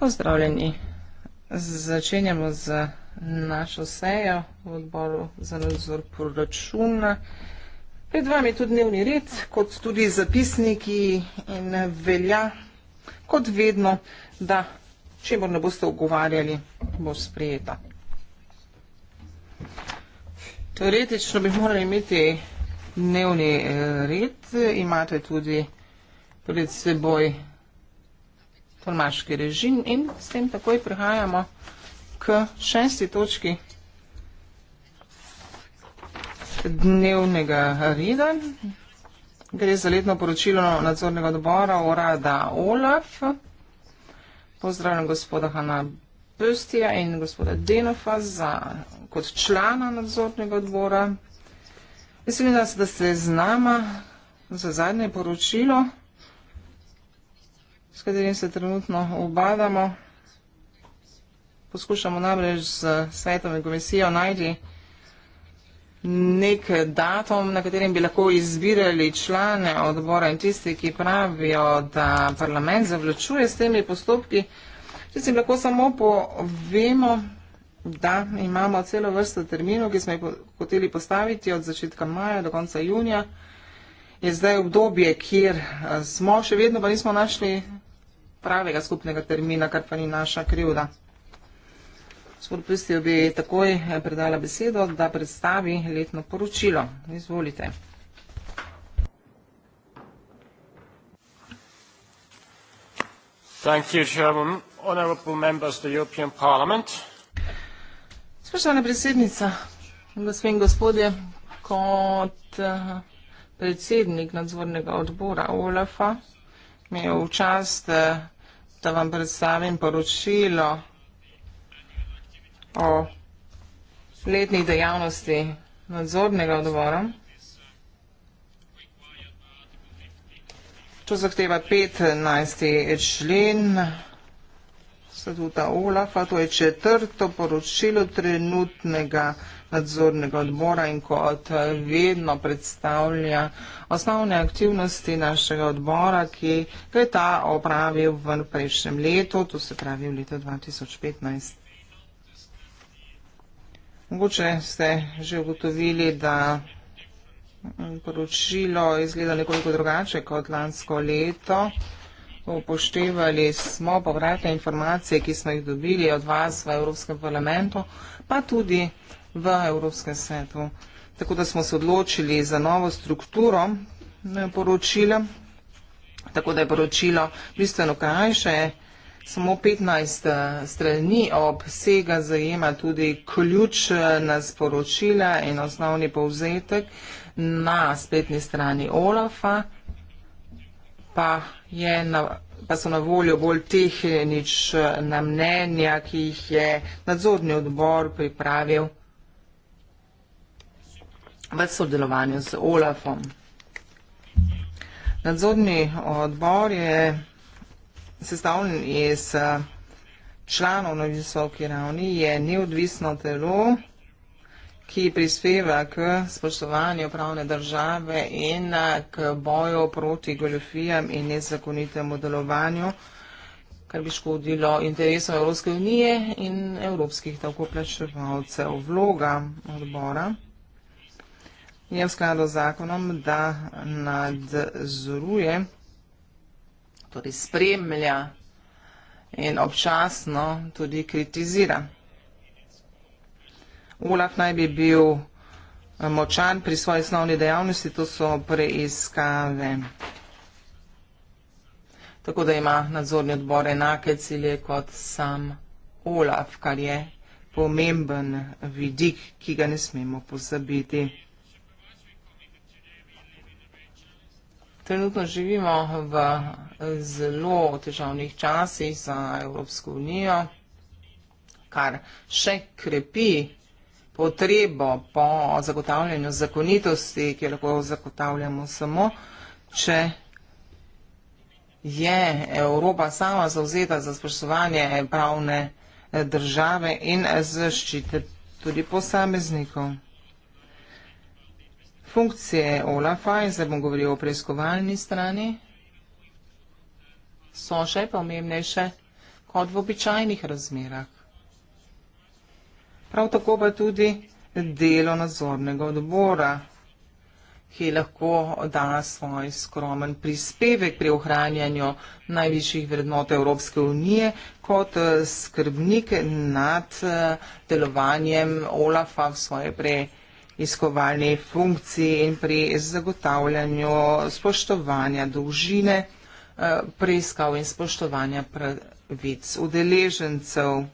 Pozdravljeni. Začenjamo z našo sejo v odboru za nadzor proračuna. Pred vami je tudi dnevni red, kot tudi zapisniki in velja, kot vedno, da če bo ne boste ogovarjali, bo sprejeta. Teoretično bi morali imeti dnevni eh, red, imate tudi pred seboj tolmaški režim in s tem takoj prihajamo k šesti točki dnevnega reda. Gre za letno poročilo nadzornega odbora urada OLAF. Pozdravljam gospoda Hanna Böstija in gospoda Denofa za, kot člana nadzornega odbora. Veselim se, da ste z nama za zadnje poročilo s katerim se trenutno obadamo. Poskušamo namreč z svetovno komisijo najti nek datum, na katerem bi lahko izbirali člane odbora in tisti, ki pravijo, da parlament zavlačuje s temi postopki. Če si lahko samo povemo, da imamo celo vrsto terminov, ki smo jih hoteli postaviti od začetka maja do konca junija, je zdaj obdobje, kjer eh, smo, še vedno pa nismo našli pravega skupnega termina, kar pa ni naša krivda. Gospod Pristil bi takoj eh, predala besedo, da predstavi letno poročilo. Izvolite. Thank you, Chairman. Honorable members of the European Parliament. Spoštovana predsednica, gospe in gospodje, kot eh, predsednik nadzornega odbora OLAF-a, mi je v čast eh, da vam predstavim poročilo o letni dejavnosti nadzornega odvora. To zahteva 15. člen statuta OLAF-a, to je četrto poročilo trenutnega odvora nadzornega odbora in kot vedno predstavlja osnovne aktivnosti našega odbora, ki ga je ta opravil v prejšnjem letu, to se pravi v letu 2015. Mogoče ste že ugotovili, da poročilo izgleda nekoliko drugače kot lansko leto. Upoštevali smo povratne informacije, ki smo jih dobili od vas v Evropskem parlamentu, pa tudi v Evropskem svetu. Tako da smo se odločili za novo strukturo eh, poročila, tako da je poročilo bistveno krajše, samo 15 eh, strani obsega zajema tudi ključ eh, na sporočila in osnovni povzetek na spletni strani Olafa, pa, je na, pa so na voljo bolj tehnična mnenja, ki jih je nadzorni odbor pripravil v sodelovanju z OLAFom. Nadzorni odbor je sestavljen iz eh, članov na visoki ravni, je neodvisno telo, ki prispeva k spoštovanju pravne države in eh, k boju proti goljofijam in nezakonitemu delovanju, kar bi škodilo interesom Evropske unije in evropskih davkoplačevalcev. Vloga odbora je v skladu z zakonom, da nadzoruje, torej spremlja in občasno tudi kritizira. Olaf naj bi bil močan pri svoji osnovni dejavnosti, to so preiskave. Tako da ima nadzorni odbor enake cilje kot sam Olaf, kar je pomemben vidik, ki ga ne smemo pozabiti. Trenutno živimo v zelo otežavnih časih za Evropsko unijo, kar še krepi potrebo po zagotavljanju zakonitosti, ki jo lahko zagotavljamo samo, če je Evropa sama zauzeta za spoštovanje pravne države in zaščite tudi posameznikov funkcije OLAF-a in zdaj bom govoril o preiskovalni strani, so še pomembnejše kot v običajnih razmerah. Prav tako pa tudi delo nadzornega odbora, ki lahko da svoj skromen prispevek pri ohranjanju najvišjih vrednot Evropske unije kot eh, skrbnik nad eh, delovanjem OLAF-a v svoje prej iskovalni funkciji in pri zagotavljanju spoštovanja dolžine eh, preiskav in spoštovanja pravic udeležencev.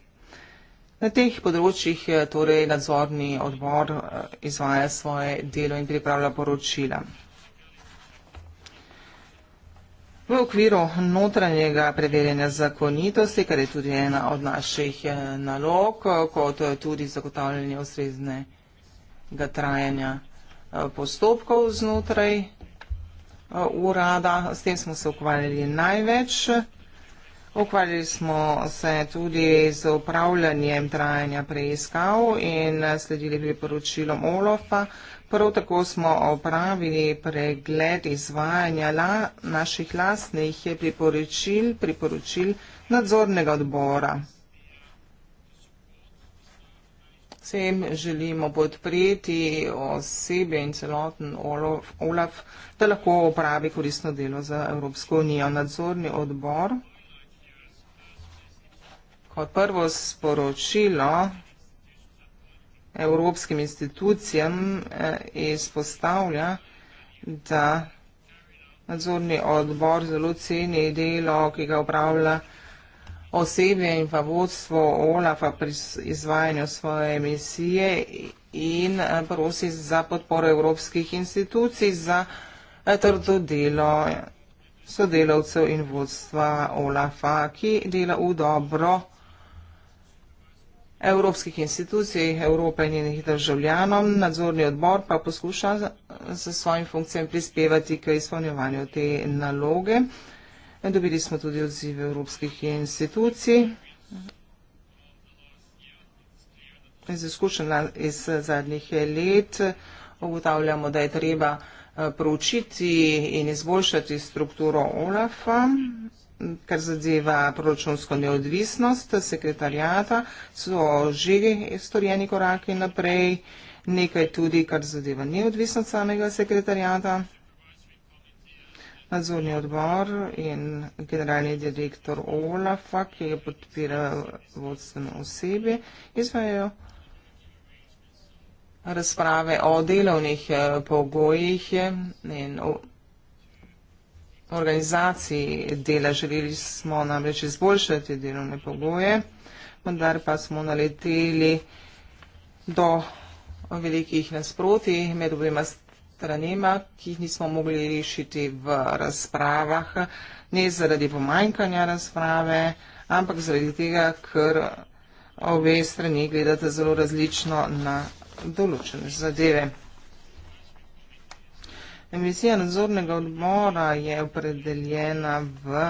Na teh področjih je eh, torej nadzorni odbor eh, izvaja svoje delo in pripravlja poročila. V okviru notranjega preverjanja zakonitosti, kar je tudi ena od naših nalog, kot tudi zagotavljanje ustrezne informacije, dolgega trajanja eh, postopkov znotraj eh, urada. S tem smo se ukvarjali največ. Ukvarjali smo se tudi z upravljanjem trajanja preiskav in sledili priporočilom OLOFA. Prav tako smo opravili pregled izvajanja la, naših lastnih priporočil, priporočil nadzornega odbora. Vsem želimo podpreti osebe in celoten Olof, Olaf, da lahko opravi koristno delo za Evropsko unijo. Nadzorni odbor. Kot prvo sporočilo evropskim institucijam eh, izpostavlja, da nadzorni odbor zelo ceni delo, ki ga upravlja osebje in pa vodstvo OLAFA pri izvajanju svoje emisije in eh, prosi za podporo evropskih institucij za eh, trdo delo sodelavcev in vodstva OLAFA, ki dela v dobro evropskih institucij, Evrope in njenih državljanom. Nadzorni odbor pa poskuša s svojim funkcijem prispevati k izpolnjevanju te naloge. Dobili smo tudi odzive evropskih institucij. Z izkušen iz zadnjih let ugotavljamo, da je treba eh, proučiti in izboljšati strukturo OLAF-a, kar zadeva proračunsko neodvisnost sekretarijata, so že storjeni koraki naprej, nekaj tudi, kar zadeva neodvisnost samega sekretarijata nadzorni odbor in generalni direktor OLAF-a, ki je podpiral vodstveno osebi, izvajo razprave o delovnih eh, pogojih in organizaciji dela. Želeli smo namreč izboljšati delovne pogoje, vendar pa smo naleteli do velikih nasproti med obima stranima stranima, ki jih nismo mogli rešiti v razpravah, ne zaradi pomanjkanja razprave, ampak zaradi tega, ker obe strani gledate zelo različno na določene zadeve. Emisija nadzornega odbora je opredeljena v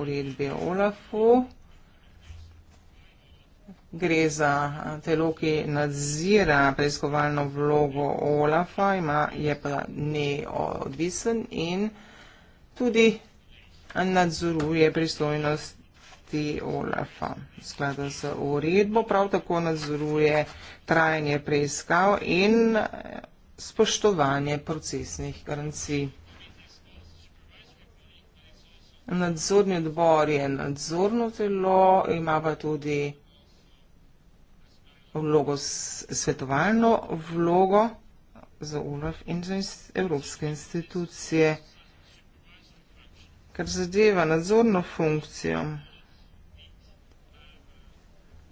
uredbi OLAF-u. Gre za telo, ki nadzira preiskovalno vlogo OLAF-a, je pa neodvisen in tudi nadzoruje pristojnosti OLAF-a. Sklada z uredbo prav tako nadzoruje trajanje preiskav in spoštovanje procesnih garancij. Nadzorni odbor je nadzorno telo, ima pa tudi nadzorno telo vlogo svetovalno, vlogo za URF in za evropske institucije. Kar zadeva nadzorno funkcijo,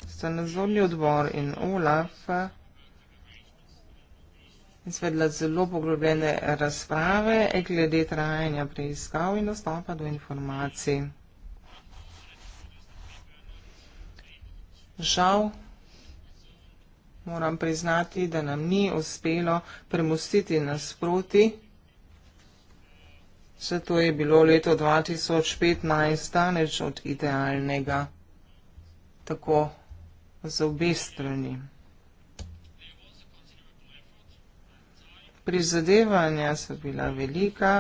sta nadzorni odbor in OLAF izvedla zelo poglobljene razprave glede trajanja preiskav in dostopa do informacij. Žal moram priznati, da nam ni uspelo premustiti nasproti. Vse to je bilo leto 2015 daleč od idealnega, tako za obe strani. Prizadevanja so bila velika,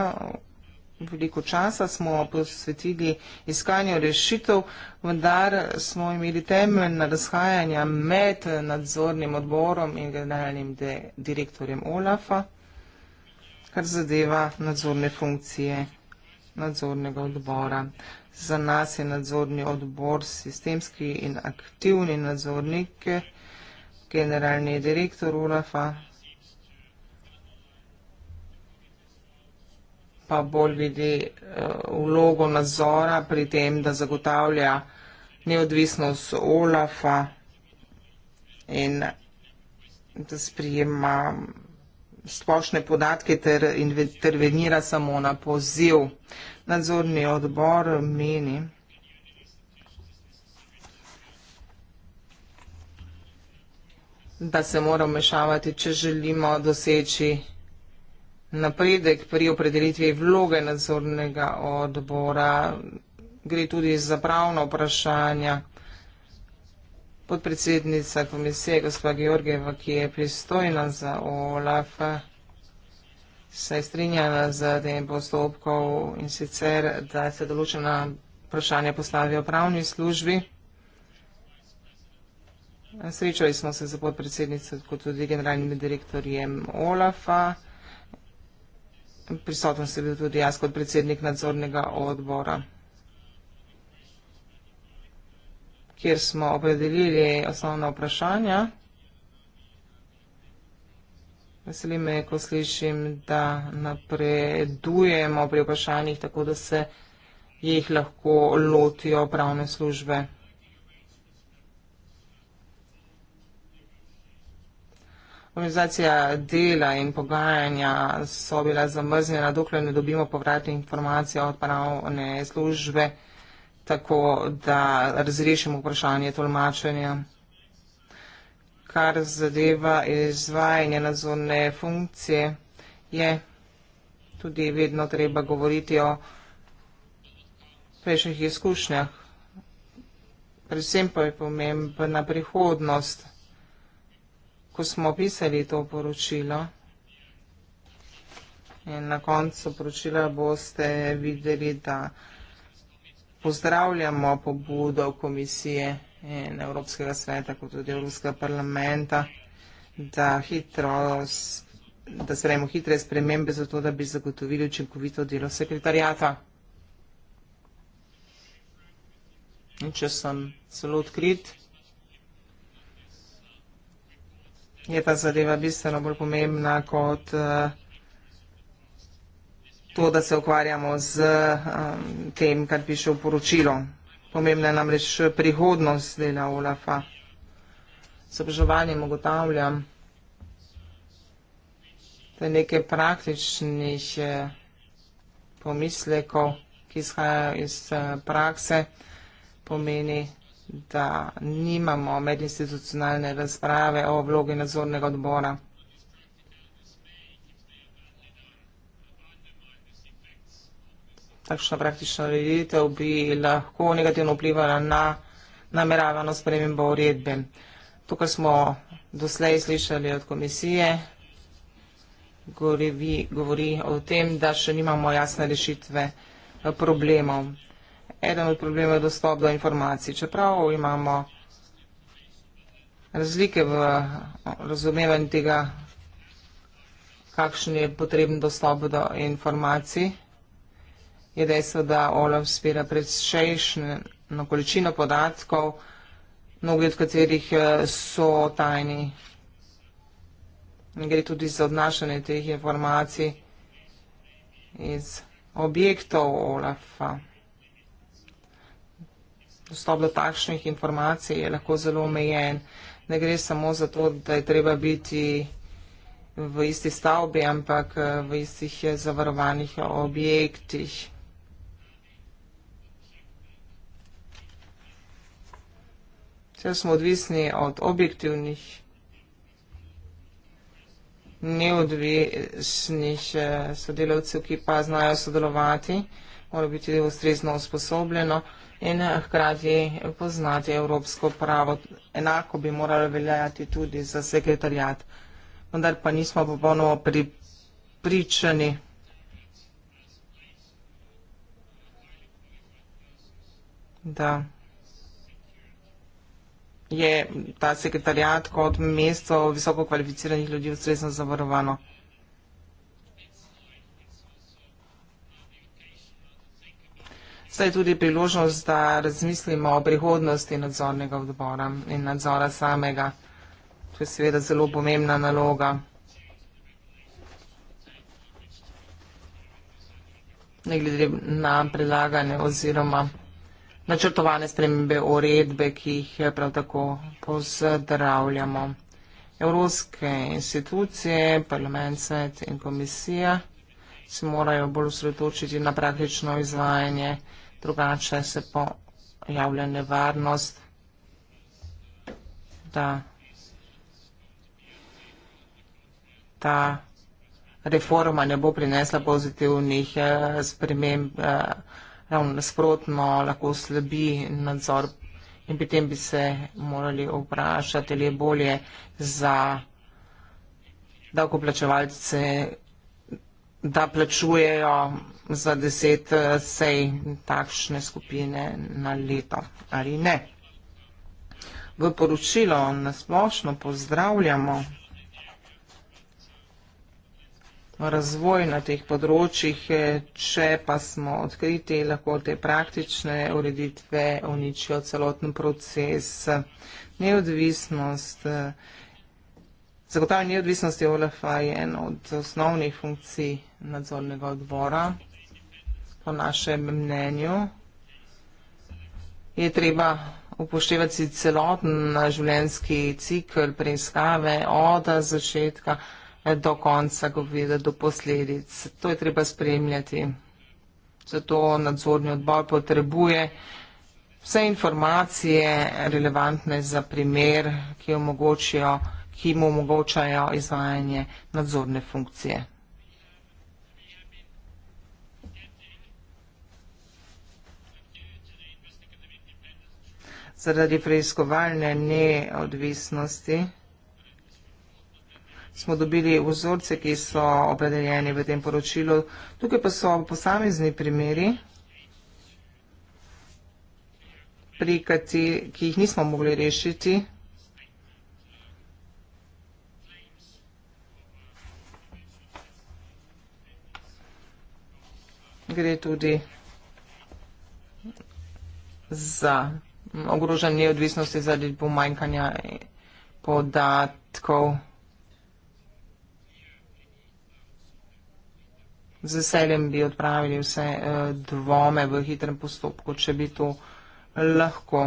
veliko časa smo posvetili iskanju rešitev, vendar smo imeli temeljna razhajanja med nadzornim odborom in generalnim direktorjem OLAFA, kar zadeva nadzorne funkcije nadzornega odbora. Za nas je nadzorni odbor sistemski in aktivni nadzornik, generalni direktor URAFA, pa bolj vidi eh, vlogo nadzora pri tem, da zagotavlja neodvisnost OLAF-a in da sprijema splošne podatke ter intervenira samo na poziv. Nadzorni odbor meni, da se mora vmešavati, če želimo doseči napredek pri opredelitvi vloge nadzornega odbora. Gre tudi za pravna vprašanja. Podpredsednica komisije, gospa Georgieva, ki je pristojna za OLAF, se je strinjala z tem postopkom in sicer, da se določena vprašanja postavijo pravni službi. Srečali smo se za podpredsednico, kot tudi generalnim direktorjem OLAF-a prisoten sem bil tudi jaz kot predsednik nadzornega odbora, kjer smo opredelili osnovna vprašanja. Veseli me, ko slišim, da napredujemo pri vprašanjih, tako da se jih lahko lotijo pravne službe. Organizacija dela in pogajanja so bila zamrznjena, dokler ne dobimo povratne informacije od pravne službe, tako da razrešimo vprašanje tolmačenja. Kar zadeva izvajanje nadzorne funkcije, je tudi vedno treba govoriti o prejšnjih izkušnjah. Predvsem pa je pomembna prihodnost ko smo pisali to poročilo. In na koncu poročila boste videli, da pozdravljamo pobudo komisije in Evropskega sveta, kot tudi Evropskega parlamenta, da, hitro, da sprejemo hitre spremembe za to, da bi zagotovili učinkovito delo sekretarjata. In če sem celo odkrit, je ta zadeva bistveno bolj pomembna kot eh, to, da se ukvarjamo z eh, tem, kar piše v poročilo. Pomembna je namreč prihodnost dela Olafa. S obžovanjem ugotavljam, da nekaj praktičnih eh, pomislekov, ki izhajajo iz prakse, pomeni, da nimamo medinstitucionalne razprave o vlogi nadzornega odbora. Takšna praktična ureditev bi lahko negativno vplivala na nameravano spremembo uredbe. To, kar smo doslej slišali od komisije, govori, govori o tem, da še nimamo jasne rešitve eh, problemov eden od problemov je dostop do informacij. Čeprav imamo razlike v razumevanju tega, kakšen je potreben dostop do informacij, je dejstvo, da OLAF spira predšejšno količino podatkov, mnogo od katerih eh, so tajni. Gre tudi za odnašanje teh informacij iz objektov OLAF-a dostop do takšnih informacij je lahko zelo omejen. Ne gre samo za to, da je treba biti v isti stavbi, ampak eh, v istih eh, zavarovanih eh, objektih. Vse smo odvisni od objektivnih, neodvisnih sodelavcev, ki pa znajo sodelovati, mora biti ustrezno usposobljeno in eh, hkrati poznati evropsko pravo. Enako bi moralo veljati tudi za sekretarjat. Vendar pa nismo popolnoma pripričani. da je ta sekretarjat kot mesto visoko kvalificiranih ljudi ustrezno zavarovano. zdaj tudi priložnost, da razmislimo o prihodnosti nadzornega odbora in nadzora samega. To je seveda zelo pomembna naloga. Ne glede na predlagane oziroma načrtovane spremembe uredbe, ki jih prav tako pozdravljamo. Evropske institucije, parlament, svet in komisija se morajo bolj osredotočiti na praktično izvajanje drugače se pojavlja nevarnost, da ta reforma ne bo prinesla pozitivnih eh, sprememb, eh, ravno nasprotno lahko slabi nadzor in potem bi se morali vprašati, ali je bolje za davkoplačevalce, da plačujejo za deset eh, sej takšne skupine na leto ali ne. V poročilo nasplošno pozdravljamo razvoj na teh področjih, eh, če pa smo odkriti, lahko te praktične ureditve uničijo celoten proces neodvisnost. Eh, zagotavljanje neodvisnosti OLF-a je ena od osnovnih funkcij nadzornega odbora po našem mnenju, je treba upoštevati celoten življenjski cikl preiskave od začetka do konca, ko vede do posledic. To je treba spremljati. Zato nadzorni odbor potrebuje vse informacije relevantne za primer, ki, ki mu omogočajo izvajanje nadzorne funkcije. zaradi preiskovalne neodvisnosti. Smo dobili vzorce, ki so opredeljeni v tem poročilu. Tukaj pa so posamezni primeri, pri kati, ki jih nismo mogli rešiti. Gre tudi za ogroža neodvisnosti zaradi pomanjkanja podatkov. Z veseljem bi odpravili vse eh, dvome v hitrem postopku, če bi to lahko.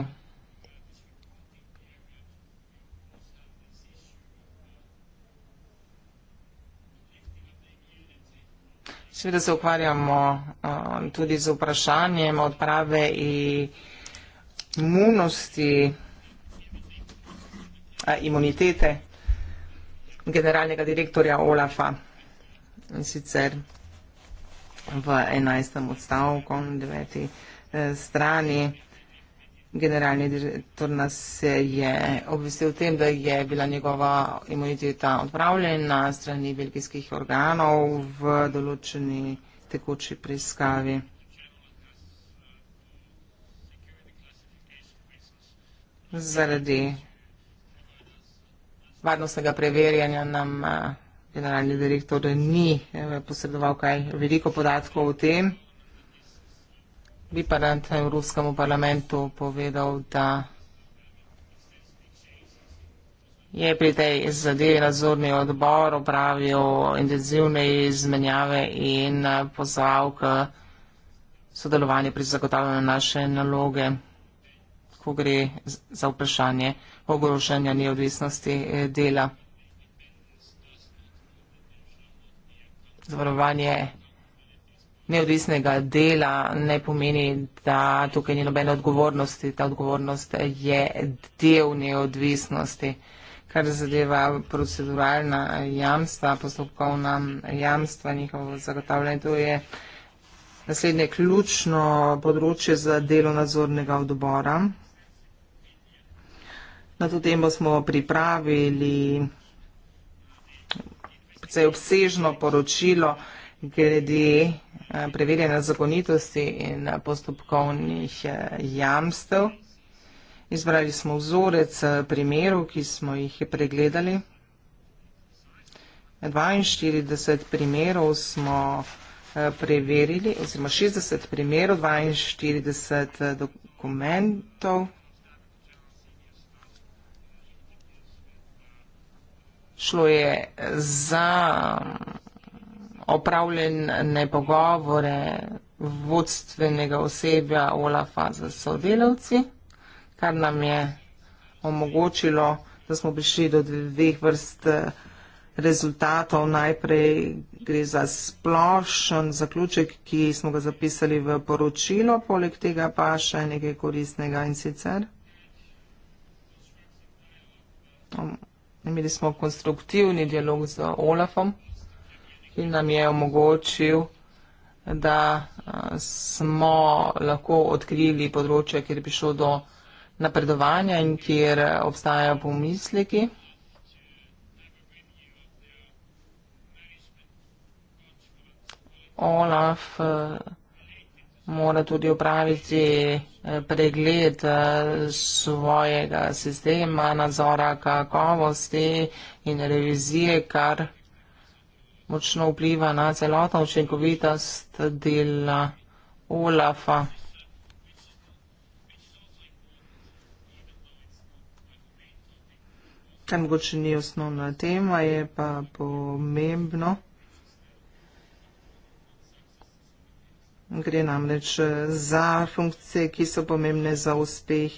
Seveda se ukvarjamo eh, tudi z vprašanjem odprave in imunosti, a, imunitete generalnega direktorja Olafa in sicer v 11. odstavku, 9. Eh, strani. Generalni direktor nas je obvestil tem, da je bila njegova imuniteta odpravljena strani belgijskih organov v določeni tekoči preiskavi. zaradi varnostnega preverjanja nam eh, generalni direktor ni eh, posredoval kaj veliko podatkov o tem. Bi pa na Evropskemu parlamentu povedal, da je pri tej zadevi nadzorni odbor opravil intenzivne izmenjave in eh, pozval k sodelovanju pri zagotavljanju naše naloge ko gre za vprašanje ogrožanja neodvisnosti eh, dela. Zavarovanje neodvisnega dela ne pomeni, da tukaj ni nobene odgovornosti. Ta odgovornost je del neodvisnosti. Kar zadeva proceduralna jamstva, postopkovna jamstva, njihovo zagotavljanje, to je naslednje ključno področje za delo nadzornega odbora. Na to temo smo pripravili precej obsežno poročilo glede eh, preverjanja zakonitosti in postopkovnih eh, jamstev. Izbrali smo vzorec eh, primerov, ki smo jih pregledali. 42 primerov smo preverili, oziroma 60 primerov, 42 dokumentov. šlo je za mm, opravljene pogovore vodstvenega osebja OLAF-a z sodelavci, kar nam je omogočilo, da smo prišli do dveh vrst eh, rezultatov. Najprej gre za splošen zaključek, ki smo ga zapisali v poročilo, poleg tega pa še nekaj koristnega in sicer. Um, Imeli smo konstruktivni dialog z Olafom, ki nam je omogočil, da smo lahko odkrili področje, kjer je prišlo do napredovanja in kjer obstajajo pomisleki. Olaf. Uh, mora tudi upraviti eh, pregled eh, svojega sistema nadzora kakovosti in revizije, kar močno vpliva na celotno učinkovitost dela OLAFA. Kaj mogoče ni osnovna tema, je pa pomembno. Gre namreč eh, za funkcije, ki so pomembne za uspeh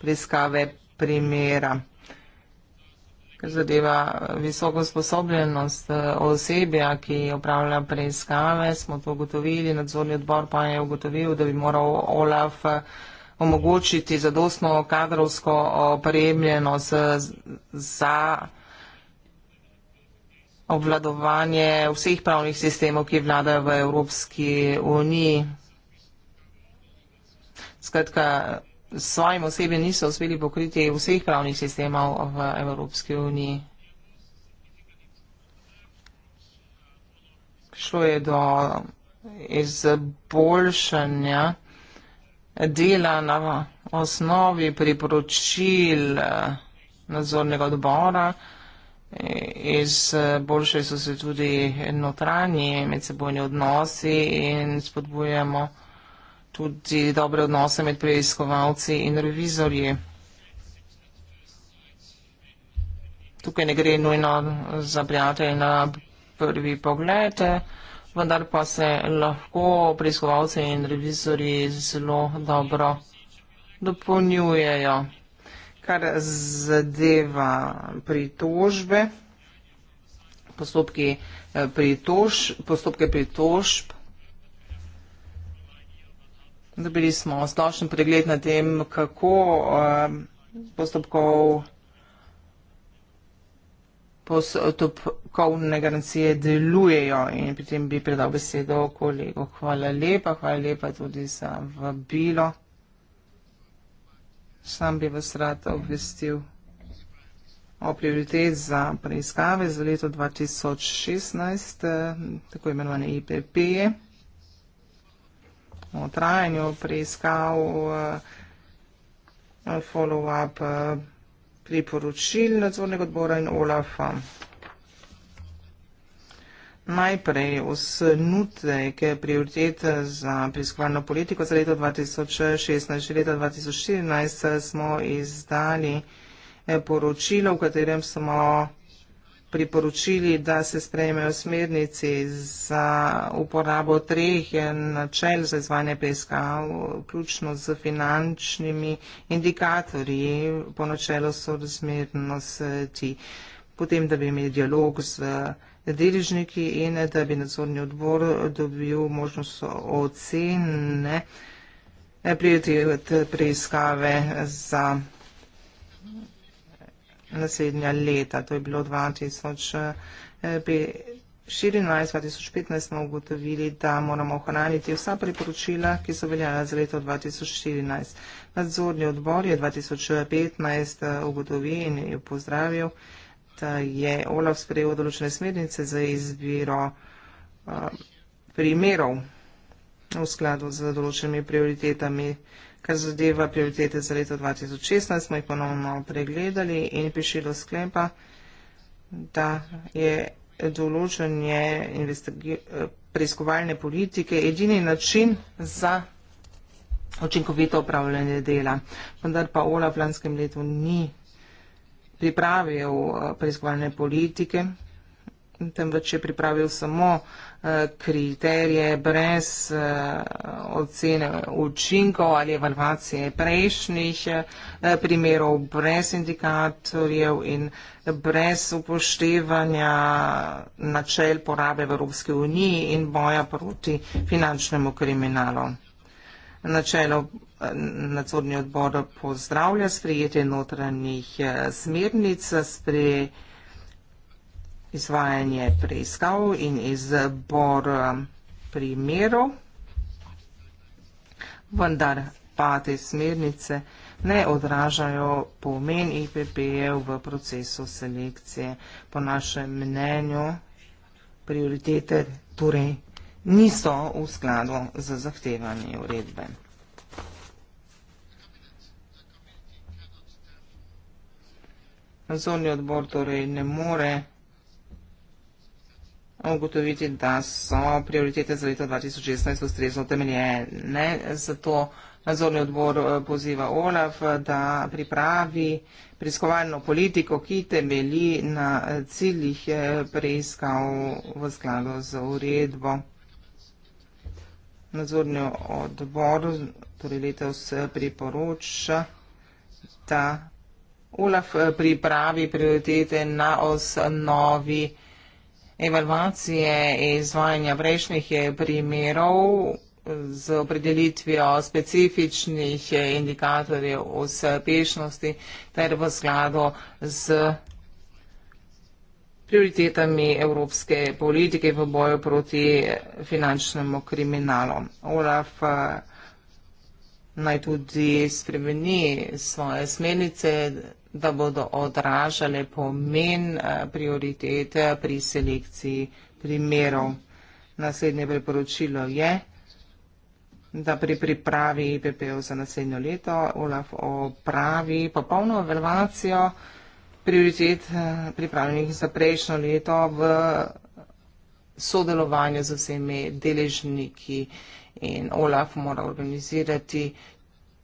preiskave primera. Ker zadeva eh, visoko sposobljenost eh, osebja, ki upravlja preiskave, smo to ugotovili, nadzorni odbor pa je ugotovil, da bi moral Olaf omogočiti zadostno kadrovsko opremljenost za obvladovanje vseh pravnih sistemov, ki vladajo v Evropski uniji. Skratka, svojim osebi niso uspeli pokriti vseh pravnih sistemov v Evropski uniji. Šlo je do izboljšanja dela na osnovi priporočil eh, nadzornega odbora iz eh, boljše so se tudi notranji medsebojni odnosi in spodbujamo tudi dobre odnose med preiskovalci in revizorji. Tukaj ne gre nujno za prijatelje na prvi pogled, vendar pa se lahko preiskovalci in revizori zelo dobro dopolnjujejo kar zadeva pritožbe, postopki eh, pritož, postopke pritožb. Dobili smo splošen pregled na tem, kako eh, postopkov postopkovne garancije delujejo in pri tem bi predal besedo kolego. Hvala lepa, hvala lepa tudi za vabilo sam bi vas rad obvestil o prioritet za preiskave za leto 2016, eh, tako imenovane IPP. O trajanju preiskav, eh, follow-up eh, priporočil nadzornega odbora in OLAFA najprej osnutke prioritete za preiskovalno politiko za leto 2016. Že leta 2014 smo izdali eh, poročilo, v katerem smo priporočili, da se sprejmejo smernici za uporabo treh načel za izvanje preiskav, vključno z finančnimi indikatorji po načelu sorazmernosti, potem da bi imeli dialog z deležniki in da bi nadzorni odbor dobil možnost ocene eh, prioritete preiskave za naslednja leta. To je bilo 2014-2015, eh, smo ugotovili, da moramo ohraniti vsa priporočila, ki so veljala za leto 2014. Nadzorni odbor je 2015 eh, ugotovil in je pozdravil je Olaf sprejel določene smernice za izbiro eh, primerov v skladu z določenimi prioritetami, kar zadeva prioritete za leto 2016, smo jih ponovno pregledali in piši do sklepa, da je določenje preiskovalne politike edini način za učinkovito upravljanje dela. Vendar pa Olaf lanskem letu ni pripravil eh, preiskovalne politike, temveč je pripravil samo eh, kriterije brez eh, ocene učinkov ali evalvacije prejšnjih primerov, brez indikatorjev in brez upoštevanja načel porabe v Evropske uniji in boja proti finančnemu kriminalu načelo eh, nadzorni odbor pozdravlja sprejetje notranjih eh, smernic, spreje izvajanje preiskav in izbor eh, primerov, vendar pa te smernice ne odražajo pomen IPP-jev v procesu selekcije. Po našem mnenju prioritete torej niso v skladu z zahtevanji uredbe. Nazorni odbor torej ne more ugotoviti, da so prioritete za leto 2016 ustrezno temeljene. Zato nazorni odbor eh, poziva OLAF, da pripravi preiskovalno politiko, ki temelji na ciljih eh, preiskav v skladu z uredbo nadzorni odbor torej letos eh, priporoča, da ULAF eh, pripravi prioritete na osnovi evalvacije izvajanja prejšnjih eh, primerov z opredelitvijo specifičnih indikatorjev uspešnosti ter v skladu z prioritetami evropske politike v boju proti finančnemu kriminalu. Olaf eh, naj tudi spremeni svoje smernice, da bodo odražale pomen eh, prioritete pri selekciji primerov. Naslednje priporočilo je, da pri pripravi IPP-ov za naslednjo leto Olaf opravi popolno evalvacijo prioritet eh, pripravljenih za prejšnjo leto v sodelovanju z vsemi deležniki in OLAF mora organizirati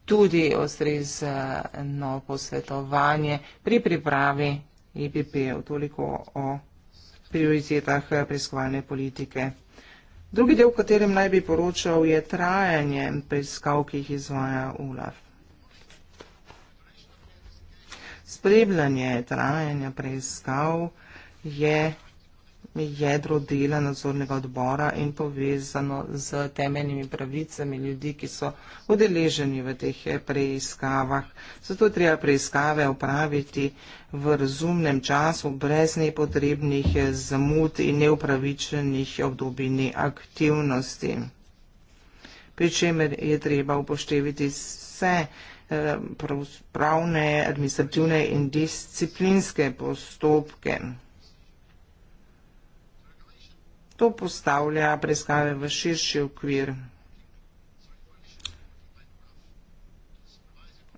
tudi ostrezno posvetovanje pri pripravi IPP, e toliko o prioritetah eh, preiskovalne politike. Drugi del, v katerem naj bi poročal, je trajanje preiskav, ki jih izvaja OLAF. spremljanje trajanja preiskav je jedro dela nadzornega odbora in povezano z temeljnimi pravicami ljudi, ki so udeleženi v teh preiskavah. Zato treba preiskave opraviti v razumnem času, brez nepotrebnih zamud in neupravičenih obdobij neaktivnosti. Pričemer je treba upoštevati vse pravne, administrativne in disciplinske postopke. To postavlja preiskave v širši okvir.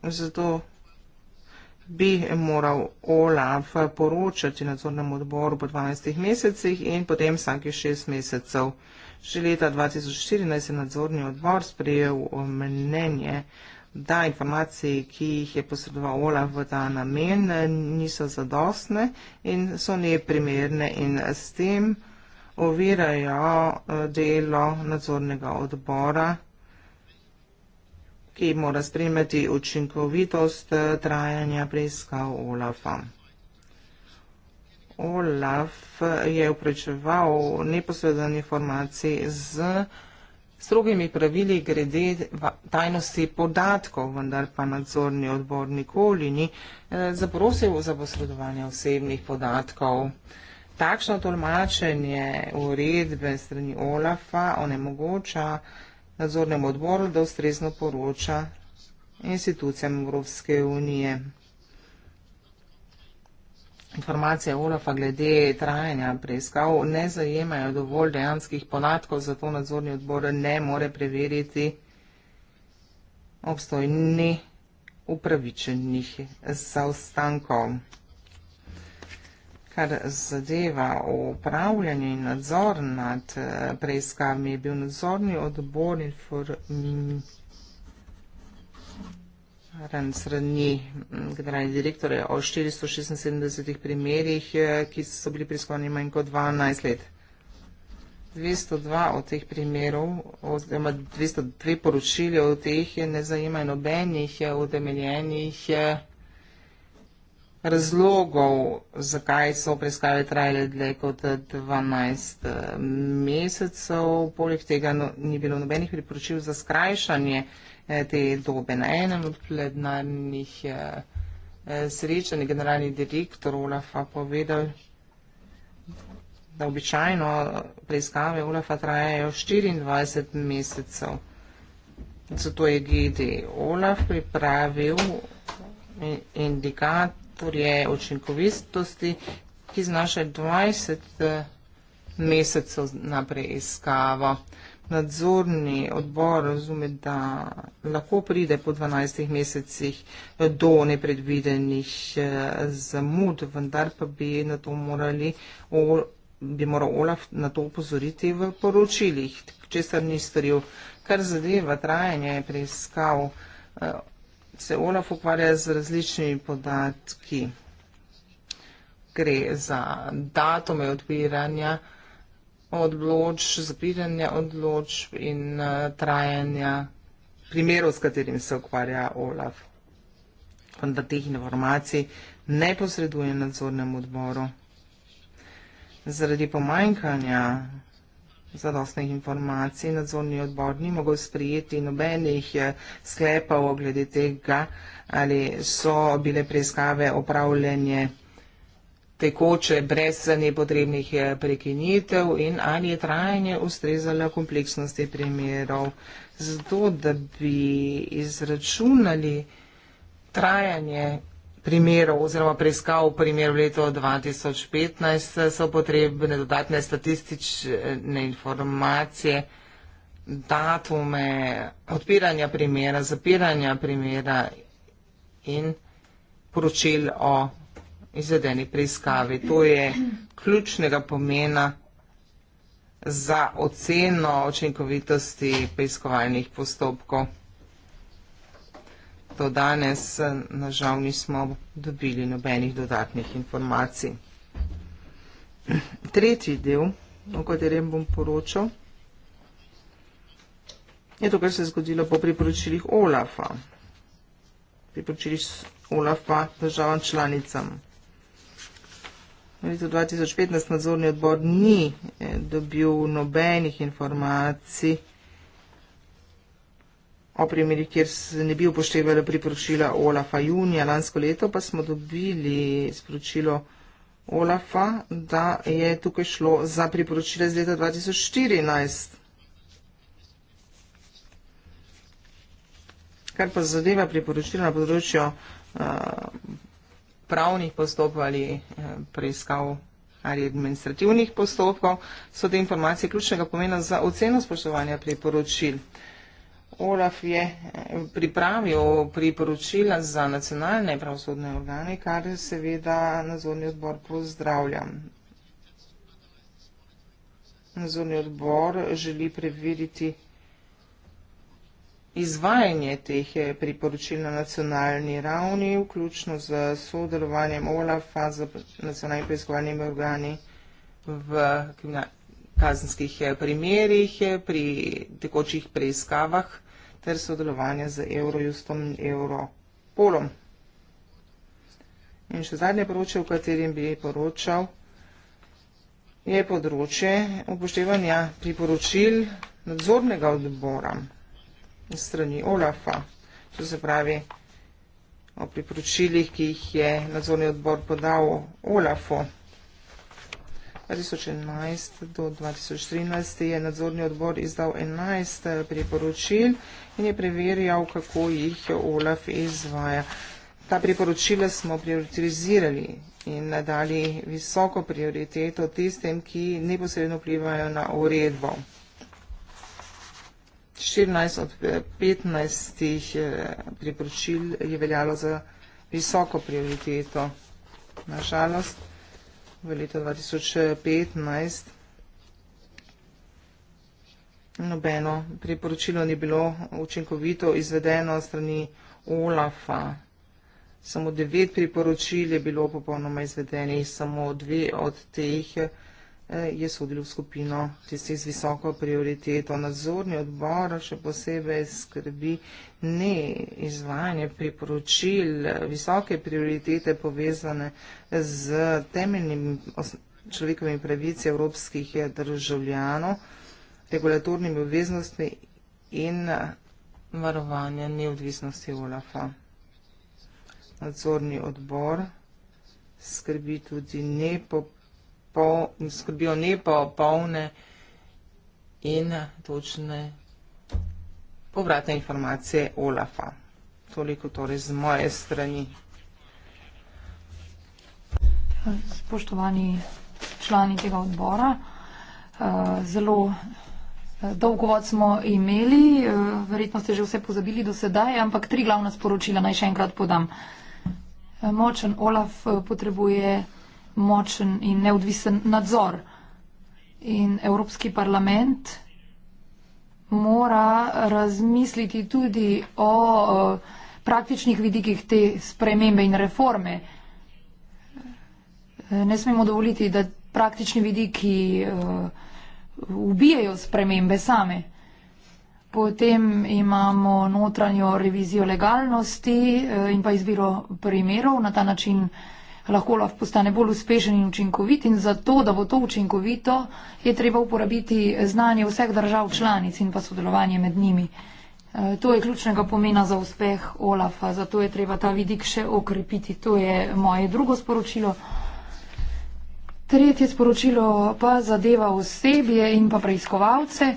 Zato bi moral OLAF poročati nadzornem odboru po 12 mesecih in potem vsake 6 mesecev. Že leta 2014 je nadzorni odbor sprejel mnenje da informacije, ki jih je posredoval Olaf v ta namen, niso zadostne in so neprimerne in s tem ovirajo eh, delo nadzornega odbora, ki mora spremljati učinkovitost eh, trajanja preiskav Olafa. Olaf je upričeval neposredne informacije z informacijami, strogimi pravili grede tajnosti podatkov, vendar pa nadzorni odbor nikoli ni eh, zaprosil za posredovanje osebnih podatkov. Takšno tolmačenje uredbe strani OLAF-a onemogoča nadzornemu odboru, da ustrezno poroča institucijam Evropske unije informacije Olafa glede trajanja preiskav ne zajemajo dovolj dejanskih podatkov, zato nadzorni odbor ne more preveriti obstojni upravičenih zaostankov. Kar zadeva upravljanje in nadzor nad eh, preiskavami, je bil nadzorni odbor informiran. Ran strani mm, generalnega direktorja o 476 primerih, eh, ki so bili preiskovani manj kot 12 let. 202 od teh primerov, oziroma 202 poročilja od teh ne zajemajo nobenih eh, utemeljenih eh, razlogov, zakaj so preiskave trajale dlje kot 12 mesecev. Poleg tega no, ni bilo nobenih priporočil za skrajšanje te dobe. Na enem od plenarnih eh, srečanj generalni direktor Olafa povedal, da običajno preiskave Olafa trajajo 24 mesecev. Zato je GD Olaf pripravil indikatorje učinkovitosti, ki znaša 20 eh, mesecev na preiskavo nadzorni odbor razume, da lahko pride po 12 mesecih do nepredvidenih eh, zamud, vendar pa bi na to morali, bi moral Olaf na to upozoriti v poročilih, česar ni storil. Kar zadeva trajanje preiskav, eh, se Olaf ukvarja z različnimi podatki. Gre za datume odpiranja odločb, zapiranja odločb in eh, trajanja primerov, s katerim se ukvarja OLAF. Vendar teh informacij ne posreduje nadzornemu odboru. Zaradi pomanjkanja zadostnih informacij nadzorni odbor ni mogel sprijeti nobenih eh, sklepov glede tega, ali so bile preiskave opravljene tekoče brez nepotrebnih eh, prekinitev in ali je trajanje ustrezalo kompleksnosti primerov. Zato, da bi izračunali trajanje primerov oziroma preiskav v primeru leto 2015, eh, so potrebne dodatne statistične informacije, datume odpiranja primera, zapiranja primera in poročil o izvedeni preiskavi. To je ključnega pomena za oceno očinkovitosti preiskovalnih postopkov. To danes nažal nismo dobili nobenih dodatnih informacij. Tretji del, o katerem bom poročal, je to, kar se je zgodilo po priporočilih OLAFA. Priporočilih OLAFA državam članicam. V letu 2015 nadzorni odbor ni eh, dobil nobenih informacij o primerih, kjer se ne bi upoštevalo priporočila Olafa junija lansko leto, pa smo dobili sporočilo Olafa, da je tukaj šlo za priporočila iz leta 2014. Kar pa zadeva priporočila na področju uh, upravnih postopkov ali eh, preiskav ali administrativnih postopkov, so te informacije ključnega pomena za oceno spoštovanja priporočil. OLAF je eh, pripravil priporočila za nacionalne pravosodne organe, kar seveda nazorni odbor pozdravlja. Nazorni odbor želi preveriti informacije, Izvajanje teh je eh, priporočil na nacionalni ravni, vključno z sodelovanjem OLAF-a z nacionalnimi preiskovalnimi organi v kazenskih eh, primerjih, eh, pri tekočih preiskavah ter sodelovanje z Eurojustom in Europolom. In še zadnje poročje, v katerem bi poročal, je področje upoštevanja priporočil nadzornega odbora iz strani OLAFA, to se pravi o priporočilih, ki jih je nadzorni odbor podal OLAFO. 2011 do 2013 je nadzorni odbor izdal 11 eh, priporočil in je preverjal, kako jih OLAF izvaja. Ta priporočila smo prioritizirali in dali visoko prioriteto tistem, ki neposredno vplivajo na uredbo. 14 od 15 eh, eh, priporočil je veljalo za visoko prioriteto. Nažalost, v letu 2015 nobeno priporočilo ni bilo učinkovito izvedeno strani OLAFA. Samo devet priporočil je bilo popolnoma izvedenih, samo dve od teh priporočil je sodil v skupino tistih z visoko prioriteto. Nadzorni odbor še posebej skrbi ne izvajanje priporočil visoke prioritete povezane z temeljnimi človekovimi pravici evropskih državljanov, regulatornimi obveznostmi in varovanja neodvisnosti OLAF-a. Nadzorni odbor skrbi tudi nepopravljanje pol, skrbijo nepopolne in točne povratne informacije OLAFA. Toliko torej z moje strani. Spoštovani člani tega odbora, eh, zelo eh, dolgo vod smo imeli, eh, verjetno ste že vse pozabili do sedaj, ampak tri glavna sporočila naj še enkrat podam. Močen OLAF potrebuje močen in neodvisen nadzor. In Evropski parlament mora razmisliti tudi o praktičnih vidikih te spremembe in reforme. Ne smemo dovoliti, da praktični vidiki e, ubijajo spremembe same. Potem imamo notranjo revizijo legalnosti e, in pa izbiro primerov na ta način lahko lahko postane bolj uspešen in učinkovit in zato, da bo to učinkovito, je treba uporabiti znanje vseh držav članic in pa sodelovanje med njimi. E, to je ključnega pomena za uspeh OLAF-a, zato je treba ta vidik še okrepiti. To je moje drugo sporočilo. Tretje sporočilo pa zadeva osebje in pa preiskovalce.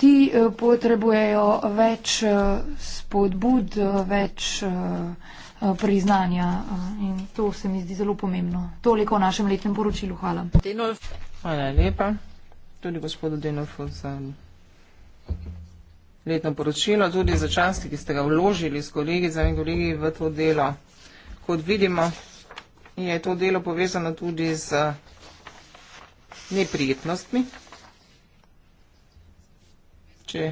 Ti e, potrebujejo več e, spodbud, več Eh, priznanja eh, in to se mi zdi zelo pomembno. Toliko o našem letnem poročilu. Hvala. Hvala lepa. Tudi gospodu Denofu za letno poročilo, tudi za časti, ki ste ga vložili s kolegi, z enim kolegi v to delo. Kot vidimo, je to delo povezano tudi z neprijetnostmi. Če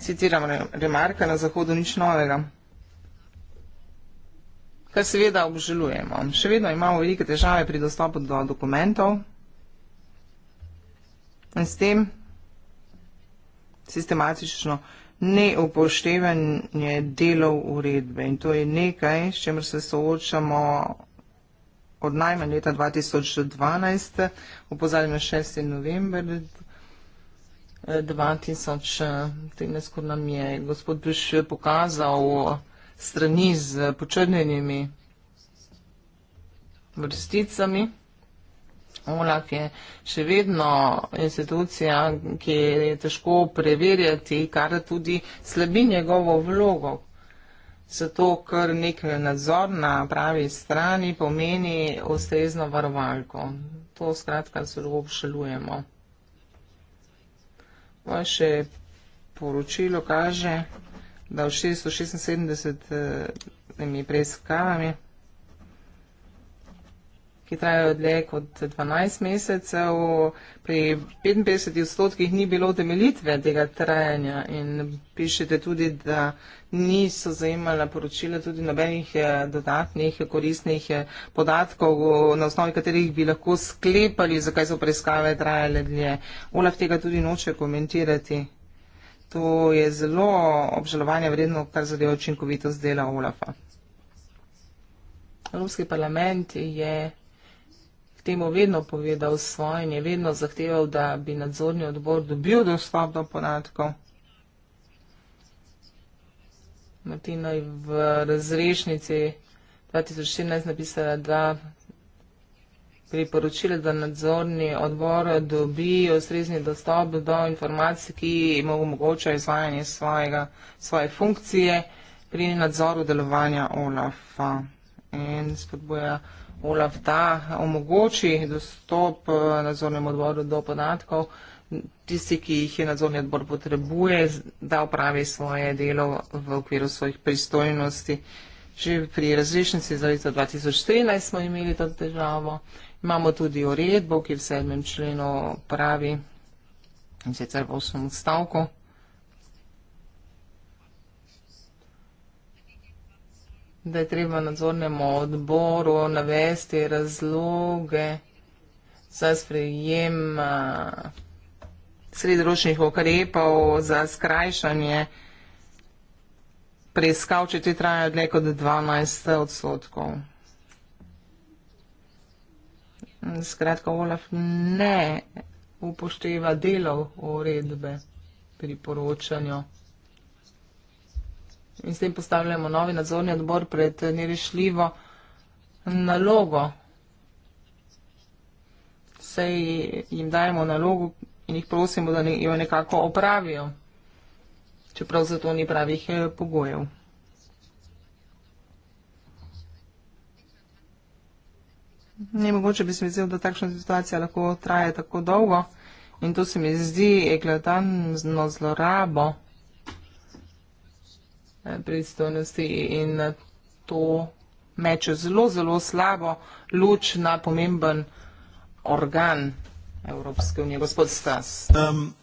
citiram remarka na zahodu, nič novega kar seveda obžalujemo. Še vedno imamo velike težave pri dostopu do dokumentov in s tem sistematično neupoštevanje delov uredbe. In to je nekaj, s čemer se soočamo od najmanj leta 2012, upozorjeno 6. november 2013, ko nam je gospod Piš pokazal strani z počrnjenimi vrsticami. OLAK je še vedno institucija, ki je težko preverjati, kar tudi slabi njegovo vlogo. Zato, ker nek nadzor na pravi strani pomeni ustrezno varovalko. To skratka zelo obšalujemo. Vaše poročilo kaže, da v 676 preiskavami, ki trajajo dlje kot 12 mesecev, pri 55 odstotkih ni bilo temelitve tega trajanja in pišete tudi, da niso zajemala poročila tudi nobenih eh, dodatnih koristnih eh, podatkov, na osnovi katerih bi lahko sklepali, zakaj so preiskave trajale dlje. Olaf tega tudi noče komentirati. To je zelo obžalovanje vredno, kar zadeva učinkovitost dela Olafa. Evropski parlament je k temu vedno povedal svoje in je vedno zahteval, da bi nadzorni odbor dobil dostop do podatkov. Martina je v razrešnici 2014 napisala, da priporočila, da nadzorni odbor dobi ustrezni dostop do informacij, ki mu omogočajo izvajanje svojega, svoje funkcije pri nadzoru delovanja OLAF-a in spodboja OLAF ta omogoči dostop eh, nadzornemu odboru do podatkov, tisti, ki jih je nadzorni odbor potrebuje, da opravi svoje delo v okviru svojih pristojnosti. Že pri različnici za leto 2013 smo imeli to težavo Imamo tudi uredbo, ki v sedmem členu pravi, in sicer v osmem odstavku, da je treba nadzornemu odboru navesti razloge za sprejem sredročnih okrepov za skrajšanje preiskav, če ti trajajo dlje kot 12 odstotkov. Skratka, Olaf ne upošteva delov uredbe pri poročanju. In s tem postavljamo novi nadzorni odbor pred nerešljivo nalogo. Sej jim dajemo nalogo in jih prosimo, da jo nekako opravijo, čeprav za to ni pravih eh, pogojev. Ne mogoče bi se mi zdel, da takšna situacija lahko traje tako dolgo in to se mi zdi eklatantno zlorabo eh, pristojnosti in eh, to meče zelo, zelo slabo luč na pomemben organ Evropske unije, gospod Stas. Um,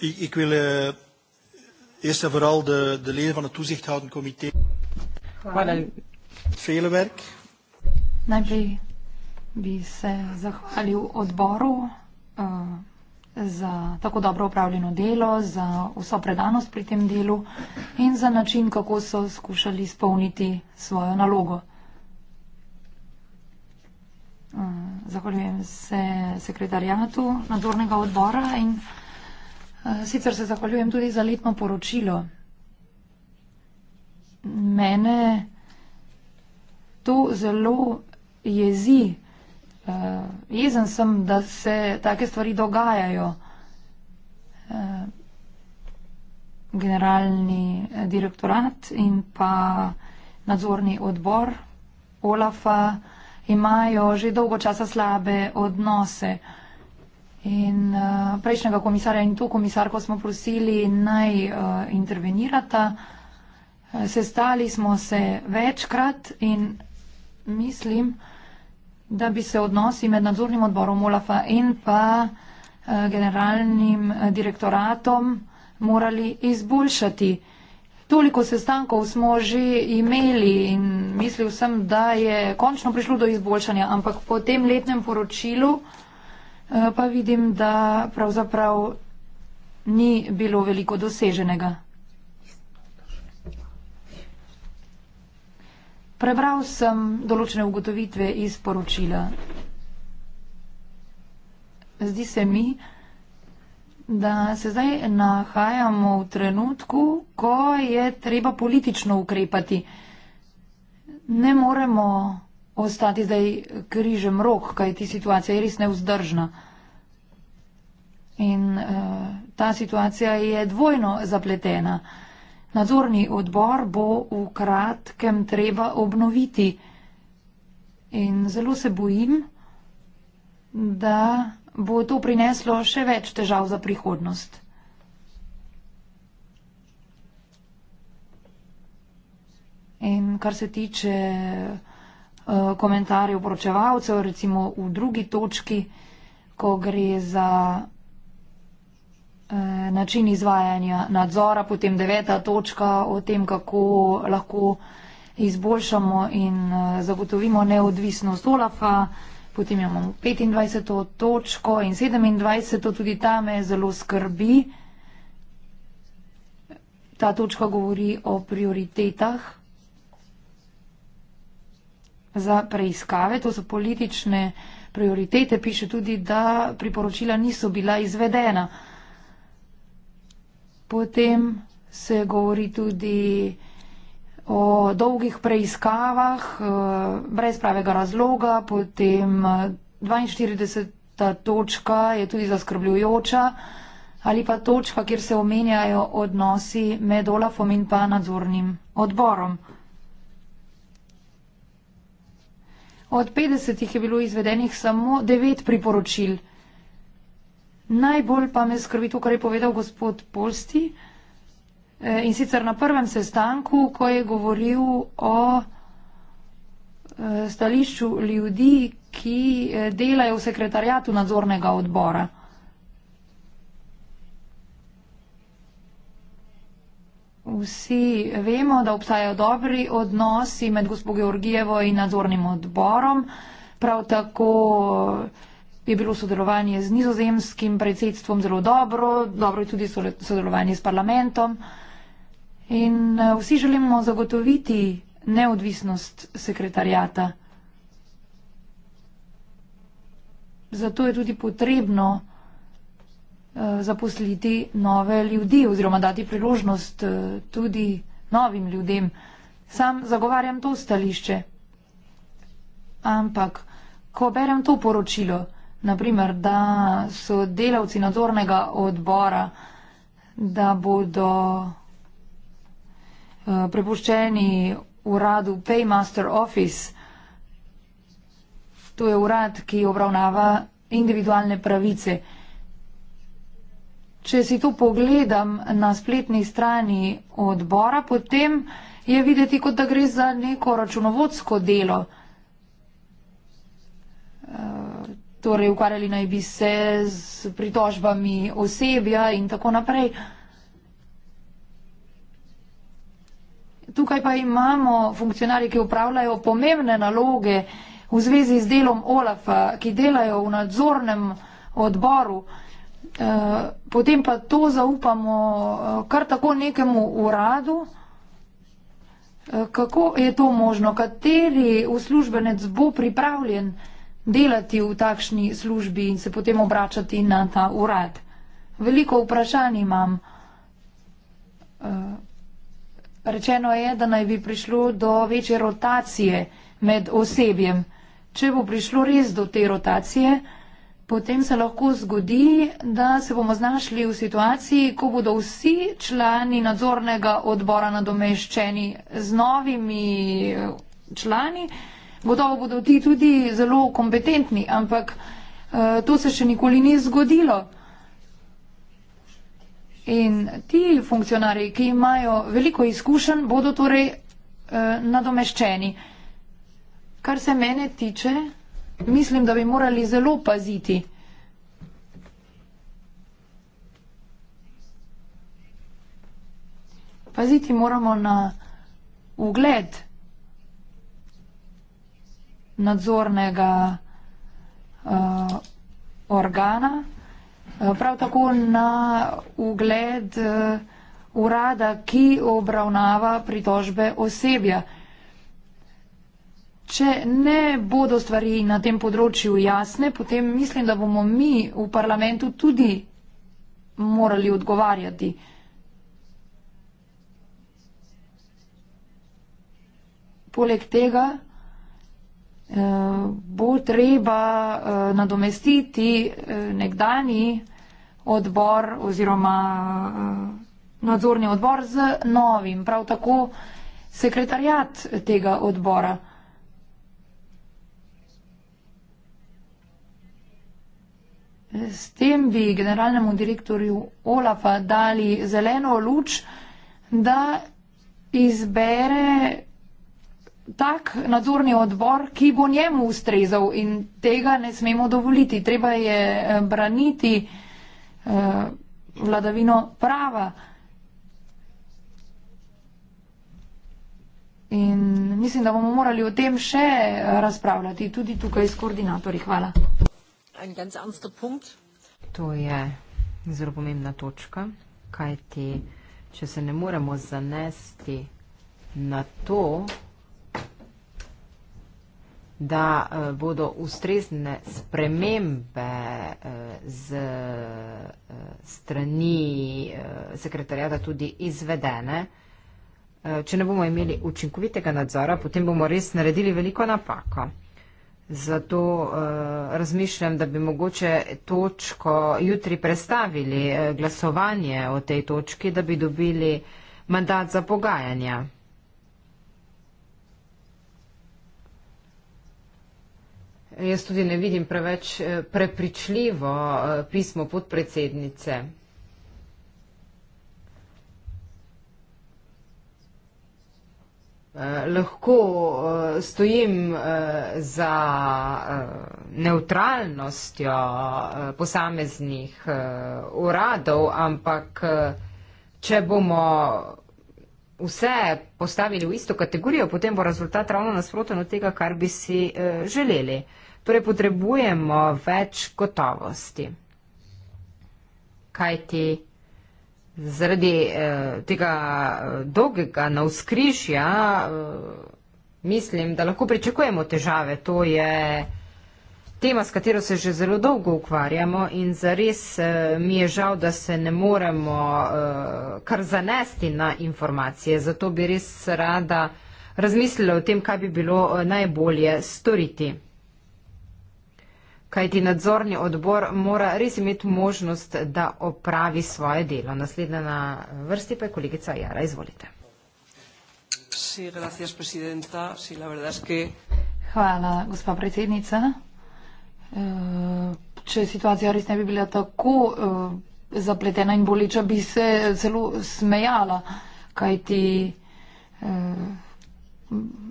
ik, ik wil, uh, de, de leden van het Hvala. Hvala. Vele werk. Najprej bi se zahvalil odboru uh, za tako dobro upravljeno delo, za vso predanost pri tem delu in za način, kako so skušali izpolniti svojo nalogo. Eh, zahvaljujem se sekretarjatu nadzornega odbora in eh, sicer se zahvaljujem tudi za letno poročilo. Mene to zelo jezi, Uh, jezen sem, da se take stvari dogajajo. Uh, generalni eh, direktorat in pa nadzorni odbor Olafa imajo že dolgo časa slabe odnose. In uh, prejšnjega komisarja in to komisarko smo prosili naj uh, intervenirata. Sestali smo se večkrat in mislim, da bi se odnosi med nadzornim odborom OLAF-a in pa eh, generalnim eh, direktoratom morali izboljšati. Toliko sestankov smo že imeli in mislil sem, da je končno prišlo do izboljšanja, ampak po tem letnem poročilu eh, pa vidim, da pravzaprav ni bilo veliko doseženega. Prebral sem določene ugotovitve iz poročila. Zdi se mi, da se zdaj nahajamo v trenutku, ko je treba politično ukrepati. Ne moremo ostati zdaj križem rok, kaj ti situacija je res neuzdržna. In uh, ta situacija je dvojno zapletena. Uh, Nadzorni odbor bo v kratkem treba obnoviti. In zelo se bojim, da bo to prineslo še več težav za prihodnost. In kar se tiče uh, komentarjev poročevalcev, recimo v drugi točki, ko gre za Eh, način izvajanja nadzora, potem deveta točka o tem, kako lahko izboljšamo in eh, zagotovimo neodvisnost Olafa, potem imamo 25. točko in 27. tudi ta me zelo skrbi. Ta točka govori o prioritetah za preiskave, to so politične prioritete, piše tudi, da priporočila niso bila izvedena. Potem se govori tudi o dolgih preiskavah eh, brez pravega razloga, potem 42. Eh, točka je tudi zaskrbljujoča ali pa točka, kjer se omenjajo odnosi med Olafom in pa nadzornim odborom. Od 50 je bilo izvedenih samo 9 priporočil. Najbolj pa me skrbi to, kar je povedal gospod Polsti eh, in sicer na prvem sestanku, ko je govoril o eh, stališču ljudi, ki eh, delajo v sekretarjatu nadzornega odbora. Vsi vemo, da obstajajo dobri odnosi med gospod Georgijevo in nadzornim odborom, prav tako vsi vemo, da obstajajo dobri odnosi med gospod Georgijevo in nadzornim odborom, prav tako je bilo sodelovanje z nizozemskim predsedstvom zelo dobro, dobro je tudi sodelovanje s parlamentom. In eh, vsi želimo zagotoviti neodvisnost sekretarjata. Zato je tudi potrebno eh, zaposliti nove ljudi oziroma dati priložnost eh, tudi novim ljudem. Sam zagovarjam to stališče. Ampak, ko berem to poročilo, naprimer, da so delavci nadzornega odbora, da bodo eh, prepuščeni uradu Paymaster Office. To je urad, ki obravnava individualne pravice. Če si to pogledam na spletni strani odbora, potem je videti, kot da gre za neko računovodsko delo. Eh, torej ukvarjali naj bi se z pritožbami osebja in tako naprej. Tukaj pa imamo funkcionarje, ki upravljajo pomembne naloge v zvezi z delom OLAF-a, ki delajo v nadzornem odboru. Eh, potem pa to zaupamo eh, kar tako nekemu uradu. Eh, kako je to možno? Kateri uslužbenec bo pripravljen? delati v takšni službi in se potem obračati na ta urad. Veliko vprašanj imam. Eh, rečeno je, da naj bi prišlo do večje rotacije med osebjem. Če bo prišlo res do te rotacije, potem se lahko zgodi, da se bomo znašli v situaciji, ko bodo vsi člani nadzornega odbora nadomeščeni z novimi eh, člani. Gotovo bodo ti tudi zelo kompetentni, ampak eh, to se še nikoli ni zgodilo. In ti funkcionari, ki imajo veliko izkušenj, bodo torej eh, nadomeščeni. Kar se mene tiče, mislim, da bi morali zelo paziti. Paziti moramo na ugled nadzornega uh, organa. Eh, prav tako na ugled uh, urada, ki obravnava pritožbe osebja. Če ne bodo stvari na tem področju jasne, potem mislim, da bomo mi v parlamentu tudi morali odgovarjati. Poleg tega bo treba eh, nadomestiti eh, nekdani odbor oziroma eh, nadzorni odbor z novim, prav tako sekretarjat tega odbora. S tem bi generalnemu direktorju Olafa dali zeleno luč, da izbere tak nadzorni odbor, ki bo njemu ustrezal in tega ne smemo dovoliti. Treba je eh, braniti eh, vladavino prava. In mislim, da bomo morali o tem še razpravljati tudi tukaj s koordinatorji. Hvala. To je zelo pomembna točka, kajti, če se ne moremo zanesti na to, da eh, bodo ustrezne spremembe eh, z eh, strani sekretarjata tudi izvedene. Če ne bomo imeli učinkovitega nadzora, potem bomo res naredili veliko napako. Zato razmišljam, da bi mogoče točko jutri prestavili glasovanje o tej točki, da bi dobili mandat za pogajanja. Jaz tudi ne vidim preveč eh, prepričljivo eh, pismo podpredsednice. Eh, lahko stojim za neutralnostjo posameznih uradov, ampak če bomo vse postavili v isto kategorijo, potem bo rezultat ravno nasproten od tega, kar bi si želeli. Torej, potrebujemo več gotovosti. Kaj ti zaradi eh, tega eh, dolgega navskrižja eh, mislim, da lahko pričakujemo težave. To je tema, s katero se že zelo dolgo ukvarjamo in zares eh, mi je žal, da se ne moremo eh, kar zanesti na informacije. Zato bi res rada razmislila o tem, kaj bi bilo eh, najbolje storiti. Kajti nadzorni odbor mora res imeti možnost, da opravi svoje delo. Naslednja na vrsti pa je kolegica Jara. Izvolite. Hvala, gospa predsednica. Eh, če situacija res ne bi bila tako eh, zapletena in boliča, bi se celo smejala, kajti eh,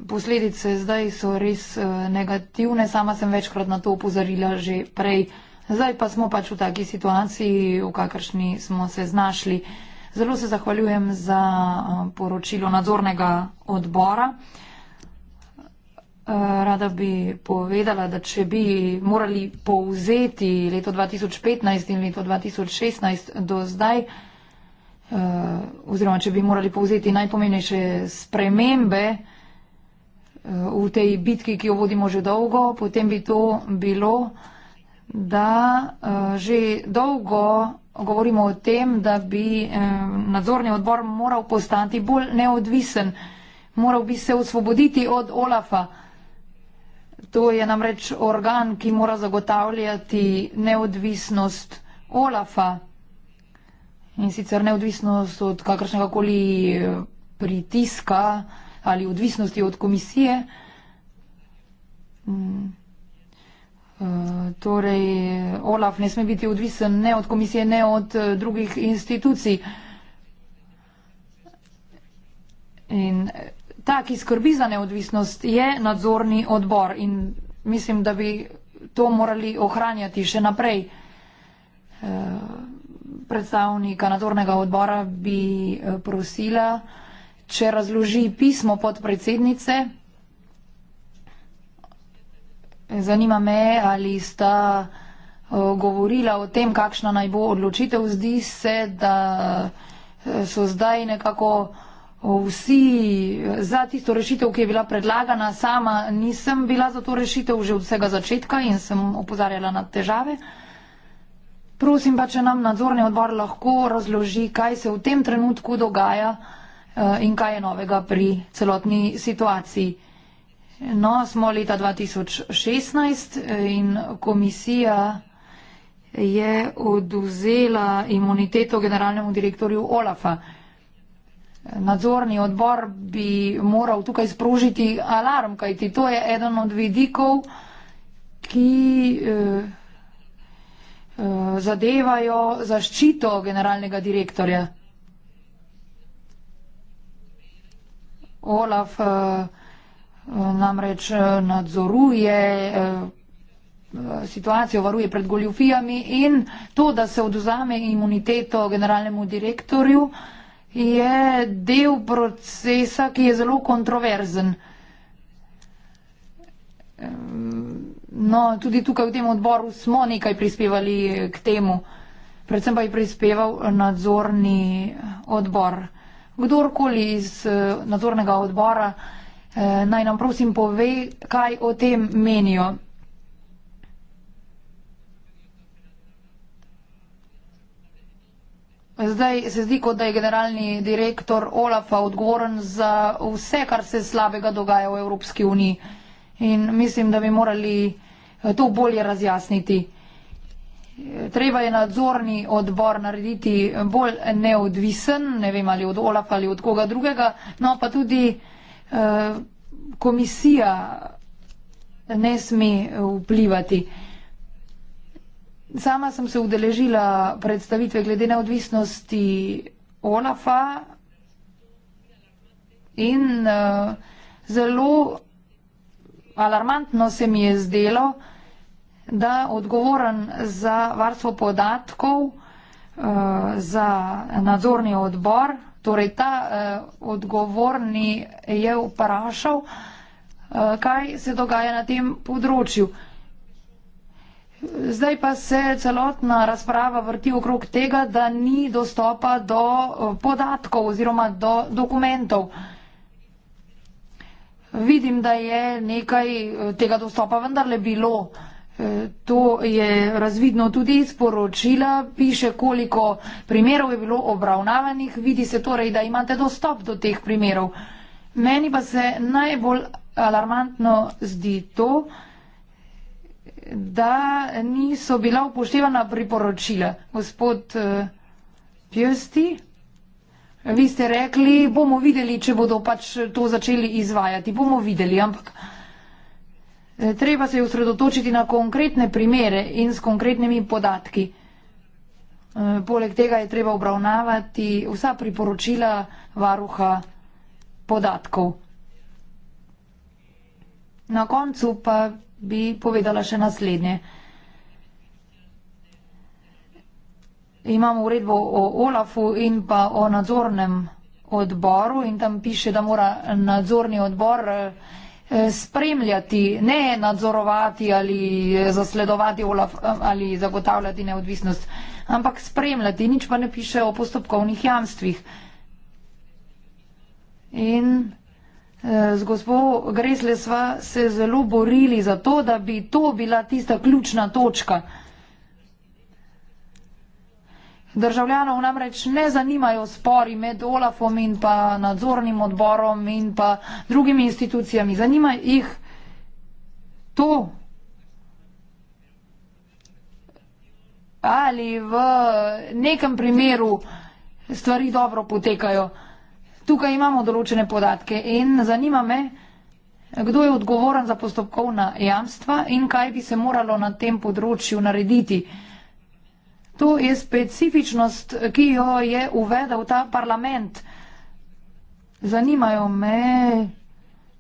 posledice zdaj so res eh, negativne. Sama sem večkrat na to upozorila že prej. Zdaj pa smo pač v taki situaciji, v kakršni smo se znašli. Zelo se zahvaljujem za eh, poročilo nadzornega odbora. Eh, rada bi povedala, da če bi morali povzeti leto 2015 in leto 2016 do zdaj, oziroma če bi morali povzeti najpomembnejše spremembe, v tej bitki, ki jo vodimo že dolgo, potem bi to bilo, da eh, že dolgo govorimo o tem, da bi eh, nadzorni odbor moral postati bolj neodvisen, moral bi se osvoboditi od Olafa. To je namreč organ, ki mora zagotavljati neodvisnost Olafa in sicer neodvisnost od kakršnega koli eh, pritiska, ali odvisnosti od komisije. Mm. E, torej, Olaf ne sme biti odvisen ne od komisije, ne od e, drugih institucij. In e, ta, ki skrbi za neodvisnost, je nadzorni odbor in mislim, da bi to morali ohranjati še naprej. Predstavnika nadzornega odbora bi prosila, da bi prosila, Če razloži pismo podpredsednice, zanima me, ali sta eh, govorila o tem, kakšna naj bo odločitev. Zdi se, da eh, so zdaj nekako eh, vsi za tisto rešitev, ki je bila predlagana. Sama nisem bila za to rešitev že od vsega začetka in sem opozarjala na težave. Prosim pa, če nam nadzorni odbor lahko razloži, kaj se v tem trenutku dogaja. Eh, in kaj je novega pri celotni situaciji. No, smo leta 2016 eh, in komisija je oduzela imuniteto generalnemu direktorju Olafa. Nadzorni odbor bi moral tukaj sprožiti alarm, kajti to je eden od vidikov, ki eh, eh, zadevajo zaščito generalnega direktorja. Olaf eh, eh, namreč eh, nadzoruje situacijo, varuje pred goljufijami in to, da se oduzame imuniteto generalnemu direktorju, je del procesa, ki je zelo kontroverzen. No, tudi tukaj v tem odboru smo nekaj prispevali k temu, predvsem pa je prispeval nadzorni odbor kdorkoli iz eh, nadzornega odbora eh, naj nam prosim pove, kaj o tem menijo. Zdaj se zdi, kot da je generalni direktor Olafa odgovoren za vse, kar se slabega dogaja v Evropski uniji. In mislim, da bi morali eh, to bolje razjasniti. Treba je nadzorni odbor narediti bolj neodvisen, ne vem ali od Olaf ali od koga drugega, no pa tudi eh, komisija ne sme vplivati. Sama sem se udeležila predstavitve glede neodvisnosti Olafa in eh, zelo alarmantno se mi je zdelo, da odgovoren za varstvo podatkov, eh, za nadzorni odbor, torej ta eh, odgovorni je vprašal, eh, kaj se dogaja na tem področju. Zdaj pa se celotna razprava vrti okrog tega, da ni dostopa do podatkov oziroma do dokumentov. Vidim, da je nekaj tega dostopa vendarle bilo. To je razvidno tudi iz poročila, piše, koliko primerov je bilo obravnavanih, vidi se torej, da imate dostop do teh primerov. Meni pa se najbolj alarmantno zdi to, da niso bila upoštevana priporočila. Gospod eh, Pjesti, vi ste rekli, bomo videli, če bodo pač to začeli izvajati, bomo videli, ampak. Eh, treba se je usredotočiti na konkretne primere in s konkretnimi podatki. Eh, poleg tega je treba obravnavati vsa priporočila varuha podatkov. Na koncu pa bi povedala še naslednje. Imamo uredbo o OLAF-u in pa o nadzornem odboru in tam piše, da mora nadzorni odbor eh, Eh, spremljati, ne nadzorovati ali zasledovati Olaf, eh, ali zagotavljati neodvisnost, ampak spremljati. Nič pa ne piše o postopkovnih jamstvih. In eh, z gospod Gresle sva se zelo borili za to, da bi to bila tista ključna točka. Državljanov namreč ne zanimajo spori med Olafom in pa nadzornim odborom in pa drugimi institucijami. Zanima jih to, ali v nekem primeru stvari dobro potekajo. Tukaj imamo določene podatke in zanima me, kdo je odgovoren za postopkovna jamstva in kaj bi se moralo na tem področju narediti. To je specifičnost, ki jo je uvedel ta parlament. Zanimajo me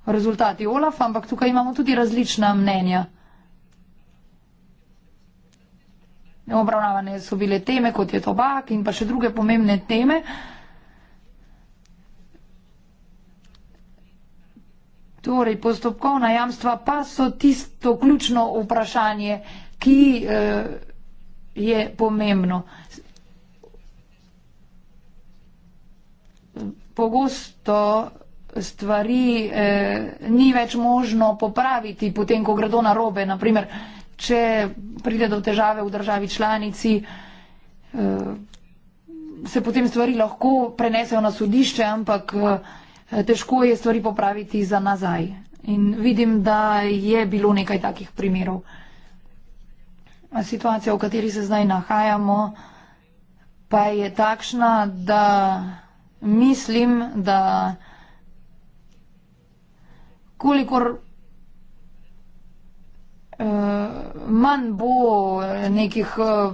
rezultati OLAF, ampak tukaj imamo tudi različna mnenja. Obravnavane so bile teme, kot je tobak in pa še druge pomembne teme. Torej, postopkovna jamstva pa so tisto ključno vprašanje, ki. Eh, je pomembno. Pogosto stvari eh, ni več možno popraviti potem, ko gredo na robe. Naprimer, če pride do težave v državi članici, eh, se potem stvari lahko prenesejo na sodišče, ampak eh, težko je stvari popraviti za nazaj. In vidim, da je bilo nekaj takih primerov situacija, v kateri se zdaj nahajamo, pa je takšna, da mislim, da kolikor uh, manj bo nekih uh,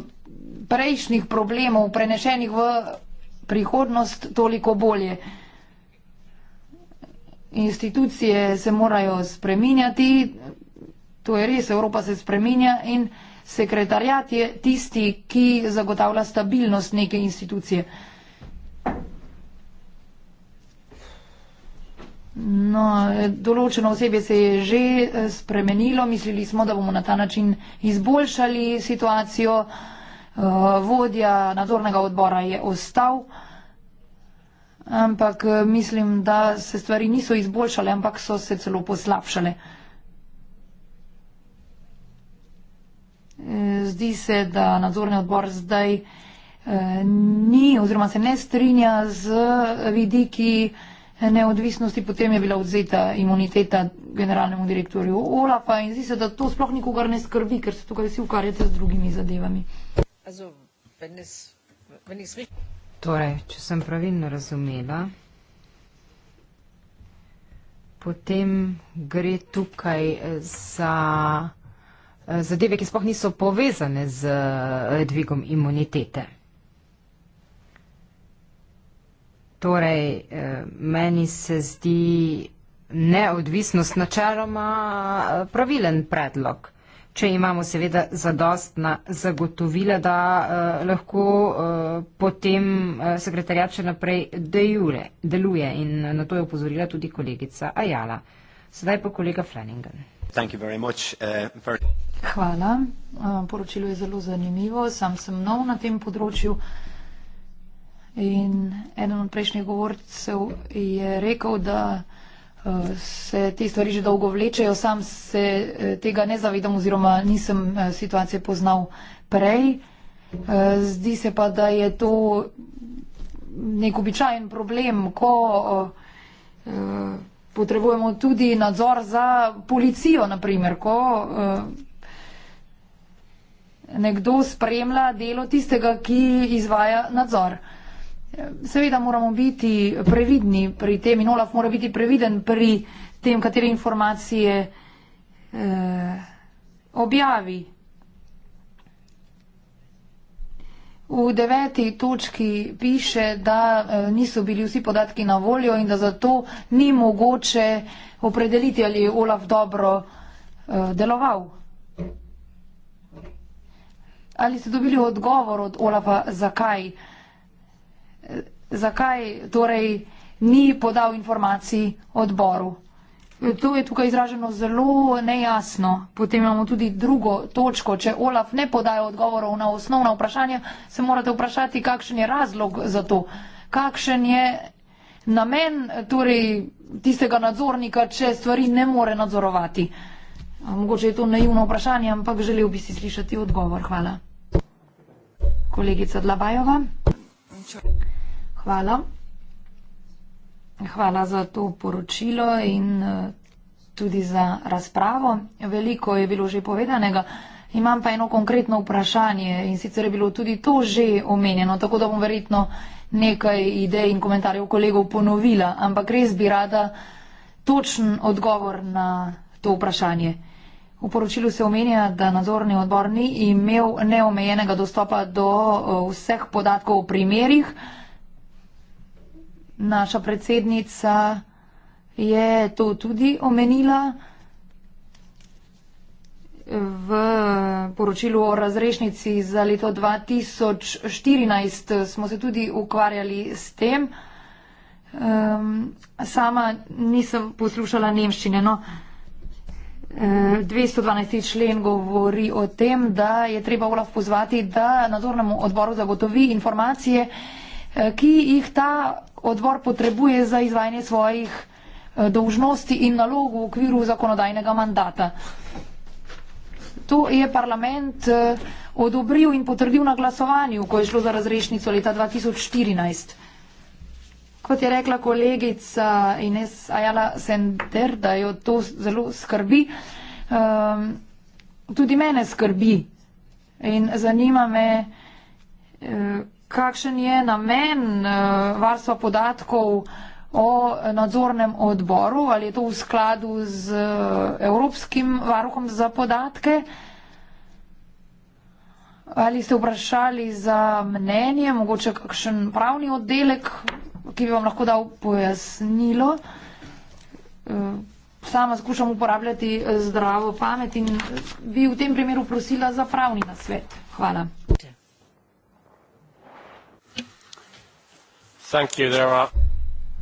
prejšnjih problemov prenešenih v prihodnost, toliko bolje. Institucije se morajo spreminjati, to je res, Evropa se spreminja in Sekretarjat je tisti, ki zagotavlja stabilnost neke institucije. No, določeno osebje se je že eh, spremenilo, mislili smo, da bomo na ta način izboljšali situacijo. Eh, vodja nadzornega odbora je ostal, ampak eh, mislim, da se stvari niso izboljšale, ampak so se celo poslavšale. Zdi se, da nadzorni odbor zdaj eh, ni oziroma se ne strinja z vidiki neodvisnosti, potem je bila odzeta imuniteta generalnemu direktorju Olafa in zdi se, da to sploh nikogar ne skrbi, ker se tukaj vsi ukvarjate z drugimi zadevami. Torej, če sem pravilno razumela, potem gre tukaj eh, za. Eh, zadeve, ki spoh niso povezane z eh, dvigom imunitete. Torej, eh, meni se zdi neodvisnost načeloma pravilen predlog, če imamo seveda zadostna zagotovila, da lahko potem sekretarjat še naprej dejure, deluje in na to je upozorila tudi kolegica Ajala. Sedaj pa kolega Flanagan. Uh, Hvala. Uh, poročilo je zelo zanimivo. Sam sem nov na tem področju. In eden od prejšnjih govorcev je rekel, da uh, se te stvari že dolgo vlečejo. Sam se tega ne zavedam oziroma nisem situacije poznal prej. Zdi se pa, da je to nek običajen problem, ko potrebujemo tudi nadzor za policijo, naprimer, ko eh, nekdo spremlja delo tistega, ki izvaja nadzor. Seveda moramo biti previdni pri tem in Olaf mora biti previden pri tem, katere informacije eh, objavi. V deveti točki piše, da e, niso bili vsi podatki na voljo in da zato ni mogoče opredeliti, ali je Olaf dobro e, deloval. Ali ste dobili odgovor od Olafa, zakaj? E, zakaj torej ni podal informacij odboru? To je tukaj izraženo zelo nejasno. Potem imamo tudi drugo točko. Če Olaf ne podaja odgovorov na osnovna vprašanja, se morate vprašati, kakšen je razlog za to. Kakšen je namen torej, tistega nadzornika, če stvari ne more nadzorovati. Mogoče je to naivno vprašanje, ampak želel bi si slišati odgovor. Hvala. Kolegica Dlabajova. Hvala. Hvala za to poročilo in eh, tudi za razpravo. Veliko je bilo že povedanega. Imam pa eno konkretno vprašanje in sicer je bilo tudi to že omenjeno, tako da bom verjetno nekaj idej in komentarjev kolegov ponovila, ampak res bi rada točen odgovor na to vprašanje. V poročilu se omenja, da nadzorni odbor ni imel neomejenega dostopa do eh, vseh podatkov o primerih, Naša predsednica je to tudi omenila v poročilu o razrešnici za leto 2014. Smo se tudi ukvarjali s tem. Um, sama nisem poslušala nemščine. No. Um, 212. člen govori o tem, da je treba Olaf pozvati, da nadzornemu odboru zagotovi informacije, ki jih ta odbor potrebuje za izvajanje svojih eh, dolžnosti in nalog v okviru zakonodajnega mandata. To je parlament eh, odobril in potrdil na glasovanju, ko je šlo za razrešnico leta 2014. Kot je rekla kolegica Ines Ajala Sender, da jo to zelo skrbi, ehm, tudi mene skrbi in zanima me, eh, kakšen je namen eh, varstva podatkov o nadzornem odboru, ali je to v skladu z eh, Evropskim varuhom za podatke, ali ste vprašali za mnenje, mogoče kakšen pravni oddelek, ki bi vam lahko dal pojasnilo. Eh, sama skušam uporabljati zdravo pamet in bi v tem primeru prosila za pravni nasvet. Hvala. Okay. Thank you, there are.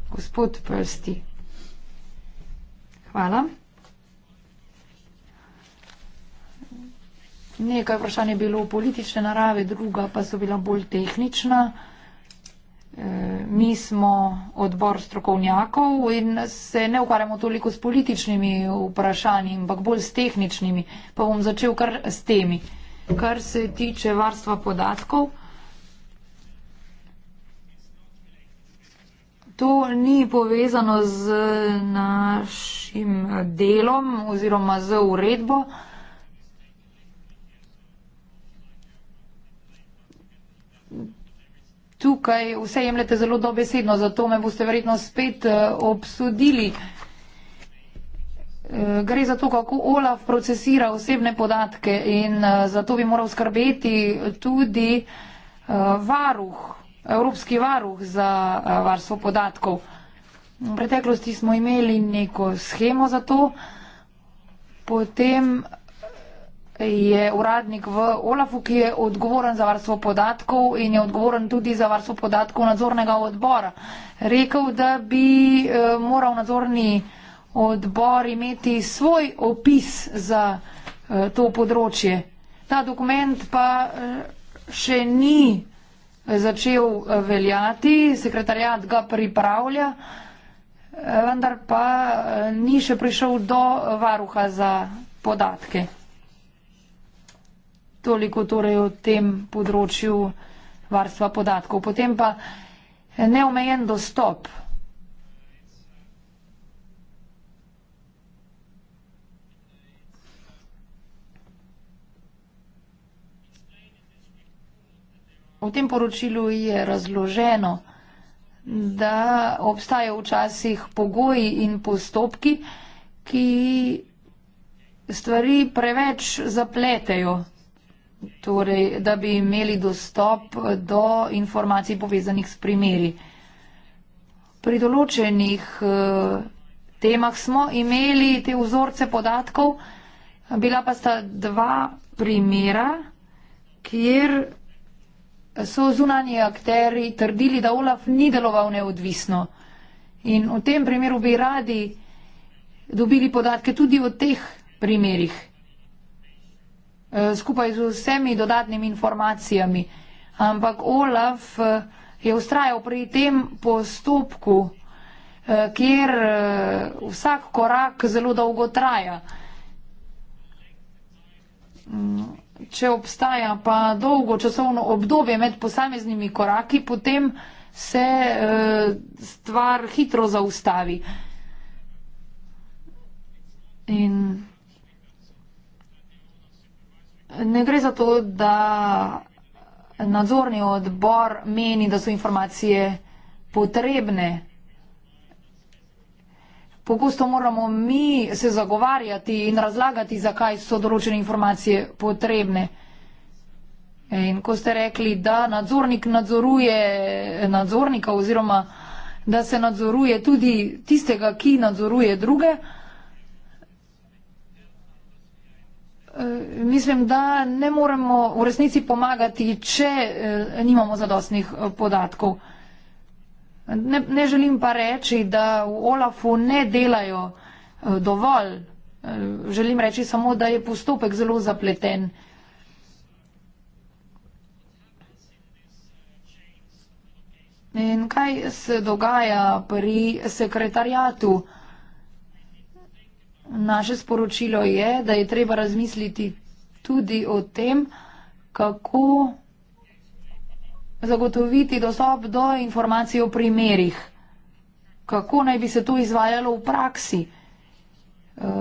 Gospod Prsti. Hvala. Nekaj vprašanj je bilo politične narave, druga pa so bila bolj tehnična. E, mi smo odbor strokovnjakov in se ne ukvarjamo toliko s političnimi vprašanji, ampak bolj s tehničnimi. Pa bom začel kar s temi. Kar se tiče varstva podatkov, To ni povezano z našim delom oziroma z uredbo. Tukaj vse jemljete zelo dobesedno, zato me boste verjetno spet eh, obsodili. Eh, gre za to, kako OLAF procesira osebne podatke in eh, zato bi moral skrbeti tudi varuh Evropski varuh za eh, varstvo podatkov. V preteklosti smo imeli neko schemo za to, potem eh, je uradnik v Olafu, ki je odgovoren za varstvo podatkov in je odgovoren tudi za varstvo podatkov nadzornega odbora, rekel, da bi eh, moral nadzorni odbor imeti svoj opis za to področje. Ta dokument pa še ni začel eh, veljati, sekretarjat ga pripravlja, eh, vendar pa eh, ni še prišel do varuha za podatke. Toliko torej o tem področju varstva podatkov. Potem pa neomejen dostop. V tem poročilu je razloženo, da obstajajo včasih pogoji in postopki, ki stvari preveč zapletejo, torej, da bi imeli dostop do informacij povezanih s primeri. Pri določenih eh, temah smo imeli te vzorce podatkov, bila pa sta dva primera, kjer so zunani akteri trdili, da Olaf ni deloval neodvisno. In v tem primeru bi radi dobili podatke tudi o teh primerih, eh, skupaj z vsemi dodatnimi informacijami. Ampak Olaf eh, je ustrajal pri tem postopku, eh, kjer vsak korak zelo dolgo traja. Mm če obstaja pa dolgo časovno obdobje med posameznimi koraki, potem se e, stvar hitro zaustavi. In ne gre za to, da nadzorni odbor meni, da so informacije potrebne pogosto moramo mi se zagovarjati in razlagati, zakaj so določene informacije potrebne. In ko ste rekli, da nadzornik nadzoruje nadzornika oziroma da se nadzoruje tudi tistega, ki nadzoruje druge, eh, mislim, da ne moremo v resnici pomagati, če eh, nimamo zadostnih eh, podatkov. Ne, ne želim pa reči, da v OLAF-u ne delajo eh, dovolj. Eh, želim reči samo, da je postopek zelo zapleten. In kaj se dogaja pri sekretarjatu? Naše sporočilo je, da je treba razmisliti tudi o tem, kako zagotoviti dostop do informacij o primerih. Kako naj bi se to izvajalo v praksi? Eh,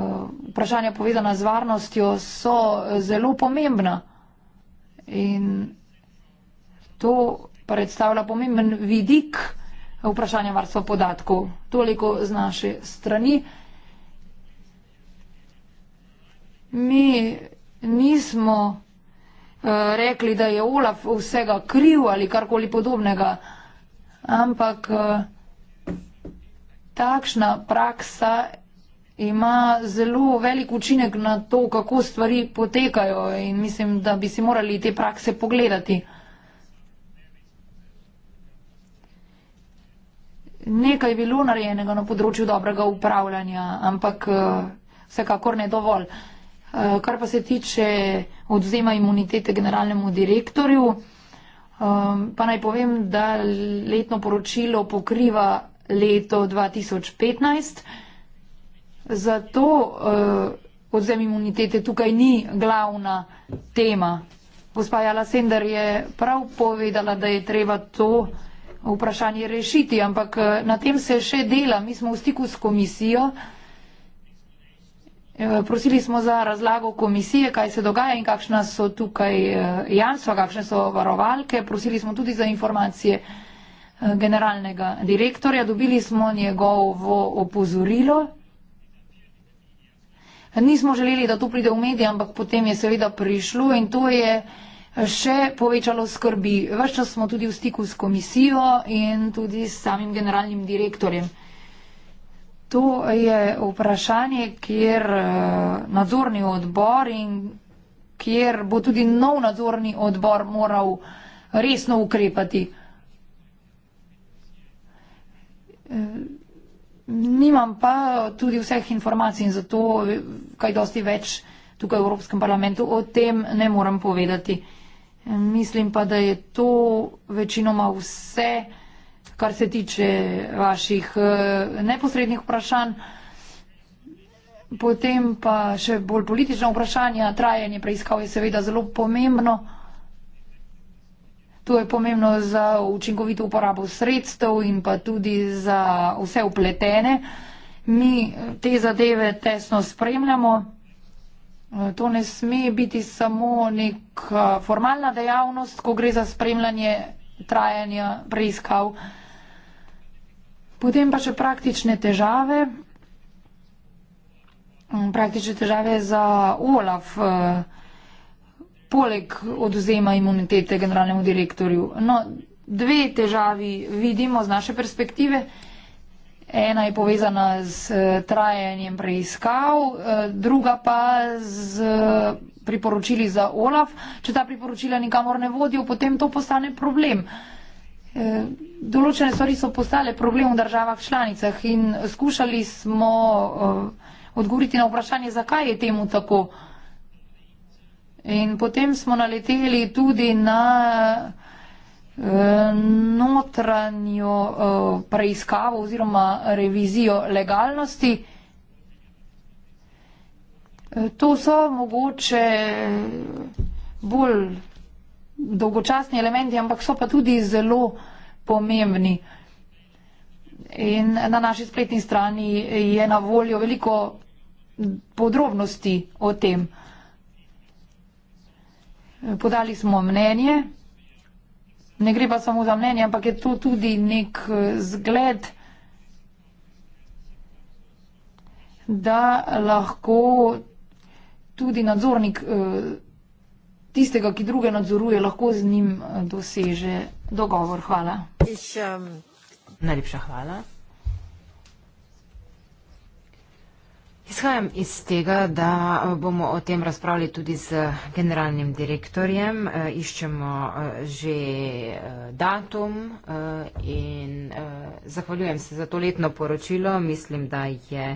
vprašanja povezana z varnostjo so zelo pomembna in to predstavlja pomemben vidik vprašanja varstva podatkov. Toliko z naše strani. Mi nismo. Eh, rekli, da je Olaf vsega kriv ali karkoli podobnega. Ampak eh, takšna praksa ima zelo velik učinek na to, kako stvari potekajo in mislim, da bi si morali te prakse pogledati. Nekaj je bilo narejenega na področju dobrega upravljanja, ampak eh, vsekakor ne dovolj. Kar pa se tiče odzema imunitete generalnemu direktorju. Ehm, pa naj povem, da letno poročilo pokriva leto 2015, zato eh, odzem imunitete tukaj ni glavna tema. Gospa Jala Sender je prav povedala, da je treba to vprašanje rešiti, ampak eh, na tem se še dela. Mi smo v stiku s komisijo. Eh, prosili smo za razlago komisije, kaj se dogaja in kakšna so tukaj eh, jamstva, kakšne so varovalke. Prosili smo tudi za informacije eh, generalnega direktorja. Dobili smo njegovo opozorilo. Nismo želeli, da to pride v medije, ampak potem je seveda prišlo in to je še povečalo skrbi. Ves čas smo tudi v stiku s komisijo in tudi s samim generalnim direktorjem. To je vprašanje, kjer eh, nadzorni odbor in kjer bo tudi nov nadzorni odbor moral resno ukrepati. Eh, nimam pa tudi vseh informacij in zato kaj dosti več tukaj v Evropskem parlamentu o tem ne morem povedati. Mislim pa, da je to večinoma vse kar se tiče vaših eh, neposrednih vprašanj. Potem pa še bolj politična vprašanja. Trajanje preiskav je seveda zelo pomembno. To je pomembno za učinkovito uporabo sredstev in pa tudi za vse upletene. Mi te zadeve tesno spremljamo. Eh, to ne sme biti samo neka formalna dejavnost, ko gre za spremljanje trajanja preiskav. Potem pa še praktične težave. Mm, praktične težave za Olaf, eh, poleg oduzema imunitete generalnemu direktorju. No, dve težavi vidimo z naše perspektive. Ena je povezana z eh, trajanjem preiskav, eh, druga pa z eh, priporočili za Olaf. Če ta priporočila nikamor ne vodijo, potem to postane problem določene stvari so postale problem v državah članicah in skušali smo eh, odgovoriti na vprašanje, zakaj je temu tako. In potem smo naleteli tudi na eh, notranjo eh, preiskavo oziroma revizijo legalnosti. To so mogoče bolj dolgočasni elementi, ampak so pa tudi zelo uh, pomembni. In na naši spletni strani je na voljo veliko podrobnosti o tem. Podali smo mnenje, ne gre pa samo za mnenje, ampak je to tudi nek eh, zgled, da lahko tudi nadzornik. Eh, tistega, ki druge nadzoruje, lahko z njim eh, doseže dogovor. Hvala. Ich, um... Najlepša hvala. Izhajam iz tega, da eh, bomo o tem razpravljali tudi z generalnim direktorjem. Eh, iščemo že datum in zahvaljujem se za to letno poročilo. Mislim, da je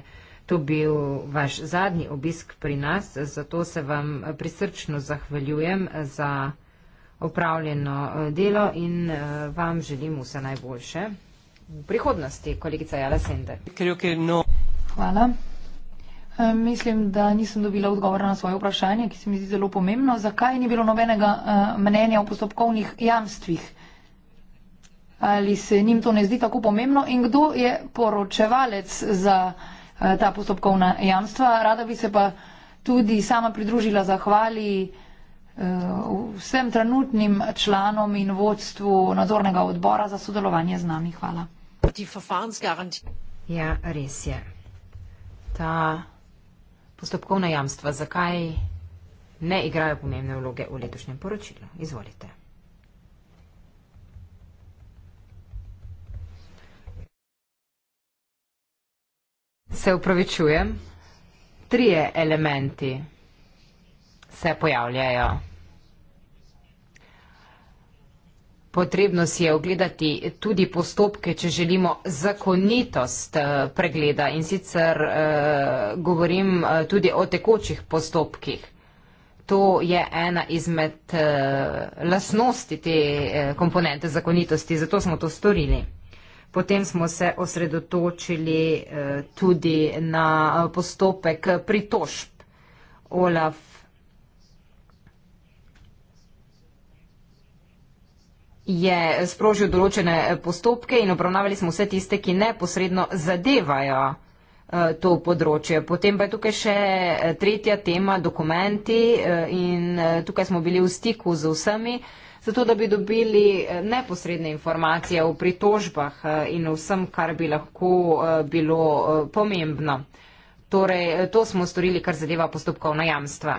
to bil vaš zadnji obisk pri nas, zato se vam prisrčno zahvaljujem za opravljeno eh, delo in eh, vam želim vse najboljše v prihodnosti, kolegica Jala Sende. No. Hvala. Eh, mislim, da nisem dobila odgovora na svoje vprašanje, ki se mi zdi zelo pomembno. Zakaj ni bilo nobenega mnenja o postopkovnih jamstvih? Ali se njim to ne zdi tako pomembno in kdo je poročevalec za vprašanje? Eh, ta postopkovna jamstva. Rada bi se pa tudi sama pridružila zahvali eh, vsem trenutnim članom in vodstvu nadzornega odbora za sodelovanje z nami. Hvala. Ja, res je. Ta postopkovna jamstva, zakaj ne igrajo pomembne vloge v letošnjem poročilu? Izvolite. Se upravičujem, trije elementi se pojavljajo. Potrebno si je ogledati tudi postopke, če želimo zakonitost eh, pregleda in sicer eh, govorim eh, tudi o tekočih postopkih. To je ena izmed eh, lasnosti te eh, komponente zakonitosti, zato smo to storili. Potem smo se osredotočili eh, tudi na eh, postopek pritožb. Olaf. je sprožil določene eh, postopke in obravnavali smo vse tiste, ki neposredno zadevajo to področje. Potem pa je tukaj še tretja tema, dokumenti in tukaj smo bili v stiku z vsemi zato da bi dobili eh, neposredne informacije o pritožbah eh, in vsem, kar bi lahko eh, bilo pomembno. Torej, to smo storili, kar zadeva postopkovna jamstva.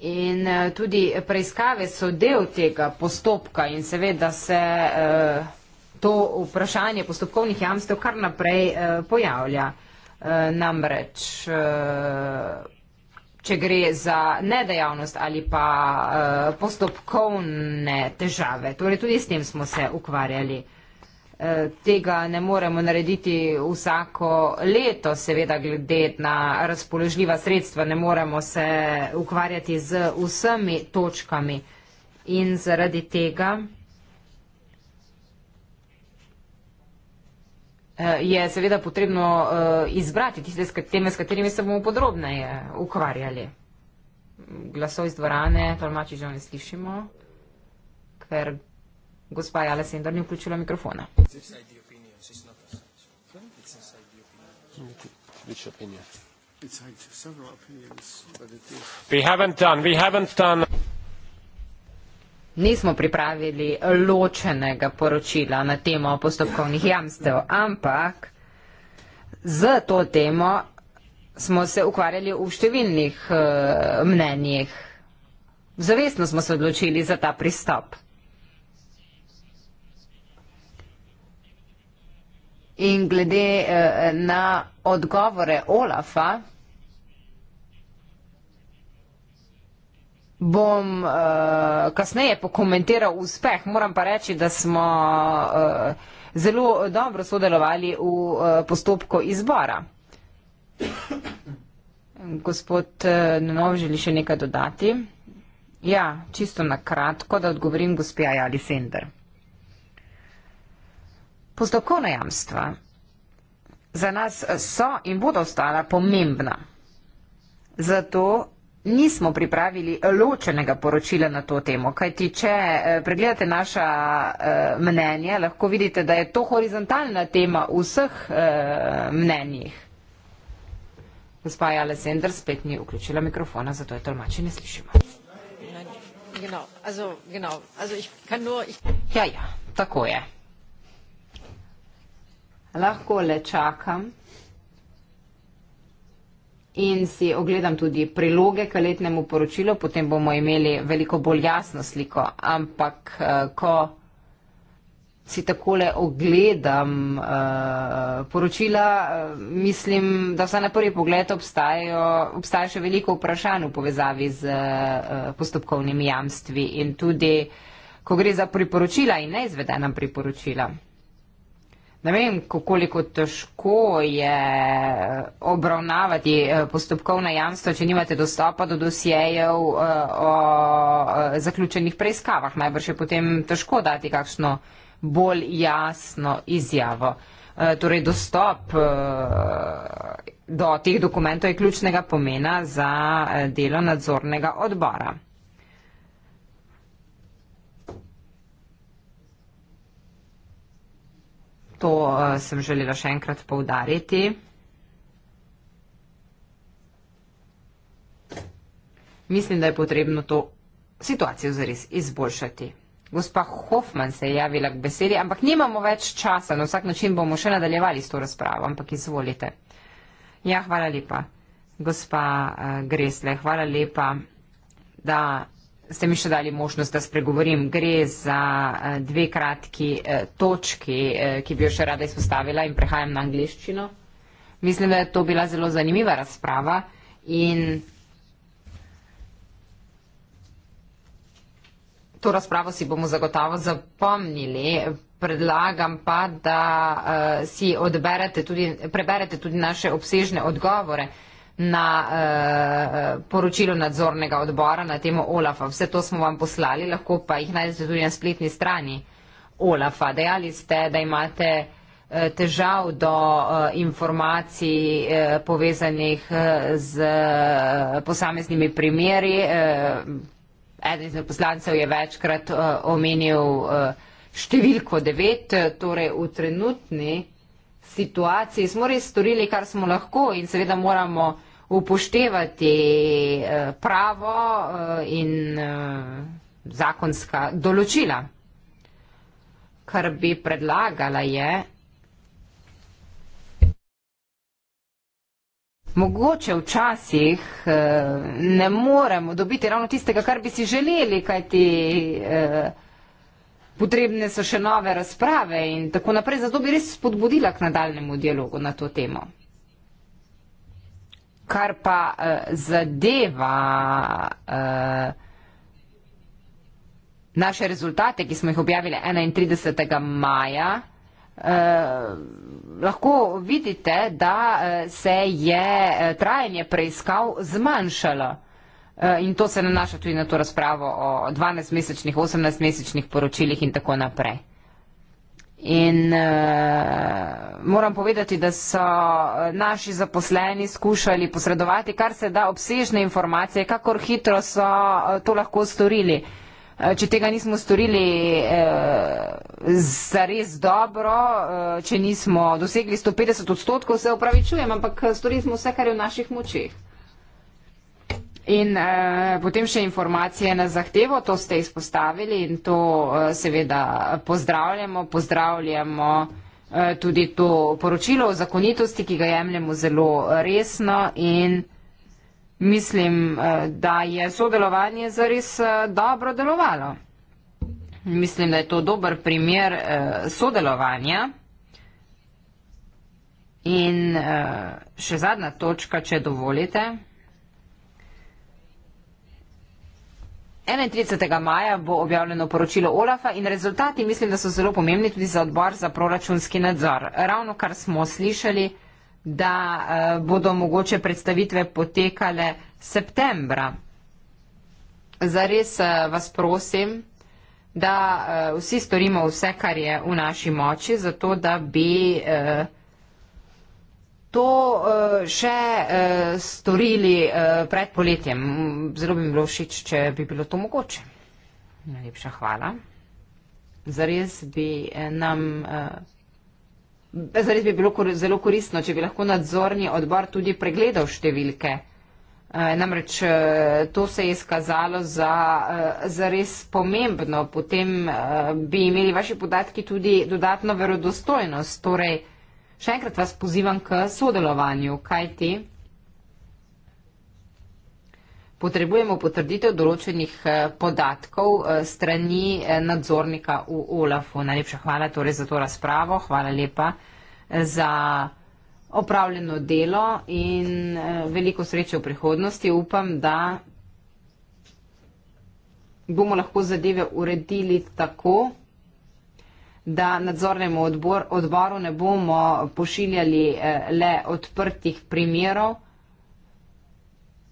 In tudi preiskave so del tega postopka in seveda se to vprašanje postopkovnih jamstev kar naprej pojavlja. Eh, namreč, eh, če gre za nedejavnost ali pa eh, postopkovne težave, torej tudi s tem smo se ukvarjali. Tega ne moremo narediti vsako leto, seveda glede na razpoložljiva sredstva, ne moremo se ukvarjati z vsemi točkami. In zaradi tega. Eh, je seveda potrebno eh, izbrati tiste teme, s katerimi se bomo podrobneje ukvarjali. Glasov iz dvorane, tolmači že ne slišimo, ker gospa Jale Sendor ni vključila mikrofona. We haven't done, we haven't done nismo pripravili ločenega poročila na temo postopkovnih jamstev, ampak z to temo smo se ukvarjali v številnih eh, mnenjih. Zavestno smo se odločili za ta pristop. In glede eh, na odgovore Olafa, bom uh, kasneje pokomentiral uspeh. Moram pa reči, da smo uh, zelo dobro sodelovali v uh, postopku izbora. Gospod uh, Nov želi še nekaj dodati. Ja, čisto na kratko, da odgovorim gospe Ajali Fender. Postopkovna jamstva za nas so in bodo ostala pomembna. Zato Nismo pripravili ločenega poročila na to temo, kajti če eh, pregledate naša eh, mnenja, lahko vidite, da je to horizontalna tema v vseh eh, mnenjih. Gospa Jale Sender spet ni vključila mikrofona, zato je tolmači ne slišimo. Ja, ja, ja, tako je. Lahko le čakam in si ogledam tudi priloge k letnemu poročilu, potem bomo imeli veliko bolj jasno sliko. Ampak eh, ko si takole ogledam eh, poročila, eh, mislim, da vsaj na prvi pogled obstajajo, obstaja še veliko vprašanj v povezavi z postopkovnimi jamstvi in tudi, ko gre za priporočila in neizvedena priporočila. Ne vem, koliko težko je eh, obravnavati eh, postopkovna jamstva, če nimate dostopa do dosjejev eh, o zaključenih preiskavah. Najbrž je potem težko dati kakšno bolj jasno izjavo. Torej, dostop do teh dokumentov je ključnega pomena za delo nadzornega odbora. to uh, sem želela še enkrat povdariti. Mislim, da je potrebno to situacijo zares izboljšati. Gospa Hoffman se je javila k besedi, ampak nimamo več časa, na vsak način bomo še nadaljevali s to razpravo, ampak izvolite. Ja, hvala lepa, gospa uh, Gresle, hvala lepa, da ste mi še dali možnost, da spregovorim. Gre za eh, dve kratki eh, točki, eh, ki bi jo še rada izpostavila in prehajam na angliščino. Mislim, da je to bila zelo zanimiva razprava in to razpravo si bomo zagotavo zapomnili. Predlagam pa, da si odberete tudi, preberete tudi naše obsežne odgovore na eh, poročilo nadzornega odbora na temo Olafa. Vse to smo vam poslali, lahko pa jih najdete tudi na spletni strani Olafa. Dejali ste, da imate eh, težav do eh, informacij eh, povezanih eh, z eh, posameznimi primeri. Eh, eden iz poslancev je večkrat eh, omenil eh, številko devet, eh, torej v trenutni situaciji smo res storili, kar smo lahko in seveda moramo upoštevati eh, pravo eh, in eh, zakonska določila. Kar bi predlagala je, mogoče včasih ne moremo dobiti ravno tistega, kar bi si želeli, kajti potrebne so še nove razprave in tako naprej. Zato bi res spodbudila k nadaljemu dialogu na to temo. Kar pa uh, zadeva uh, naše rezultate, ki smo jih objavili 31. maja, Uh, lahko vidite, da uh, se je uh, trajanje preiskav zmanjšalo. Uh, Eh, in to se nanaša tudi na to razpravo o 12-mesečnih, 18-mesečnih poročilih in tako naprej. In uh, moram povedati, da so eh, naši zaposleni skušali posredovati kar se da obsežne informacije, kako hitro so to lahko storili. Če tega nismo storili eh, zares dobro, eh, če nismo dosegli 150 odstotkov, se upravičujem, ampak storili smo vse, kar je v naših močeh. In eh, potem še informacije na zahtevo, to ste izpostavili in to eh, seveda pozdravljamo. Pozdravljamo eh, tudi to poročilo o zakonitosti, ki ga jemljemo zelo resno in mislim, eh, da je sodelovanje zares eh, dobro delovalo. Mislim, da je to dober primer eh, sodelovanja. In eh, še zadnja točka, če dovolite. 31. maja bo objavljeno poročilo OLAFA in rezultati mislim, da so zelo pomembni tudi za odbor za proračunski nadzor. Ravno kar smo slišali, da eh, bodo mogoče predstavitve potekale septembra. Zares eh, vas prosim, da eh, vsi storimo vse, kar je v naši moči, zato da bi. Eh, to uh, še uh, storili uh, pred poletjem. Zelo bi mi bilo všeč, če bi bilo to mogoče. Najlepša hvala. Zares bi eh, nam. Uh, Zares bi bilo kor zelo koristno, če bi lahko nadzorni odbor tudi pregledal številke. E, namreč to se je izkazalo za, za res pomembno. Potem e, bi imeli vaši podatki tudi dodatno verodostojnost. Torej, e, Še enkrat vas pozivam k sodelovanju, kaj ti potrebujemo potrditev določenih eh, podatkov eh, strani eh, nadzornika v OLAF-u. Najlepša hvala torej za to razpravo, hvala lepa za opravljeno delo in veliko sreče v prihodnosti. Upam, da bomo lahko zadeve uredili tako, da bomo lahko zadeve uredili tako, da nadzornemu odbor, odboru ne bomo pošiljali eh, le odprtih primerov.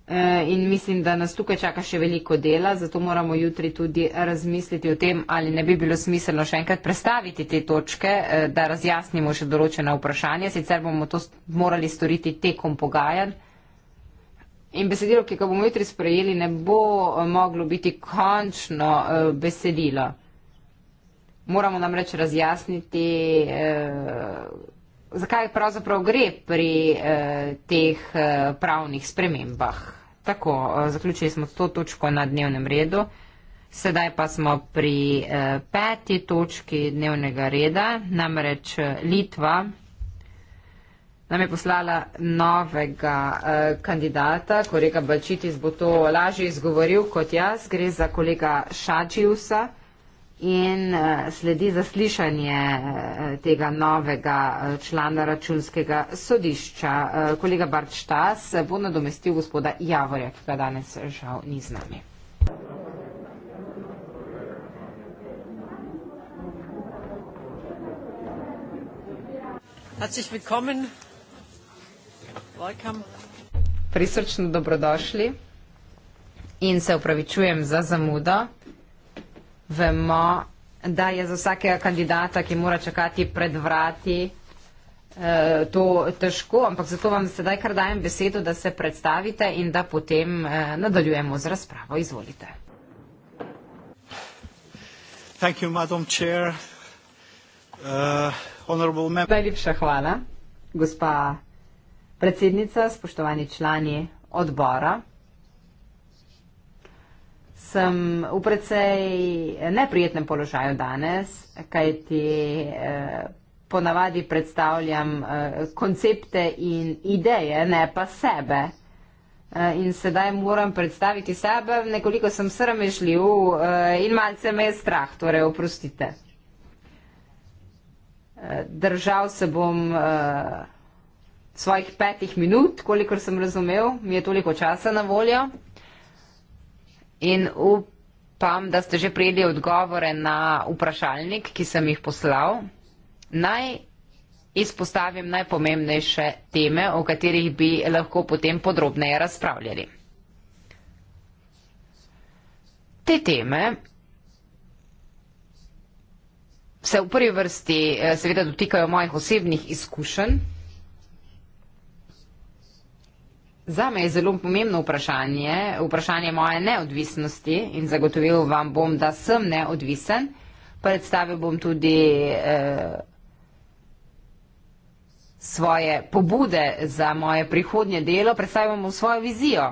Eh, in mislim, da nas tukaj čaka še veliko dela, zato moramo jutri tudi razmisliti o tem, ali ne bi bilo smiselno še enkrat predstaviti te točke, eh, da razjasnimo še določena vprašanja. Sicer bomo to morali storiti tekom pogajanj. In besedilo, ki ga bomo jutri sprejeli, ne bo moglo biti končno besedilo. Moramo nam reči razjasniti, eh, zakaj pravzaprav gre pri eh, teh eh, pravnih spremembah. Tako, eh, zaključili smo to točko na dnevnem redu. Sedaj pa smo pri eh, peti točki dnevnega reda, namreč eh, Litva nam je poslala novega eh, kandidata, kolega Balčitis bo to lažje izgovoril kot jaz, gre za kolega Šačiusa in eh, sledi zaslišanje eh, tega novega eh, člana računskega sodišča. Kolega Bart Štas bo nadomestil gospoda Javorja, ki ga danes žal ni z nami. Prisrčno dobrodošli in se upravičujem za zamudo vemo, da je za vsakega kandidata, ki mora čakati pred vrati, eh, to težko, ampak zato vam sedaj kar dajem besedo, da se predstavite in da potem eh, nadaljujemo z razpravo. Izvolite. Thank you, madam chair. Uh, honorable member. Najlepša hvala, gospa predsednica, spoštovani člani odbora sem v precej neprijetnem položaju danes, kajti eh, ponavadi predstavljam eh, koncepte in ideje, ne pa sebe. Eh, in sedaj moram predstaviti sebe, nekoliko sem srmežljiv in malce me je strah, torej oprostite. Držal se bom svojih petih minut, kolikor sem razumel, mi je toliko časa na voljo. In upam, da ste že prijeli odgovore na vprašalnik, ki sem jih poslal. Naj izpostavim najpomembnejše teme, o katerih bi lahko potem podrobneje razpravljali. Te teme se v prvi vrsti eh, seveda dotikajo mojih osebnih izkušenj Za me je zelo pomembno vprašanje, vprašanje moje neodvisnosti in zagotovil vam bom, da sem neodvisen. Predstavil bom tudi eh, svoje pobude za moje prihodnje delo, predstavil bom svojo vizijo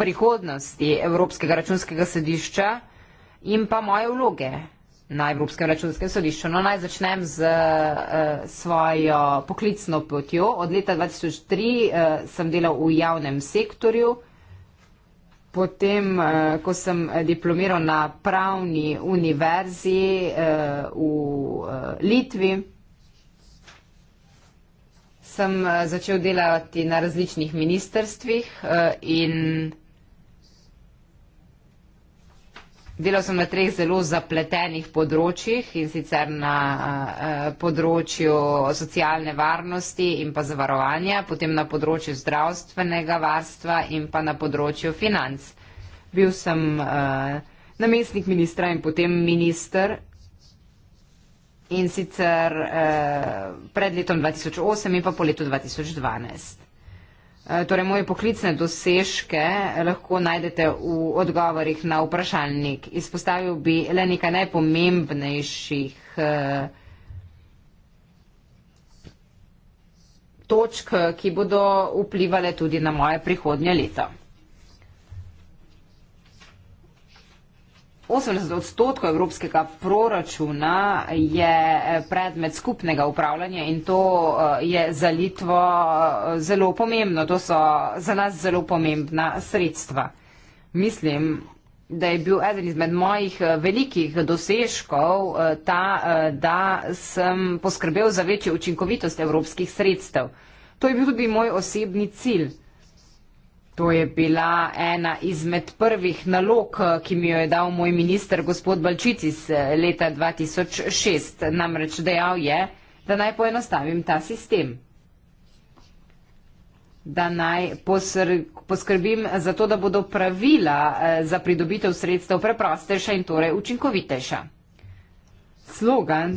prihodnosti Evropskega računskega sodišča in pa moje vloge na Evropskem računskem sodišču. No, naj začnem z uh, svojo poklicno potjo. Od leta 2003 uh, eh, sem delal v javnem sektorju. Potem, uh, ko sem diplomiral na pravni univerzi uh, v uh, Litvi, sem uh, začel delati na različnih ministerstvih uh, in Delal sem na treh zelo zapletenih področjih in sicer na a, eh, področju socialne varnosti in pa zavarovanja, potem na področju zdravstvenega varstva in pa na področju financ. Bil sem a, eh, namestnik ministra in potem minister in sicer a, eh, pred letom 2008 in pa po letu 2012. Eh, torej, moje poklicne dosežke lahko najdete v odgovorih na vprašalnik. Izpostavil bi le nekaj najpomembnejših eh, točk, ki bodo vplivali tudi na moje prihodnje leto. 80 odstotkov evropskega proračuna je eh, predmet skupnega upravljanja in to eh, je za Litvo eh, zelo pomembno. To so za nas zelo pomembna sredstva. Mislim, da je bil eden izmed mojih velikih dosežkov ta, da sem poskrbel za večjo učinkovitost evropskih sredstev. To je bil tudi moj osebni cilj. To je bila ena izmed prvih nalog, ki mi jo je dal moj minister gospod Balčicis eh, leta 2006. Namreč dejal je, da naj poenostavim ta sistem. Da naj poskrbim za to, da bodo pravila eh, za pridobitev sredstev preprostejša in torej učinkovitejša. Slogan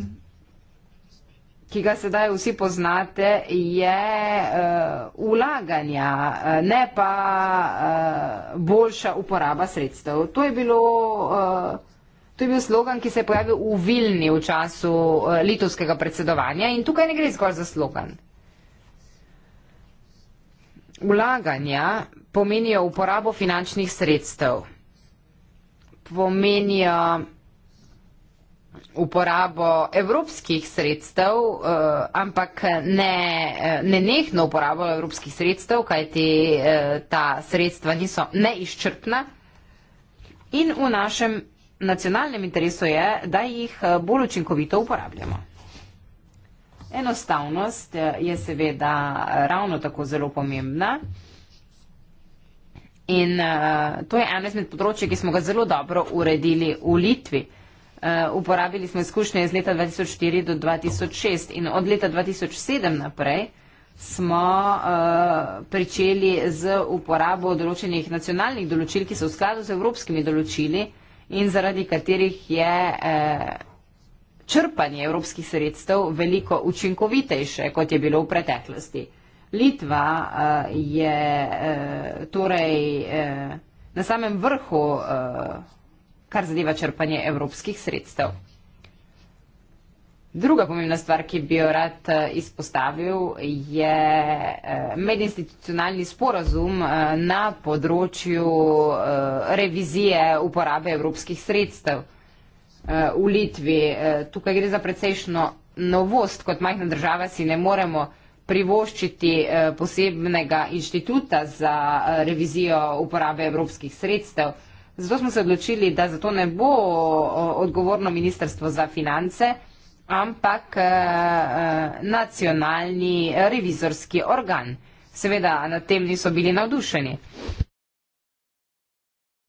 ki ga sedaj vsi poznate, je uh, ulaganja, eh, ne pa uh, boljša uporaba sredstev. To je, bilo, uh, to je bil slogan, ki se je pojavil v Vilni v času uh, litovskega predsedovanja in tukaj ne gre zgolj za slogan. Ulaganja pomenijo uporabo finančnih sredstev. Pomenijo uporabo evropskih sredstev, eh, ampak ne, eh, ne nehno uporabo evropskih sredstev, kajti eh, ta sredstva niso neizčrpna. In v našem nacionalnem interesu je, da jih bolj učinkovito uporabljamo. Enostavnost je seveda ravno tako zelo pomembna. In to je eno izmed področji, ki smo ga zelo dobro uredili v Litvi. Eh, uporabili smo izkušnje iz leta 2004 do 2006 in od leta 2007 naprej smo uh, pričeli z uporabo določenih nacionalnih določil, ki so v skladu z evropskimi določili in zaradi katerih je uh, črpanje evropskih sredstev veliko učinkovitejše, kot je bilo v preteklosti. Litva uh, je uh, torej uh, na samem vrhu. Uh, kar zadeva črpanje evropskih sredstev. Druga pomembna stvar, ki bi jo rad eh, izpostavil, je eh, medinstitucionalni sporazum eh, na področju revizije uporabe evropskih sredstev v Litvi. Tukaj gre za precejšno novost, kot majhna država si ne moremo privoščiti posebnega inštituta za revizijo uporabe evropskih sredstev. Zato smo se odločili, da za to ne bo odgovorno ministrstvo za finance, ampak e, e, nacionalni revizorski organ. Seveda nad tem niso bili navdušeni.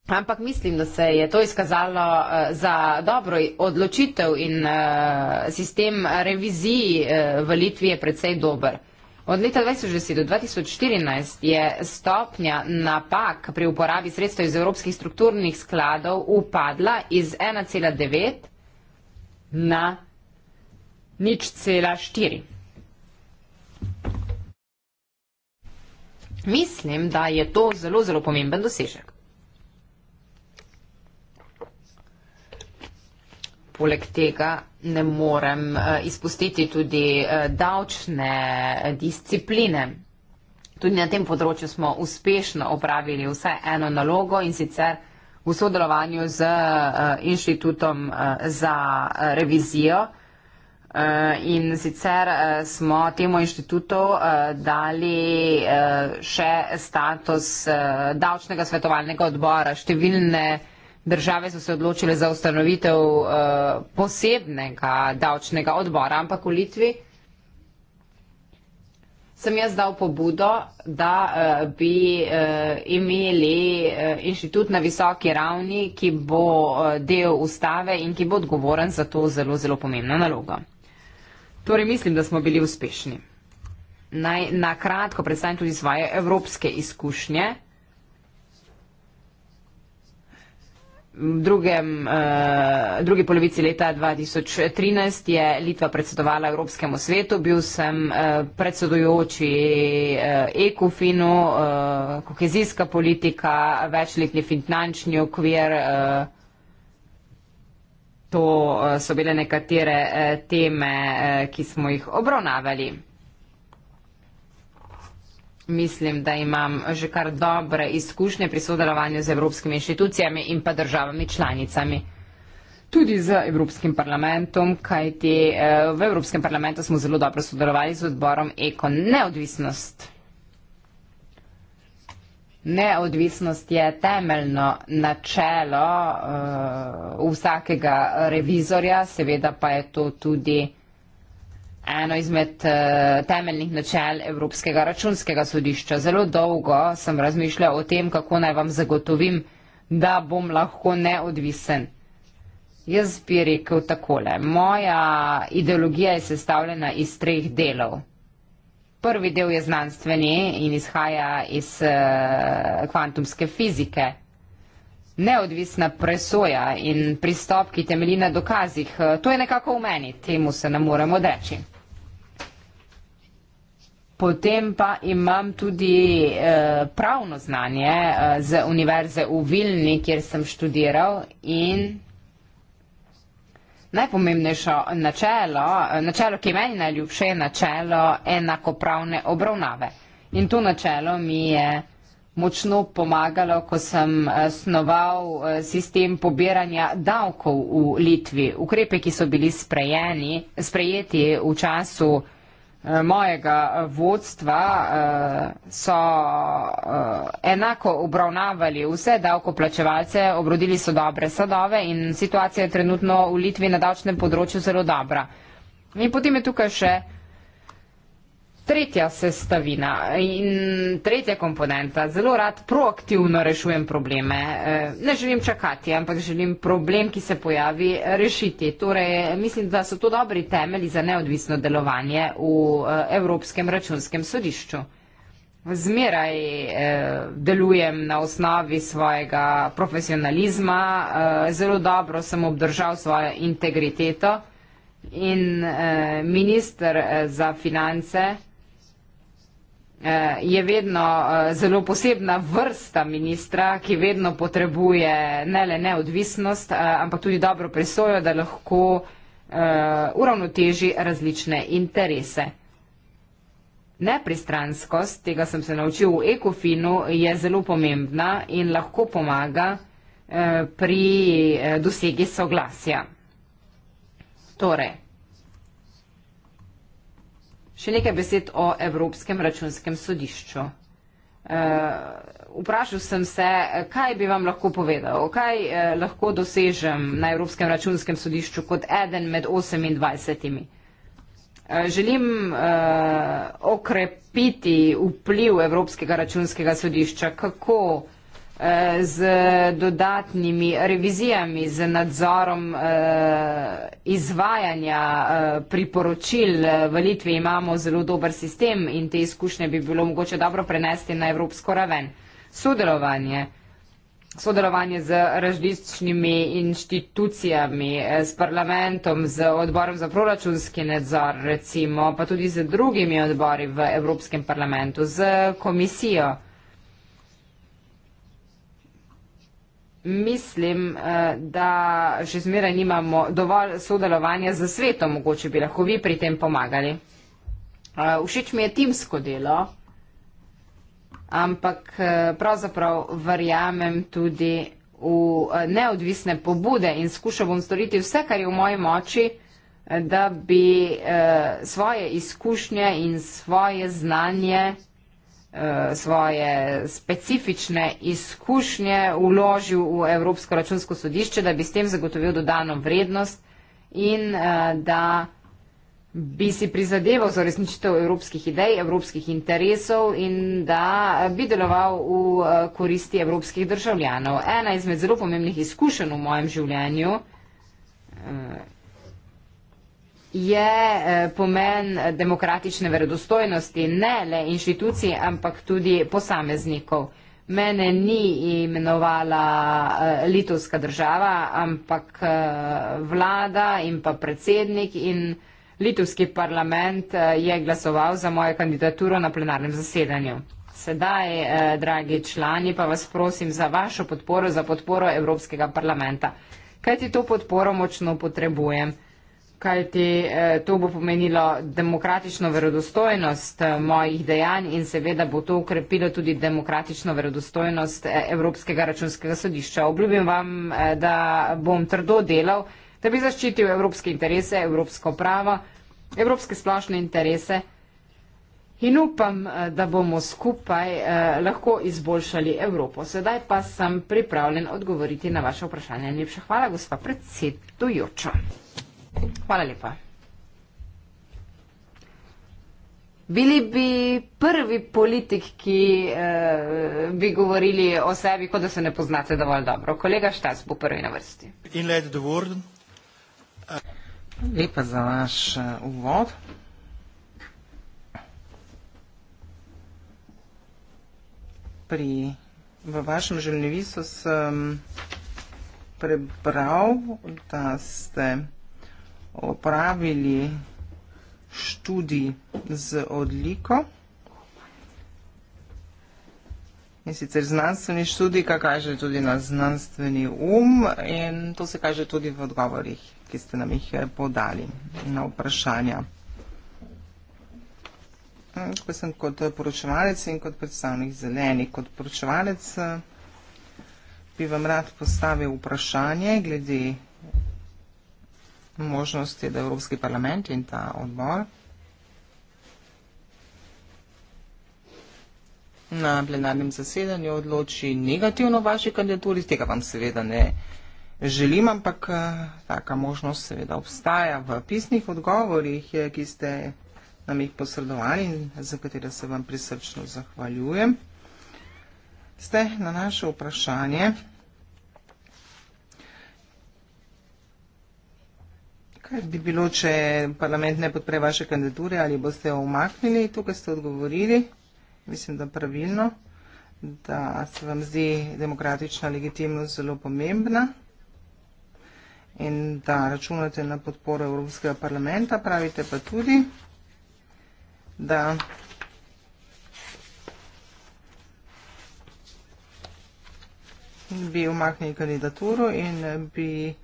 Ampak mislim, da se je to izkazalo e, za dobro odločitev in sistem revizij v Litvi je predvsej dober. Od leta 2010 do 2014 je stopnja napak pri uporabi sredstev iz evropskih strukturnih skladov upadla iz 1,9 na nič cela 4. Mislim, da je to zelo, zelo pomemben dosežek. poleg tega ne morem eh, izpustiti tudi eh, davčne eh, discipline. Tudi na tem področju smo uspešno opravili vse eno nalogo in sicer v sodelovanju z Inštitutom za revizijo. In sicer smo temu inštitutu dali še status davčnega svetovalnega odbora številne države so se odločile za ustanovitev uh, posebnega davčnega odbora, ampak v Litvi sem jaz dal pobudo, da uh, bi uh, imeli uh, inštitut na visoki ravni, ki bo uh, del ustave in ki bo odgovoren za to zelo, zelo pomembno nalogo. Torej, mislim, da smo bili uspešni. Naj na kratko predstavim tudi svoje evropske izkušnje. drugem, uh, drugi polovici leta 2013 je Litva predsedovala Evropskemu svetu, bil sem uh, predsedujoči uh, eh, ECOFIN-u, uh, kohezijska politika, večletni finančni okvir. Uh, To so bile nekatere teme, ki smo jih obravnavali mislim, da imam že kar dobre izkušnje pri sodelovanju z evropskimi inštitucijami in pa državami članicami. Tudi z Evropskim parlamentom, kajti eh, v Evropskem parlamentu smo zelo dobro sodelovali z odborom Eko neodvisnost. Neodvisnost je temeljno načelo uh, vsakega revizorja, seveda pa je to tudi uh, eno izmed eh, temeljnih načel Evropskega računskega sodišča. Zelo dolgo sem razmišljal o tem, kako naj vam zagotovim, da bom lahko neodvisen. Jaz bi rekel takole. Moja ideologija je sestavljena iz treh delov. Prvi del je znanstveni in izhaja iz eh, kvantumske fizike. Neodvisna presoja in pristop, ki temelji na dokazih, eh, to je nekako v meni, temu se ne morem odreči. Potem pa imam tudi eh, pravno znanje eh, z Univerze v Vilni, kjer sem študiral in najpomembnejšo načelo, eh, načelo, ki je meni najljubše, je načelo enakopravne obravnave. In to načelo mi je močno pomagalo, ko sem eh, snoval eh, sistem pobiranja davkov v Litvi. Ukrepe, ki so bili sprejeni, sprejeti v času Eh, mojega vodstva eh, so eh, enako obravnavali vse davkoplačevalce, obrodili so dobre sadove in situacija je trenutno v Litvi na davčnem področju zelo dobra. In potem je tukaj še Tretja sestavina in tretja komponenta. Zelo rad proaktivno rešujem probleme. Eh, ne želim čakati, ampak želim problem, ki se pojavi, rešiti. Torej, mislim, da so to dobri temelji za neodvisno delovanje v eh, Evropskem računskem sodišču. Zmeraj eh, delujem na osnovi svojega profesionalizma, zelo dobro sem obdržal svojo integriteto in minister za finance. Eh, je vedno eh, zelo posebna vrsta ministra, ki vedno potrebuje ne le neodvisnost, eh, ampak tudi dobro presojo, da lahko uravnoteži različne interese. Nepristranskost, tega sem se naučil v Ekofinu, je zelo pomembna in lahko pomaga pri dosegi soglasja. Torej, Še nekaj besed o Evropskem računskem sodišču. Eh, vprašal sem se, kaj bi vam lahko povedal, kaj eh, lahko dosežem na Evropskem računskem sodišču kot eden med 28. Eh, želim okrepiti vpliv Evropskega računskega sodišča, kako vsega, Eh, z dodatnimi revizijami, z nadzorom eh, izvajanja eh, priporočil. V Litvi imamo zelo dober sistem in te izkušnje bi bilo mogoče dobro prenesti na evropsko raven. Sodelovanje. Sodelovanje z različnimi inštitucijami, s parlamentom, z odborom za proračunski nadzor, recimo, pa tudi z drugimi odbori v Evropskem parlamentu, z komisijo. mislim, eh, da še zmeraj nimamo dovolj sodelovanja z svetom, mogoče bi lahko vi pri tem pomagali. Eh, všeč mi je timsko delo, ampak eh, pravzaprav verjamem tudi v neodvisne pobude in skušal bom storiti vse, kar je v moji moči, da bi svoje izkušnje in svoje znanje Eh, svoje specifične izkušnje uložil v Evropsko računsko sodišče, da bi s tem zagotovil dodano vrednost in eh, da bi si prizadeval za resničitev evropskih idej, evropskih interesov in da bi deloval v eh, koristi evropskih državljanov. Ena izmed zelo pomembnih izkušenj v mojem življenju je eh, pomen eh, demokratične verodostojnosti ne le inštitucij, ampak tudi posameznikov. Mene ni imenovala eh, litovska država, ampak vlada in pa predsednik in litovski parlament je glasoval za mojo kandidaturo na plenarnem zasedanju. Sedaj, dragi člani, pa vas prosim za vašo podporo, za podporo Evropskega parlamenta. Kaj ti to podporo močno potrebujem? kajti eh, to bo pomenilo demokratično verodostojnost eh, mojih dejanj in seveda bo to ukrepilo tudi demokratično verodostojnost eh, Evropskega računskega sodišča. Obljubim vam, da bom trdo delal, da bi zaščitil evropske interese, evropsko pravo, evropske splošne interese in upam, da bomo skupaj lahko izboljšali Evropo. Sedaj pa sem pripravljen odgovoriti na vaše vprašanje. Lepša hvala, gospa predsedujoča. Hvala lepa. Bili bi prvi politik, ki eh, bi govorili o sebi, kot da se ne poznate dovolj dobro. Kolega Štas bo prvi na vrsti. Lepa za vaš eh, uvod. Pri, v vašem življenju sem prebral, da ste opravili študij z odliko. In sicer znanstveni študij, kar kaže tudi na znanstveni um in to se kaže tudi v odgovorih, ki ste nam jih eh, podali na vprašanja. Mm, Ko sem kot eh, poročevalec in kot predstavnik zelenih, kot poročevalec eh, bi vam rad postavil vprašanje glede možnosti, da Evropski parlament in ta odbor na plenarnem zasedanju odloči negativno vaši kandidaturi. Tega vam seveda ne želim, ampak eh, taka možnost seveda obstaja v pisnih odgovorih, ki ste nam jih posredovali in za katera se vam prisrčno zahvaljujem. Ste na naše vprašanje. kaj bi bilo, če parlament ne podpre vaše kandidature, ali boste jo umaknili. Tukaj ste odgovorili, mislim, da pravilno, da se vam zdi demokratična legitimnost zelo pomembna in da računate na podporo Evropskega parlamenta. Pravite pa tudi, da. bi umaknili kandidaturo in bi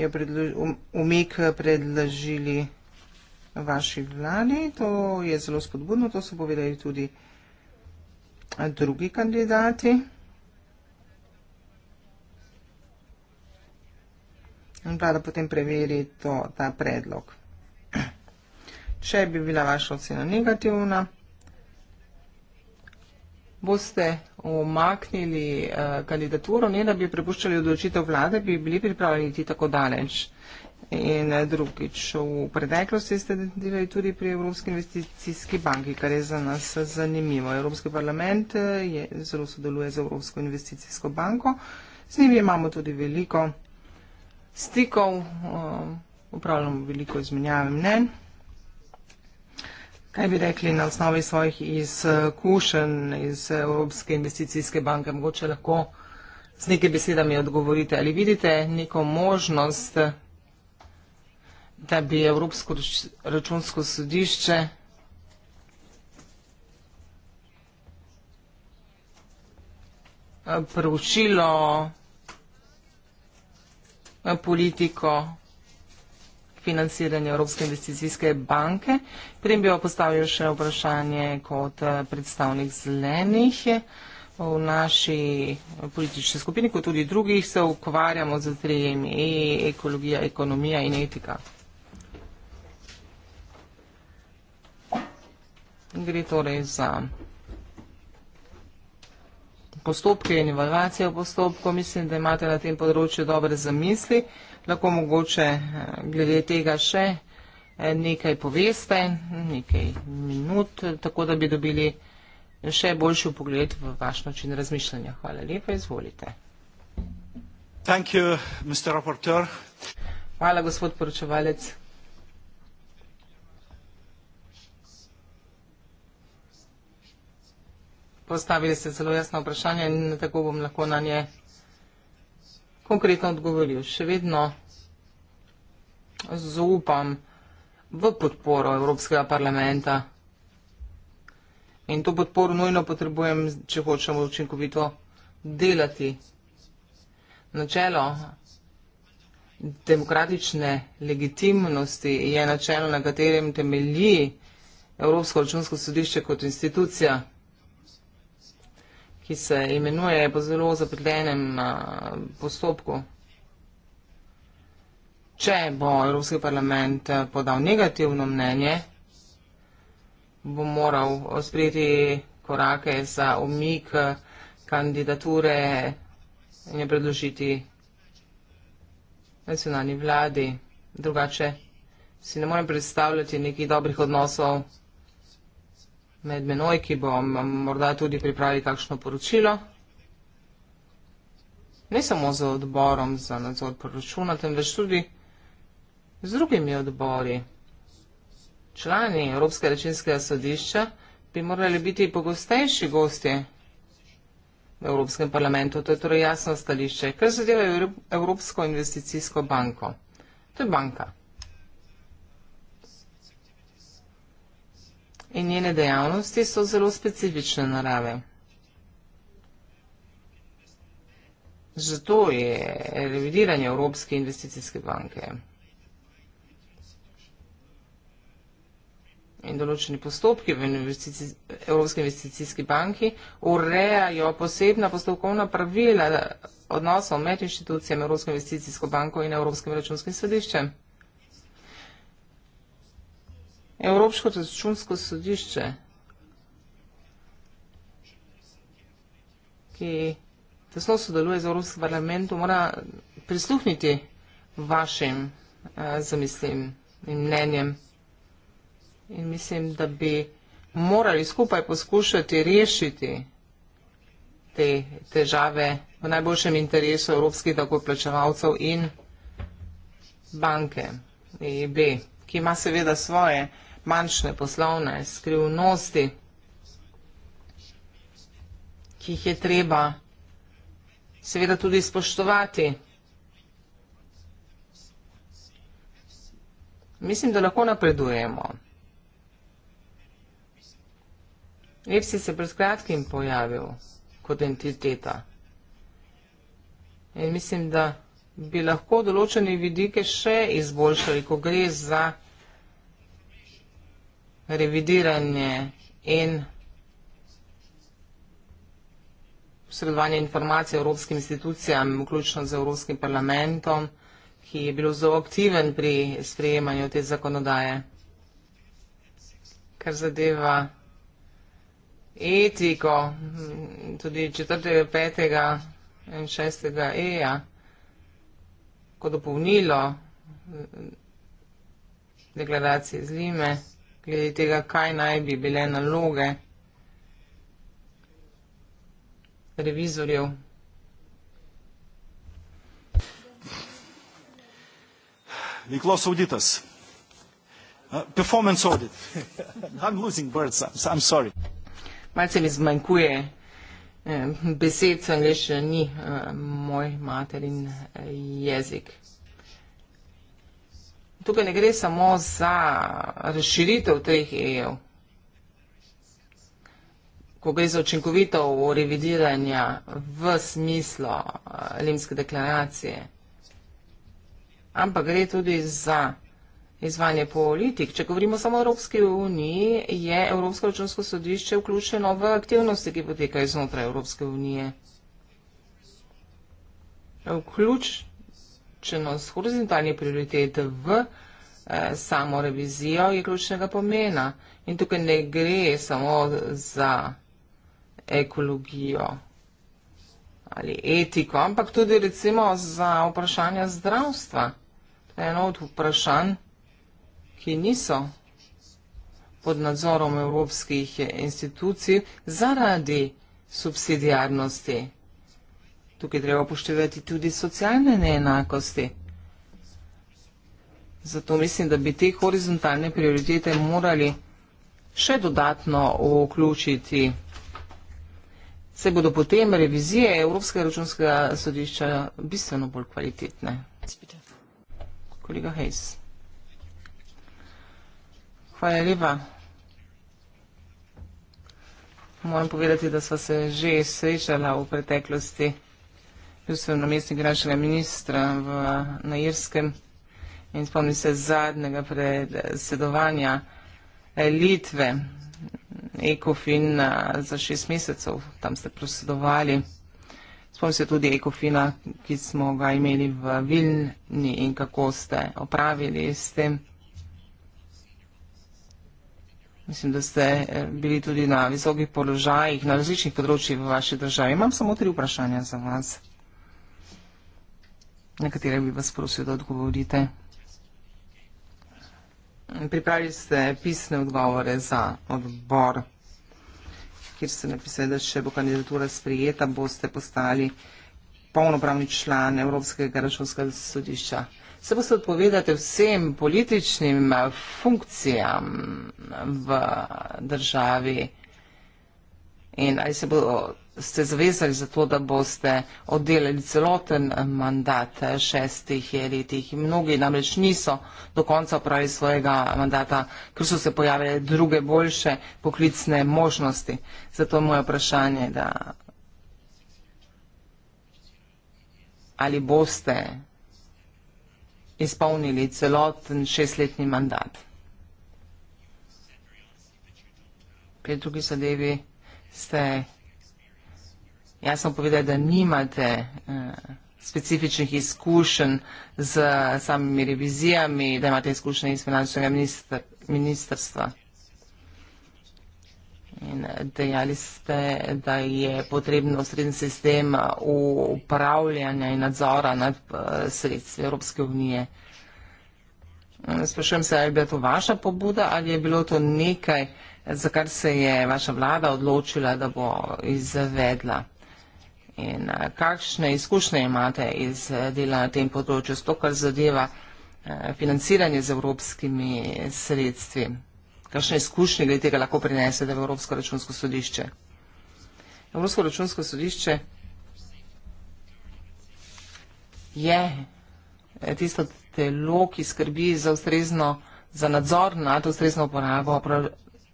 je um, umik eh, predlažili vaši vladi. To je zelo spodbudno, to so povedali tudi eh, drugi kandidati. In vlada potem preveri to, ta predlog. Če bi bila vaša ocena negativna, boste omaknili eh, kandidaturo, ne da bi prepuščali odločitev vlade, bi bili pripravljeni iti tako daleč. In eh, drugič, v preteklosti ste delali tudi pri Evropski investicijski banki, kar je za nas zanimivo. Evropski parlament eh, je, zelo sodeluje z Evropsko investicijsko banko, z njimi imamo tudi veliko stikov, upravljamo eh, veliko izmenjave mnen. Kaj bi rekli na osnovi svojih izkušenj iz Evropske investicijske banke? Mogoče lahko z nekaj besedami odgovorite. Ali vidite neko možnost, da bi Evropsko računsko sodišče preučilo politiko financiranja Evropske investicijske banke. Pri tem bi jo postavil še vprašanje kot eh, predstavnik zelenih. V naši politični skupini, kot tudi drugih, se ukvarjamo z trijemi e – ekologija, ekonomija in etika. Gre torej za postopke in evalvacijo postopkov. Mislim, da imate na tem področju dobre zamisli lahko mogoče eh, glede tega še eh, nekaj poveste, nekaj minut, tako da bi dobili še boljši pogled v vaš način razmišljanja. Hvala lepa, izvolite. Thank you, Mr. Rapporteur. Hvala, gospod poročevalec. Postavili ste zelo jasno vprašanje in tako bom lahko na nje konkretno odgovoril, še vedno zaupam v podporo Evropskega parlamenta. In to podporo nujno potrebujem, če hočemo učinkovito delati. Načelo demokratične legitimnosti je načelo, na katerem temelji Evropsko računsko sodišče kot institucija ki se imenuje po zelo zapletenem postopku. Če bo Evropski parlament podal negativno mnenje, bo moral sprejeti korake za omik kandidature in jo predložiti nacionalni vladi. Drugače si ne morem predstavljati nekih dobrih odnosov med menoj, ki bo morda tudi pripravil kakšno poročilo. Ne samo z odborom za nadzor proračuna, temveč tudi z drugimi odbori. Člani Evropske rečinskega sodišča bi morali biti pogostejši gostje v Evropskem parlamentu. To je torej jasno stališče. Kaj zadeva Evropsko investicijsko banko? To je banka. in njene dejavnosti so zelo specifične narave. Zato je revidiranje Evropske investicijske banke in določeni postopki v Evropske investicijske banki urejajo posebna postopkovna pravila odnosov med inštitucijami Evropske investicijske banko in Evropskem računskim središčem. Evropsko računsko sodišče, ki tesno sodeluje z Evropskim parlamentom, mora prisluhniti vašim eh, zamislim in mnenjem. In mislim, da bi morali skupaj poskušati rešiti te težave v najboljšem interesu evropskih takoplačevalcev in banke, EIB, ki ima seveda svoje manjšne poslovne skrivnosti, ki jih je treba seveda tudi spoštovati. Mislim, da lahko napredujemo. Epsi se pred kratkim pojavil kot entiteta. In mislim, da bi lahko določene vidike še izboljšali, ko gre za vsega revidiranje in posredovanje informacij evropskim institucijam, vključno z Evropskim parlamentom, ki je bilo zelo aktiven pri sprejemanju te zakonodaje. Kar zadeva etiko, tudi 4., 5. in 6. EJA, kot dopolnilo deklaracije z Lime glede tega, kaj naj bi bile naloge revizorjev. Veiklos auditas. Uh, performance audit. I'm losing words. I'm, I'm sorry. Malce mi zmanjkuje eh, besed, angliščina ni uh, moj materin eh, jezik. Tukaj ne gre samo za razširitev teh EU, ko gre za očinkovito revidiranje v smislu Limske eh, deklaracije, ampak gre tudi za izvanje politik. Če govorimo samo o Evropski uniji, je Evropsko računsko sodišče vključeno v aktivnosti, ki potekajo znotraj Evropske unije. Vključ vključeno s horizontalni prioritet v eh, samo revizijo je ključnega pomena. In tukaj ne gre samo za ekologijo ali etiko, ampak tudi recimo za vprašanja zdravstva. To je eno od vprašanj, ki niso pod nadzorom evropskih institucij zaradi subsidijarnosti. Tukaj treba upoštevati tudi socialne neenakosti. Zato mislim, da bi te horizontalne prioritete morali še dodatno vključiti. Se bodo potem revizije Evropskega računskega sodišča bistveno bolj kvalitetne. Kolega Hejs. Hvala lepa. Moram povedati, da sva se že srečala v preteklosti bil sem namestnik graškega ministra v, na Irskem in spomnim se zadnjega predsedovanja eh, Litve, Ekofin eh, za šest mesecev, tam ste predsedovali. Spomnim se tudi Ekofina, ki smo ga imeli v Vilni in kako ste opravili s tem. Mislim, da ste eh, bili tudi na visokih položajih na različnih področjih v vaši državi. Imam samo tri vprašanja za vas na katere bi vas prosil, da odgovorite. Pripravili ste pisne odgovore za odbor, kjer ste napisali, da če bo kandidatura sprijeta, boste postali polnopravni član Evropskega računskega sodišča. Se boste odpovedali vsem političnim funkcijam v državi in ali se bo ste zavezali za to, da boste oddelali celoten eh, mandat eh, šestih letih. Mnogi namreč niso do konca opravili svojega mandata, ker so se pojavile druge boljše poklicne možnosti. Zato je moje vprašanje, da ali boste izpolnili celoten šestletni mandat. Pri drugi zadevi ste jasno povedali, da nimate uh, specifičnih izkušenj z samimi revizijami, da imate izkušnje iz finančnega minister, ministerstva. In eh, dejali ste, da je potrebno srednji sistem eh, upravljanja in nadzora nad sredstvi Evropske unije. Sprašujem se, ali je bila to vaša pobuda ali je bilo to nekaj, za kar se je vaša vlada odločila, da bo izvedla in eh, kakšne izkušnje imate iz eh, dela na tem področju, s to, kar zadeva eh, financiranje z evropskimi sredstvi. Kakšne izkušnje glede tega lahko prinesete v Evropsko računsko sodišče? Evropsko računsko sodišče je tisto telo, ki skrbi za ustrezno, za nadzor nad ustrezno uporabo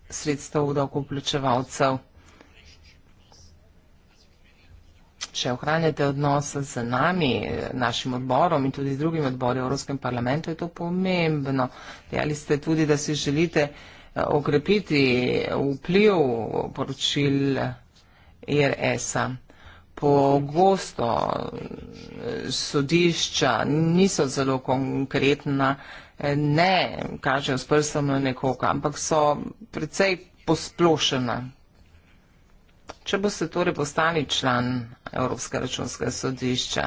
sredstev davkoplačevalcev. Če ohranjate odnos z nami, našim odborom in tudi z drugimi odbori v Evropskem parlamentu, je to pomembno. Dejali ste tudi, da si želite eh, okrepiti vpliv poročil IRS-a. Pogosto eh, sodišča niso zelo konkretna, eh, ne kažejo s prstom na nekoga, ampak so precej posplošena, Če boste torej postali član Evropske računske sodišča,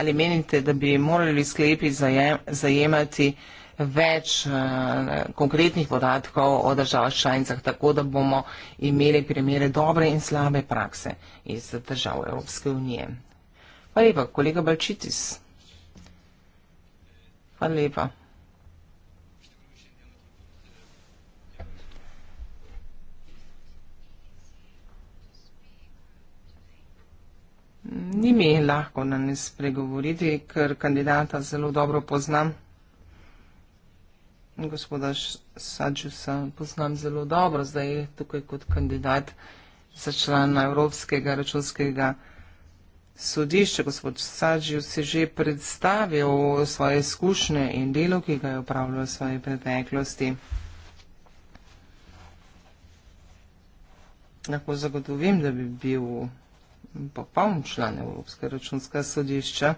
ali menite, da bi morali sklepi zajemati več eh, konkretnih podatkov o državah članicah, tako da bomo imeli primere dobre in slabe prakse iz držav Evropske unije? Hvala lepa, kolega Balčitis. Hvala lepa. Ni mi lahko na ne spregovoriti, ker kandidata zelo dobro poznam. Gospoda Sačusa poznam zelo dobro, zdaj je tukaj kot kandidat za člana Evropskega računskega sodišča. Gospod Sačus je že predstavil svoje izkušnje in delo, ki ga je upravljal v svoji preteklosti. Lahko zagotovim, da bi bil попал член Европска рачунска съдища,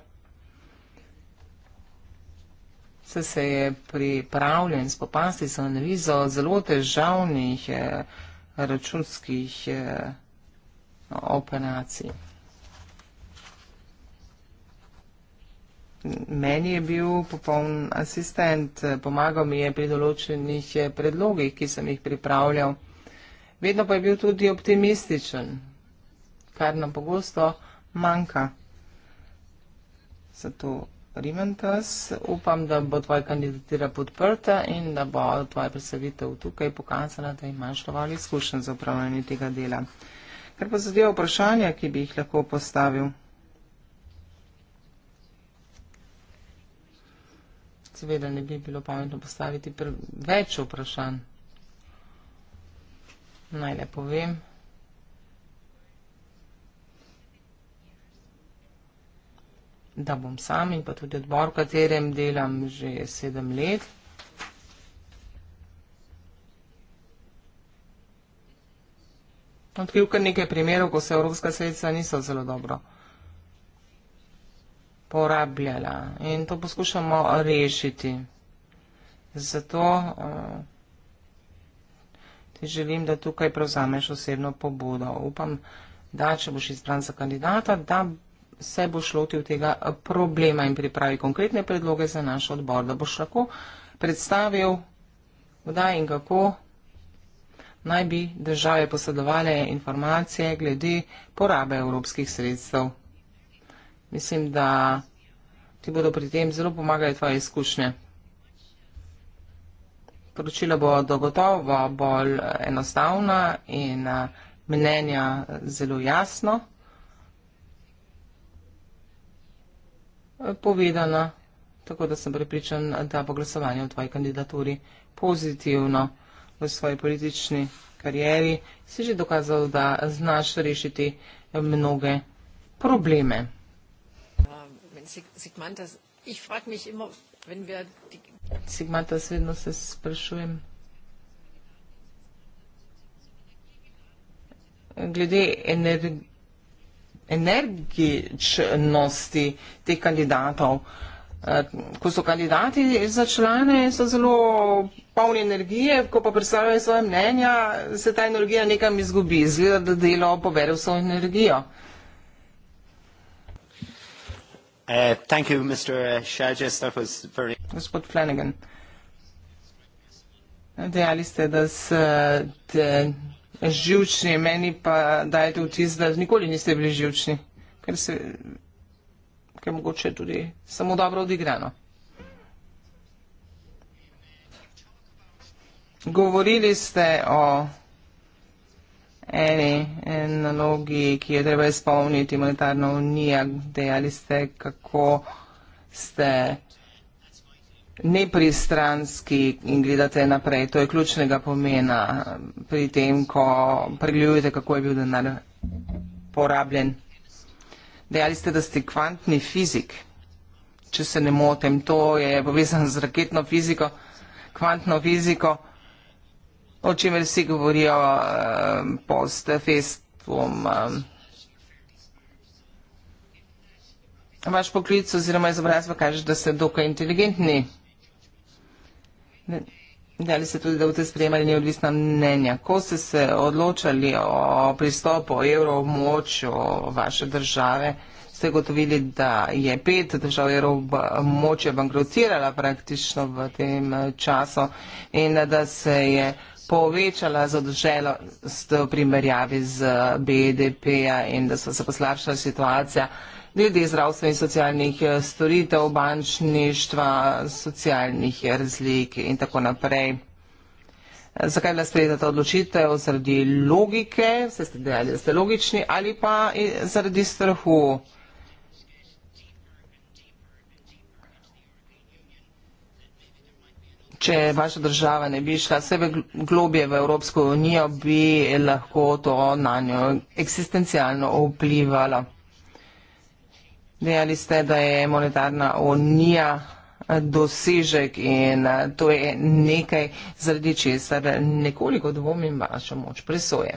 Vse se je pripravljen spopasti z analizo zelo težavnih eh, računskih eh, operacij. Meni je bil popoln asistent, eh, pomagal mi je pri določenih predlogih, ki sem jih pripravljal. Vedno pa je bil tudi optimističen, kar nam pogosto manjka. Zato Rimentas, upam, da bo tvoja kandidatura podprta in da bo tvoja predstavitev tukaj pokazala, da imaš dovolj izkušenj za upravljanje tega dela. Ker pa zadeva vprašanja, ki bi jih lahko postavil. Seveda ne bi bilo pametno postaviti več vprašanj. Naj le povem. da bom sam in pa tudi odbor, v katerem delam že sedem let. Odkril kar nekaj primerov, ko se Evropska sredstva niso zelo dobro porabljala in to poskušamo rešiti. Zato eh, ti želim, da tukaj prevzameš osebno pobudo. Upam, da če boš izbran za kandidata, da se boš lotil tega eh, problema in pripravi konkretne predloge za naš odbor, da boš lahko predstavil, kdaj in kako naj bi države posedovale informacije glede porabe evropskih sredstev. Mislim, da ti bodo pri tem zelo pomagali tvoje izkušnje. Poročila bo dogotovo bolj eh, enostavna in eh, mnenja zelo jasno. povedana, tako da sem pripričan, da bo glasovanje o tvoji kandidaturi pozitivno v svoji politični karieri. Si že dokazal, da znaš rešiti mnoge probleme. Sigmanta, vedno se sprašujem. Glede energije energičnosti teh kandidatov. Eh, ko so kandidati za člane, so zelo polni energije, ko pa predstavljajo svoje mnenja, se ta energija nekam izgubi. Zgleda, da delo pobere vso energijo. Eh, eh, Gospod Flanagan, dejali ste, da se živčni, meni pa dajete vtis, da nikoli niste bili živčni, ker se, ker mogoče tudi samo dobro odigrano. Govorili ste o eni nalogi, ki je treba izpolniti monetarno unijo, dejali ste, kako ste nepristranski in gledate naprej. To je ključnega pomena pri tem, ko pregledujete, kako je bil denar porabljen. Dejali ste, da ste kvantni fizik, če se ne motim. To je povezano z raketno fiziko, kvantno fiziko, o čemer vsi govorijo eh, post festivom. Eh. Vaš poklic oziroma izobrazba kaže, da ste dokaj inteligentni. Dali ste tudi, da boste sprejemali neodvisna mnenja. Ko ste se odločali o pristopu evroobmočju vaše države, ste gotovili, da je pet držav evroobmočja bankrotirala praktično v tem eh, času in da se je povečala zadolženost v primerjavi z BDP-ja in da so se poslabšala situacija glede zdravstvenih socialnih eh, storitev, bančništva, socialnih eh, razlik in tako naprej. Eh, zakaj je bila sprejeta ta odločitev? Zaradi logike, vse ste dejali, da ste logični, ali pa zaradi strahu? Če vaša država ne bi šla vse globje v Evropsko unijo, bi lahko to na njo eksistencialno vplivalo. Dejali ste, da je monetarna unija eh, dosežek in eh, to je nekaj, zaradi česar nekoliko dvomim vašo moč presoje.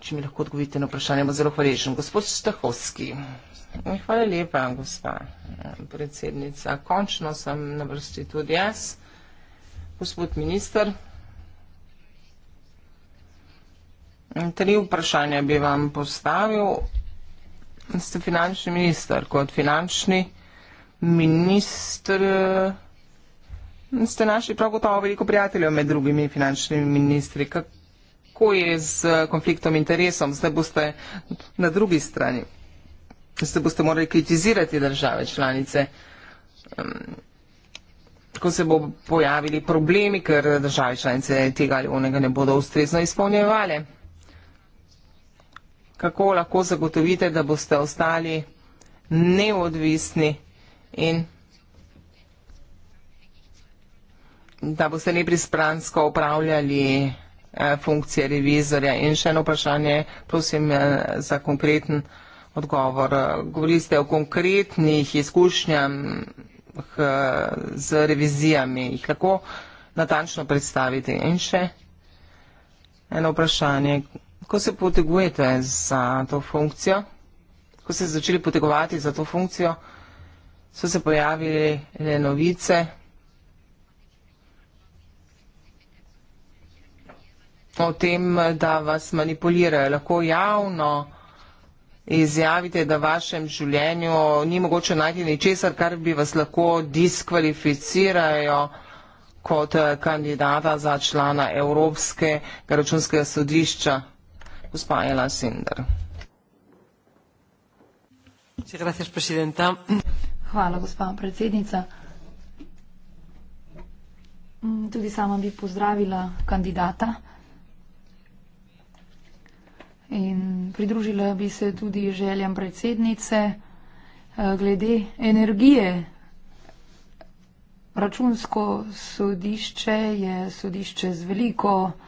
Če mi lahko odgovorite na vprašanje, bom zelo hvaležen. Gospod Stahovski. Hvala lepa, gospa eh, predsednica. Končno sem na vrsti tudi jaz. Gospod minister. Tri vprašanja bi vam postavil ste finančni minister. Kot finančni minister eh, ste našli prav gotovo veliko prijateljev med drugimi finančnimi ministri. Kako je z konfliktom interesom? Zdaj boste na drugi strani. Zdaj boste morali kritizirati države članice. Ko se bo pojavili problemi, ker države članice tega ali onega ne bodo ustrezno izpolnjevali kako lahko zagotovite, da boste ostali neodvisni in da boste nepristransko upravljali eh, funkcije revizorja. In še eno vprašanje, prosim eh, za konkreten odgovor. Govorili ste o konkretnih izkušnjah eh, z revizijami. Jih lahko natančno predstavite? In še eno vprašanje. Ko se potegujete za to funkcijo, ko ste začeli potegovati za to funkcijo, so se pojavili le novice o tem, da vas manipulirajo. Lahko javno izjavite, da v vašem življenju ni mogoče najti ničesar, kar bi vas lahko diskvalificirajo kot kandidata za člana Evropskega računskega sodišča gospa Ela Sinder. Hvala, gospa predsednica. Mm, tudi sama bi pozdravila kandidata in pridružila bi se tudi željam predsednice eh, glede energije. Računsko sodišče je sodišče z veliko energijo.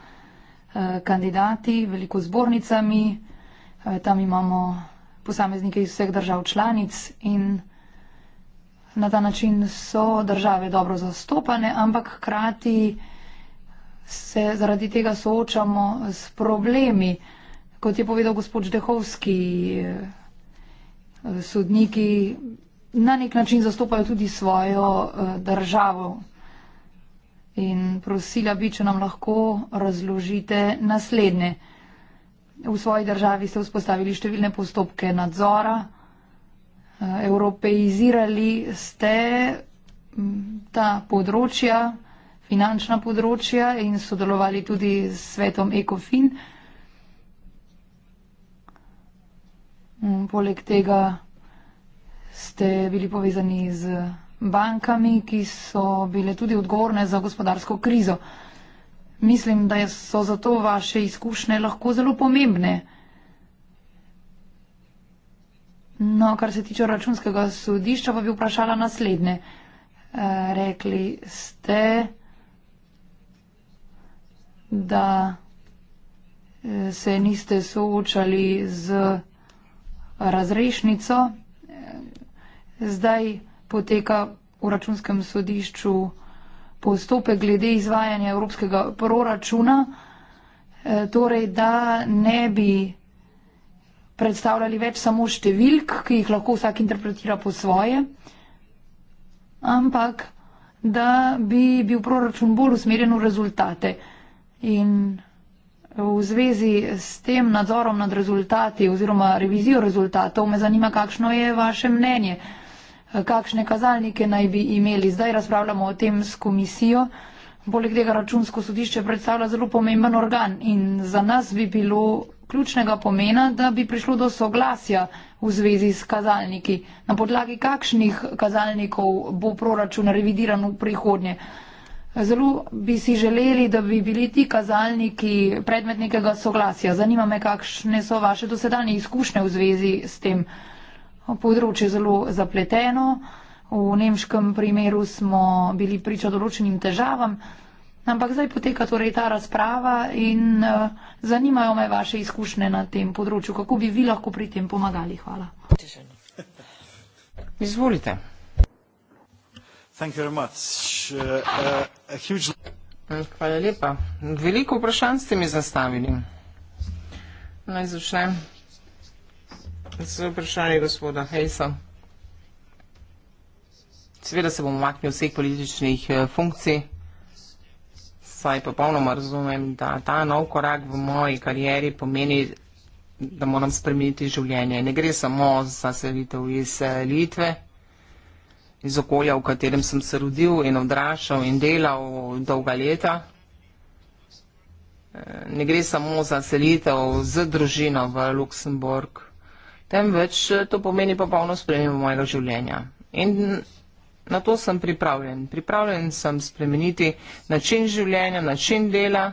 Eh, kandidati, veliko zbornicami, eh, tam imamo posameznike iz vseh držav članic in na ta način so države dobro zastopane, ampak hkrati se zaradi tega soočamo s problemi. Kot je povedal gospod Ždehovski, eh, sodniki na nek način zastopajo tudi svojo državo. In prosila bi, če nam lahko razložite naslednje. V svoji državi ste vzpostavili številne postopke nadzora, eh, evropeizirali ste mm, ta področja, finančna področja in sodelovali tudi s svetom ECOFIN. Mm, poleg tega ste bili povezani z bankami, ki so bile tudi odgovorne za gospodarsko krizo. Mislim, da so zato vaše izkušnje lahko zelo pomembne. No, kar se tiče računskega sodišča, pa bi vprašala naslednje. E, rekli ste, da eh, se niste soočali z razrešnico. Eh, zdaj poteka v računskem sodišču postopek glede izvajanja evropskega proračuna, eh, torej da ne bi predstavljali več samo številk, ki jih lahko vsak interpretira po svoje, ampak da bi bil proračun bolj usmerjen v rezultate. In v zvezi s tem nadzorom nad rezultati oziroma revizijo rezultatov me zanima, kakšno je vaše mnenje kakšne kazalnike naj bi imeli. Zdaj razpravljamo o tem s komisijo. Poleg tega računsko sodišče predstavlja zelo pomemben organ in za nas bi bilo ključnega pomena, da bi prišlo do soglasja v zvezi s kazalniki. Na podlagi kakšnih kazalnikov bo proračun revidiran v prihodnje. Zelo bi si želeli, da bi bili ti kazalniki predmet nekega soglasja. Zanima me, kakšne so vaše dosedanje izkušnje v zvezi s tem. Področje je zelo zapleteno. V nemškem primeru smo bili priča določenim težavam, ampak zdaj poteka torej ta razprava in eh, zanimajo me vaše izkušnje na tem področju. Kako bi vi lahko pri tem pomagali? Hvala. Izvolite. Uh, uh, Hvala lepa. Veliko vprašanj ste mi zastavili. Naj začnem. Z vprašanje gospoda Hejsa. Seveda se bom umaknil vseh političnih eh, funkcij, saj pa polnoma razumem, da ta nov korak v moji karjeri pomeni, da moram spremeniti življenje. Ne gre samo za selitev iz eh, Litve, iz okolja, v katerem sem se rodil in odrašal in delal dolga leta. Eh, ne gre samo za selitev z družino v Luksemburg temveč eh, to pomeni popolno spremembo mojega življenja. In na to sem pripravljen. Pripravljen sem spremeniti način življenja, način dela.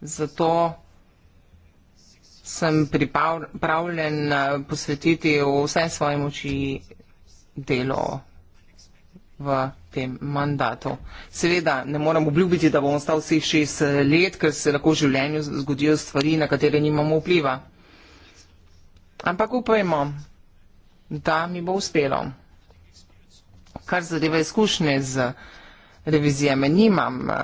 Zato sem pripravljen eh, posvetiti vse svoje moči delo v tem mandatu. Seveda ne moram obljubiti, da bom ostal vseh šest eh, let, ker se lahko v življenju zgodijo stvari, na katere nimamo vpliva. Ampak upajmo, da mi bo uspelo. Kar zadeva izkušnje z revizijami, nimam eh,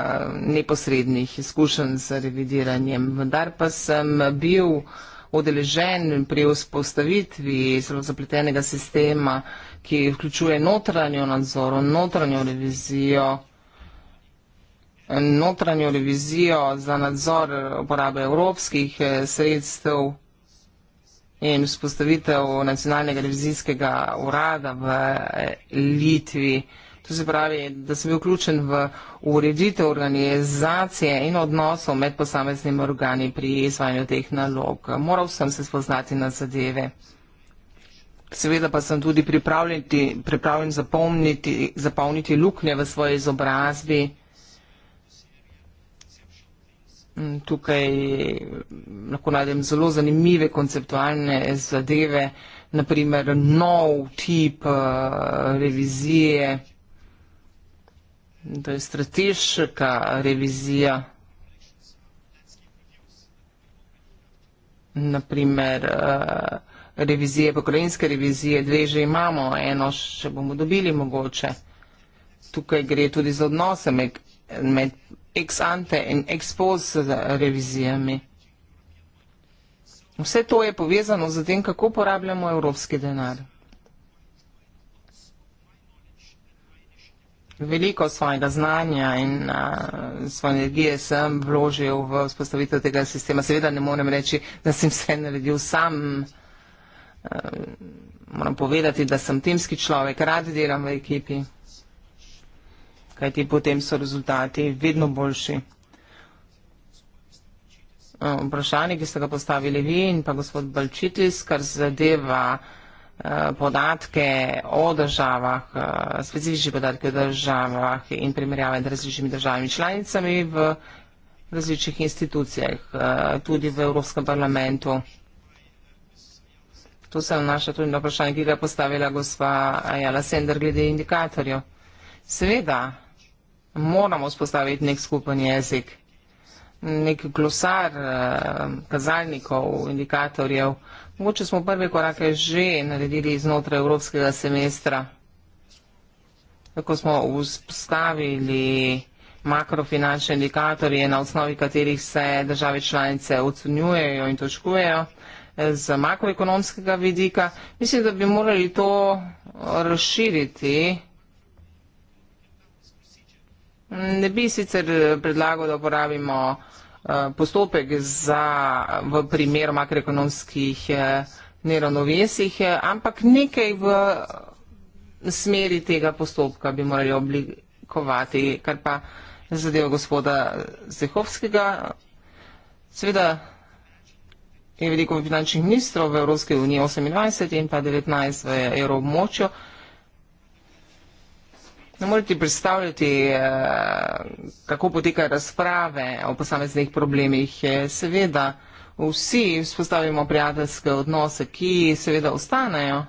neposrednih izkušenj z revidiranjem, vendar pa sem bil odeležen pri vzpostavitvi zelo zapletenega sistema ki vključuje notranjo nadzoro, notranjo revizijo, notranjo revizijo za nadzor uporabe evropskih eh, sredstev in vzpostavitev nacionalnega revizijskega urada v eh, Litvi. To se pravi, da sem bil vključen v ureditev organizacije in odnosov med posameznimi organi pri izvajanju teh nalog. Moral sem se spoznati na zadeve. Seveda pa sem tudi pripravljen zapolniti, zapolniti luknje v svoji izobrazbi. Mm, tukaj mm, lahko najdem zelo zanimive konceptualne zadeve, naprimer nov tip eh, revizije, to je strateška revizija, naprimer eh, revizije, pokrajinske revizije, dve že imamo, eno še bomo dobili mogoče. Tukaj gre tudi za odnose med, med ex ante in ex post revizijami. Vse to je povezano z tem, kako porabljamo evropski denar. Veliko svojega znanja in a, svoje energije sem vložil v spostavitev tega sistema. Seveda ne morem reči, da sem vse naredil sam. Eh, moram povedati, da sem timski človek, rad delam v ekipi, kajti potem so rezultati vedno boljši. Eh, vprašanje, ki ste ga postavili vi in pa gospod Balčitis, kar zadeva eh, podatke o državah, specifični podatke o državah in primerjave različnimi državami članicami v različnih institucijah, tudi v Evropskem parlamentu. To se vnaša tudi na vprašanje, ki ga je postavila gospa Jana Sender glede indikatorjev. Seveda moramo spostaviti nek skupen jezik, nek glosar eh, kazalnikov, indikatorjev. Mogoče smo prve korake že naredili iznotraj evropskega semestra, tako smo vzpostavili makrofinančne indikatorje, na osnovi katerih se države članice ocenjujejo in točkujejo z makroekonomskega vidika. Mislim, da bi morali to razširiti. Ne bi sicer predlagal, da uporabimo eh, postopek za, v primeru makroekonomskih eh, neravnovesih, eh, ampak nekaj v smeri tega postopka bi morali oblikovati, kar pa zadeva gospoda Zehovskega. Seveda je veliko finančnih ministrov v Evropski uniji 28 in pa 19 v evroobmočju. Ne morete predstavljati, eh, kako poteka razprave o posameznih problemih. Eh, seveda vsi vzpostavimo prijateljske odnose, ki seveda ostanejo.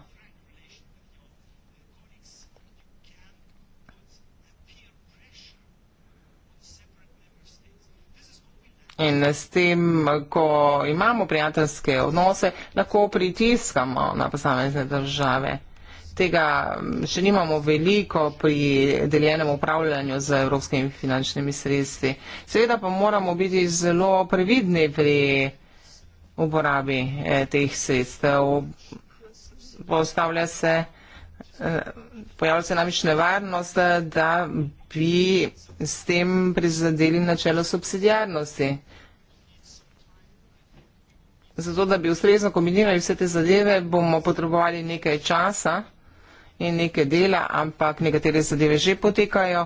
in s tem, ko imamo prijateljske odnose, lahko pritiskamo na posamezne države. Tega mm, še nimamo veliko pri deljenem upravljanju z evropskimi finančnimi sredstvi. Seveda pa moramo biti zelo previdni pri uporabi eh, teh sredstev. Postavlja se, eh, pojavlja se namične varnost, da bi s tem prizadeli načelo subsidijarnosti. Zato, da bi ustrezno kombinirali vse te zadeve, bomo potrebovali nekaj časa in nekaj dela, ampak nekatere zadeve že potekajo.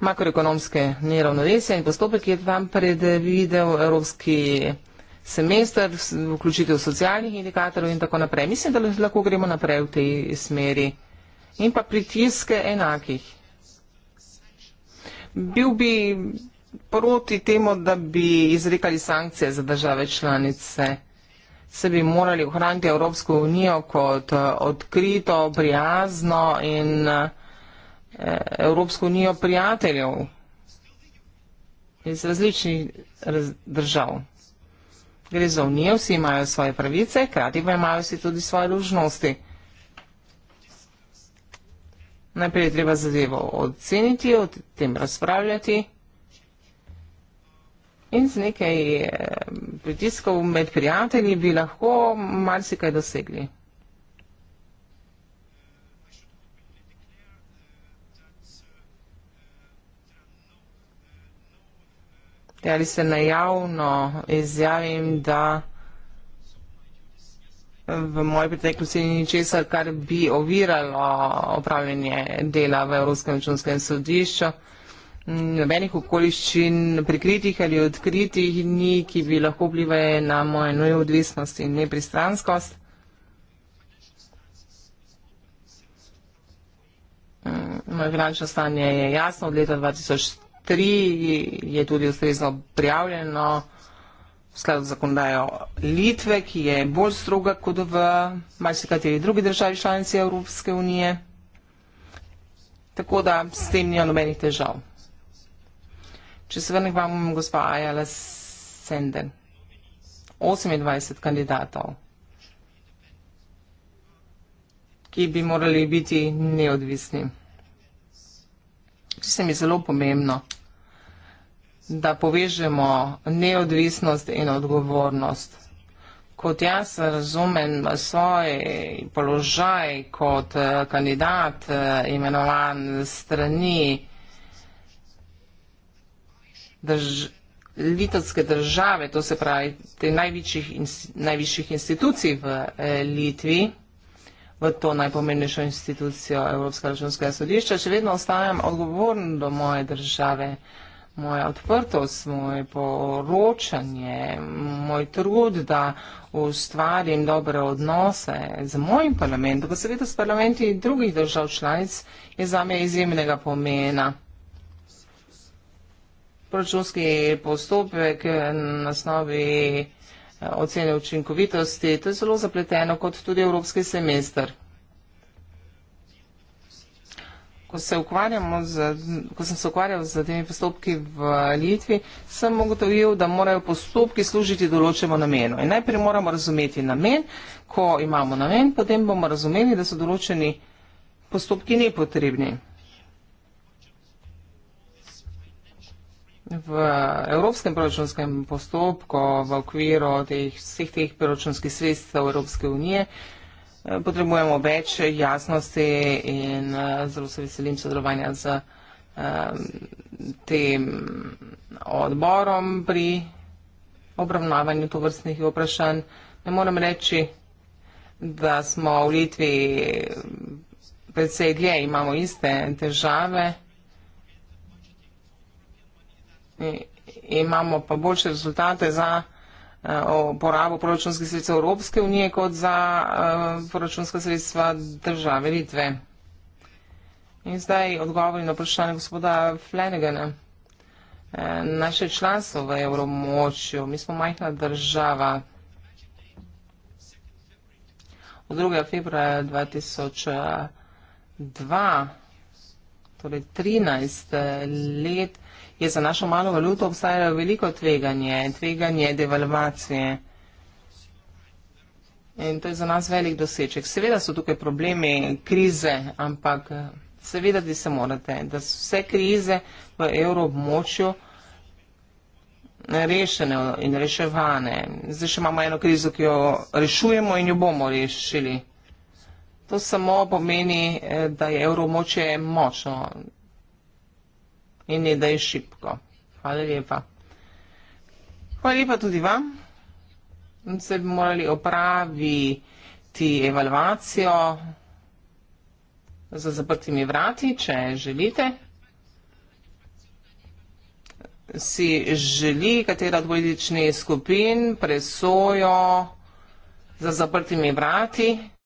Makroekonomske neravnovesje in postopek je tam predvidel evropski semester, vključitev socialnih indikatorjev in tako naprej. Mislim, da lahko gremo naprej v tej smeri. In pa pritiske enakih. Bil bi proti temu, da bi izrekali sankcije za države članice. Se bi morali ohraniti Evropsko unijo kot eh, odkrito, prijazno in eh, Evropsko unijo prijateljev iz različnih držav. Gre za unijo, vsi imajo svoje pravice, krati pa imajo vsi tudi svoje dužnosti. Najprej je treba zadevo oceniti, o tem razpravljati. In z nekaj eh, pritiskov med prijatelji bi lahko marsikaj dosegli. Ali se najavno izjavim, da v moji preteklosti ni česar, kar bi oviralo opravljanje dela v Evropskem računskem sodišču nobenih okoliščin prikritih ali odkritih ni, ki bi lahko vplivali na mojo neodvisnost in nepristranskost. Mm, moje finančno stanje je jasno, od leta 2003 je tudi ustrezno prijavljeno v skladu z zakonodajo Litve, ki je bolj stroga kot v marsikateri drugi državi članici Evropske unije. Tako da s tem nima nobenih težav. Če se vrnem, gospa Ajala Sender, 28 kandidatov, ki bi morali biti neodvisni. Če se mi zelo pomembno, da povežemo neodvisnost in odgovornost. Kot jaz razumem svoj položaj kot eh, kandidat eh, imenovan strani, drž, litovske države, to se pravi te največjih, največjih institucij v eh, Litvi, v to najpomembnejšo institucijo Evropskega računskega sodišča, še vedno ostajam odgovoren do moje države, moja odprtost, moje poročanje, moj trud, da ustvarim dobre odnose z mojim parlamentom, pa seveda s parlamenti drugih držav članic, je zame izjemnega pomena. Proračunski postopek na osnovi eh, ocene učinkovitosti, to je zelo zapleteno kot tudi evropski semester. Ko, se z, ko sem se ukvarjal z temi postopki v Litvi, sem ugotovil, da morajo postopki služiti določemu namenu. In najprej moramo razumeti namen, ko imamo namen, potem bomo razumeli, da so določeni postopki nepotrebni. v evropskem proračunskem postopku, v okviru teh, vseh teh proračunskih sredstev Evropske unije, eh, potrebujemo več jasnosti in eh, zelo se veselim sodelovanja z eh, tem odborom pri obravnavanju tovrstnih vprašanj. Ne morem reči, da smo v Litvi precej dlje, imamo iste težave imamo pa boljše rezultate za uporabo eh, proračunskih sredstva Evropske unije kot za eh, proračunska sredstva države Litve. In zdaj odgovori na vprašanje gospoda Flanagana. Eh, naše članstvo v evromočju, mi smo majhna država, od 2. februarja 2002, torej 13 let, je za našo malo valuto obstajalo veliko tveganje, tveganje devalvacije. In to je za nas velik doseček. Seveda so tukaj problemi, krize, ampak eh, seveda ti se morate, da so vse krize v evroobmočju rešene in reševane. Zdaj še imamo eno krizo, ki jo rešujemo in jo bomo rešili. To samo pomeni, eh, da je evroobmočje močno in ne da je šipko. Hvala lepa. Hvala lepa tudi vam. Se bi morali opraviti evalvacijo za zaprtimi vrati, če želite. Si želi katera od vojnični skupin presojo za zaprtimi vrati?